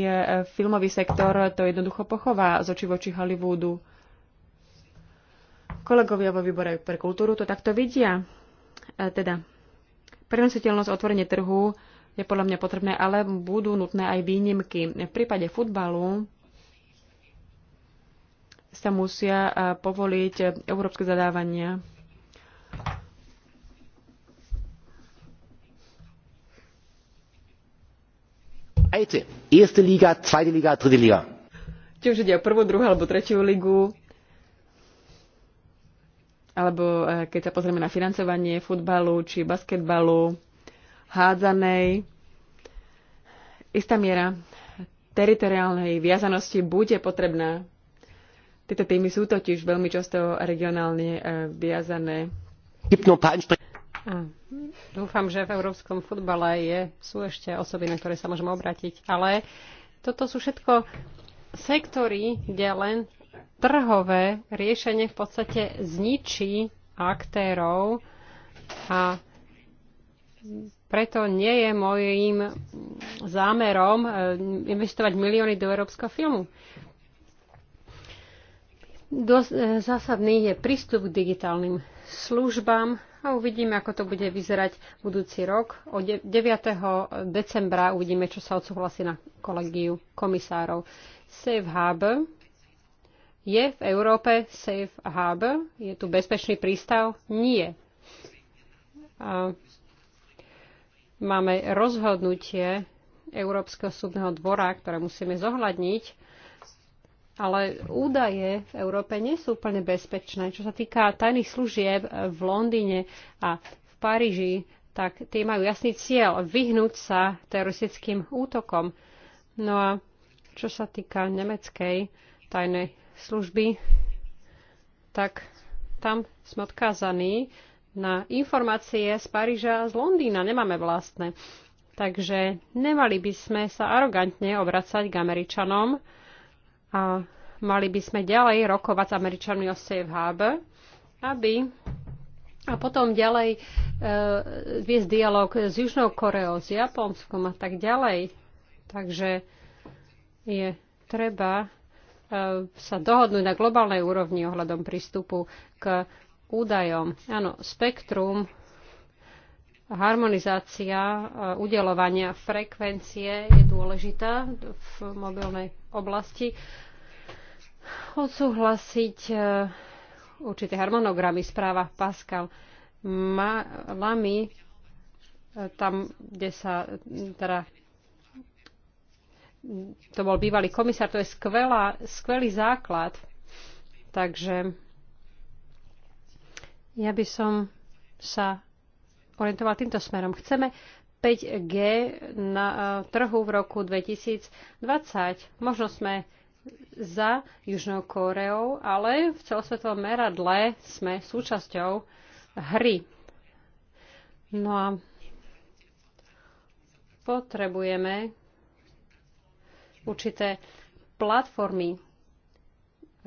e, filmový sektor to jednoducho pochová z očí voči Hollywoodu. Kolegovia vo výbore pre kultúru to takto vidia. E, teda, prenositeľnosť otvorenie trhu je podľa mňa potrebné, ale budú nutné aj výnimky. V prípade futbalu sa musia e, povoliť európske zadávania Hejte, erste Liga, zweite Liga, dritte Liga. Či už ide o prvú, druhú alebo tretiu ligu, alebo e, keď sa pozrieme na financovanie futbalu či basketbalu, hádzanej, istá miera teritoriálnej viazanosti bude potrebná. Tieto týmy sú totiž veľmi často regionálne e, viazané. A dúfam, že v európskom futbale je, sú ešte osoby, na ktoré sa môžeme obrátiť. Ale toto sú všetko sektory, kde len trhové riešenie v podstate zničí aktérov a preto nie je mojím zámerom e, investovať milióny do európskeho filmu. Dos- e, zásadný je prístup k digitálnym službám a uvidíme, ako to bude vyzerať budúci rok. O 9. decembra uvidíme, čo sa odsúhlasí na kolegiu komisárov. Safe Hub je v Európe Safe Hub? Je tu bezpečný prístav? Nie. A máme rozhodnutie Európskeho súdneho dvora, ktoré musíme zohľadniť ale údaje v Európe nie sú úplne bezpečné. Čo sa týka tajných služieb v Londýne a v Paríži, tak tie majú jasný cieľ vyhnúť sa teroristickým útokom. No a čo sa týka nemeckej tajnej služby, tak tam sme odkázaní na informácie z Paríža a z Londýna. Nemáme vlastné. Takže nemali by sme sa arogantne obracať k Američanom, a mali by sme ďalej rokovať s Američanmi o Safe Harbor, aby a potom ďalej e, viesť dialog s Južnou Koreou, s Japonskom a tak ďalej. Takže je treba e, sa dohodnúť na globálnej úrovni ohľadom prístupu k údajom. Áno, spektrum harmonizácia eh, udeľovania frekvencie je dôležitá v mobilnej oblasti. Odsúhlasiť eh, určité harmonogramy správa Pascal Lamy, eh, tam, kde sa hm, teda to bol bývalý komisár, to je skvelá, skvelý základ. Takže ja by som sa orientovať týmto smerom. Chceme 5G na e, trhu v roku 2020. Možno sme za Južnou Kóreou, ale v celosvetovom meradle sme súčasťou hry. No a potrebujeme určité platformy.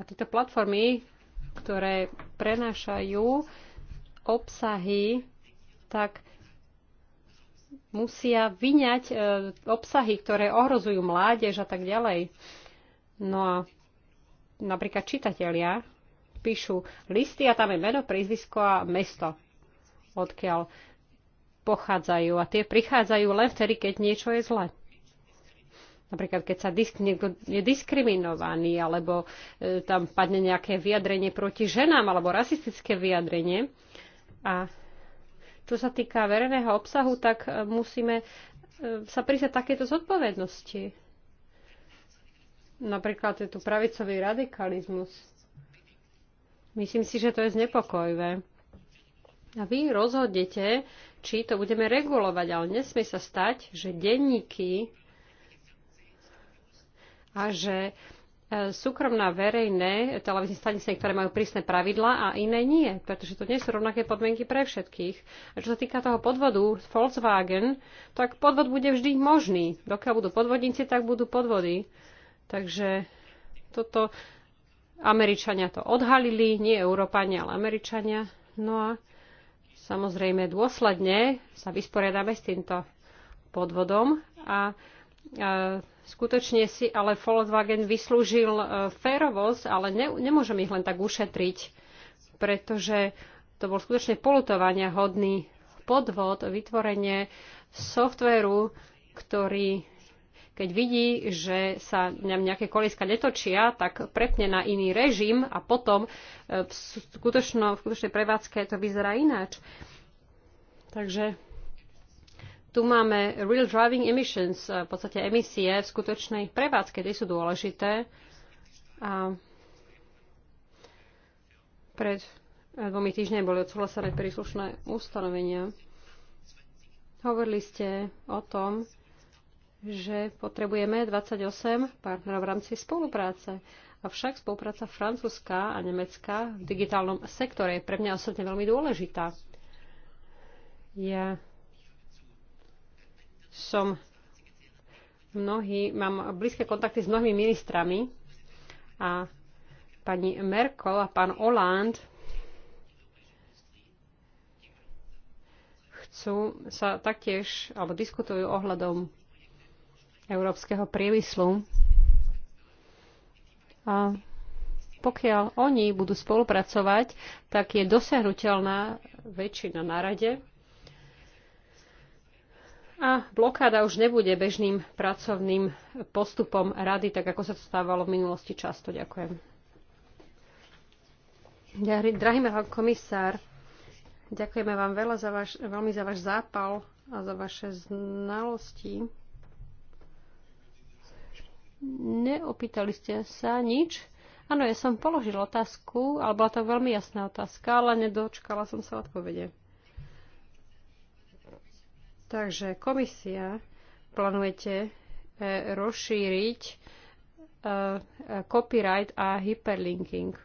A tieto platformy, ktoré prenášajú obsahy tak musia vyňať e, obsahy, ktoré ohrozujú mládež a tak ďalej. No a napríklad čitatelia píšu listy a tam je meno, prízvisko a mesto, odkiaľ pochádzajú. A tie prichádzajú len vtedy, keď niečo je zle. Napríklad, keď sa disk, niekto je diskriminovaný, alebo e, tam padne nejaké vyjadrenie proti ženám, alebo rasistické vyjadrenie. A čo sa týka verejného obsahu, tak e, musíme e, sa prísať takéto zodpovednosti. Napríklad je tu pravicový radikalizmus. Myslím si, že to je znepokojivé. A vy rozhodnete, či to budeme regulovať, ale nesmie sa stať, že denníky a že a e, verejné televízne stanice, ktoré majú prísne pravidla a iné nie, pretože to nie sú rovnaké podmienky pre všetkých. A čo sa týka toho podvodu Volkswagen, tak podvod bude vždy možný. Dokiaľ budú podvodníci, tak budú podvody. Takže toto Američania to odhalili, nie Európania, ale Američania. No a samozrejme dôsledne sa vysporiadame s týmto podvodom a skutočne si ale Volkswagen vyslúžil e, férovosť, ale ne, nemôžem ich len tak ušetriť, pretože to bol skutočne polutovania hodný podvod, vytvorenie softvéru, ktorý keď vidí, že sa nám nejaké koliska netočia, tak prepne na iný režim a potom e, v, skutočno, v skutočnej prevádzke to vyzerá ináč. Takže tu máme real driving emissions, eh, v podstate emisie v skutočnej prevádzke, kde sú dôležité. A pred eh, dvomi týždňami boli odsúhlasené príslušné ustanovenia. Hovorili ste o tom, že potrebujeme 28 partnerov v rámci spolupráce. Avšak spolupráca francúzska a nemecká v digitálnom sektore je pre mňa osobne veľmi dôležitá. Ja som mnohý, mám blízke kontakty s mnohými ministrami a pani Merkel a pán Hollande chcú sa taktiež, alebo diskutujú ohľadom európskeho priemyslu. A pokiaľ oni budú spolupracovať, tak je dosiahnutelná väčšina na rade a blokáda už nebude bežným pracovným postupom rady, tak ako sa to stávalo v minulosti často. Ďakujem. Drahý pán komisár, ďakujeme vám veľa za vaš, veľmi za váš zápal a za vaše znalosti. Neopýtali ste sa nič? Áno, ja som položil otázku, ale bola to veľmi jasná otázka, ale nedočkala som sa odpovede. Takže komisia plánujete e, rozšíriť e, copyright a hyperlinking.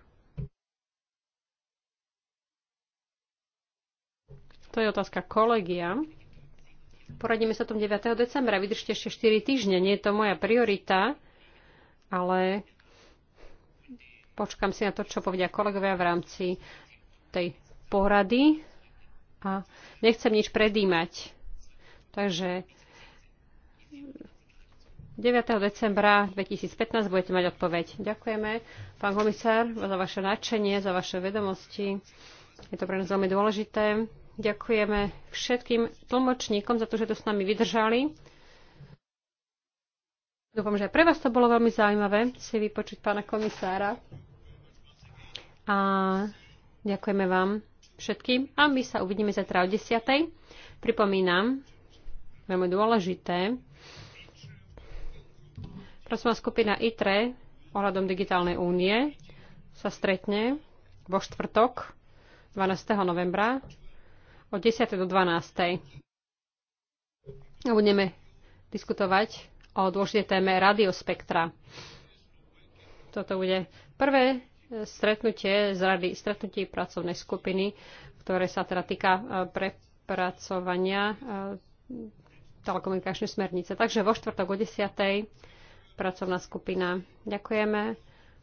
To je otázka kolegia. Poradíme sa tom 9. decembra. Vydržte ešte 4 týždne. Nie je to moja priorita, ale počkam si na to, čo povedia kolegovia v rámci tej porady. A nechcem nič predýmať Takže 9. decembra 2015 budete mať odpoveď. Ďakujeme, pán komisár, za vaše nadšenie, za vaše vedomosti. Je to pre nás veľmi dôležité. Ďakujeme všetkým tlmočníkom za to, že tu s nami vydržali. Dúfam, že aj pre vás to bolo veľmi zaujímavé si vypočuť pána komisára. A ďakujeme vám všetkým a my sa uvidíme zajtra o 10. Pripomínam, veľmi dôležité. Prosím skupina ITRE ohľadom digitálnej únie sa stretne vo štvrtok 12. novembra od 10. do 12. A budeme diskutovať o dôležitej téme radiospektra. Toto bude prvé stretnutie z rady, stretnutí pracovnej skupiny, ktoré sa teda týka e, prepracovania e, telekomunikačné smernice. Takže vo štvrtok o 10. pracovná skupina. Ďakujeme.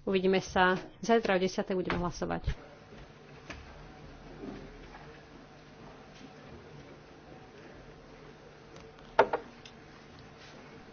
Uvidíme sa. Zajtra o 10. budeme hlasovať.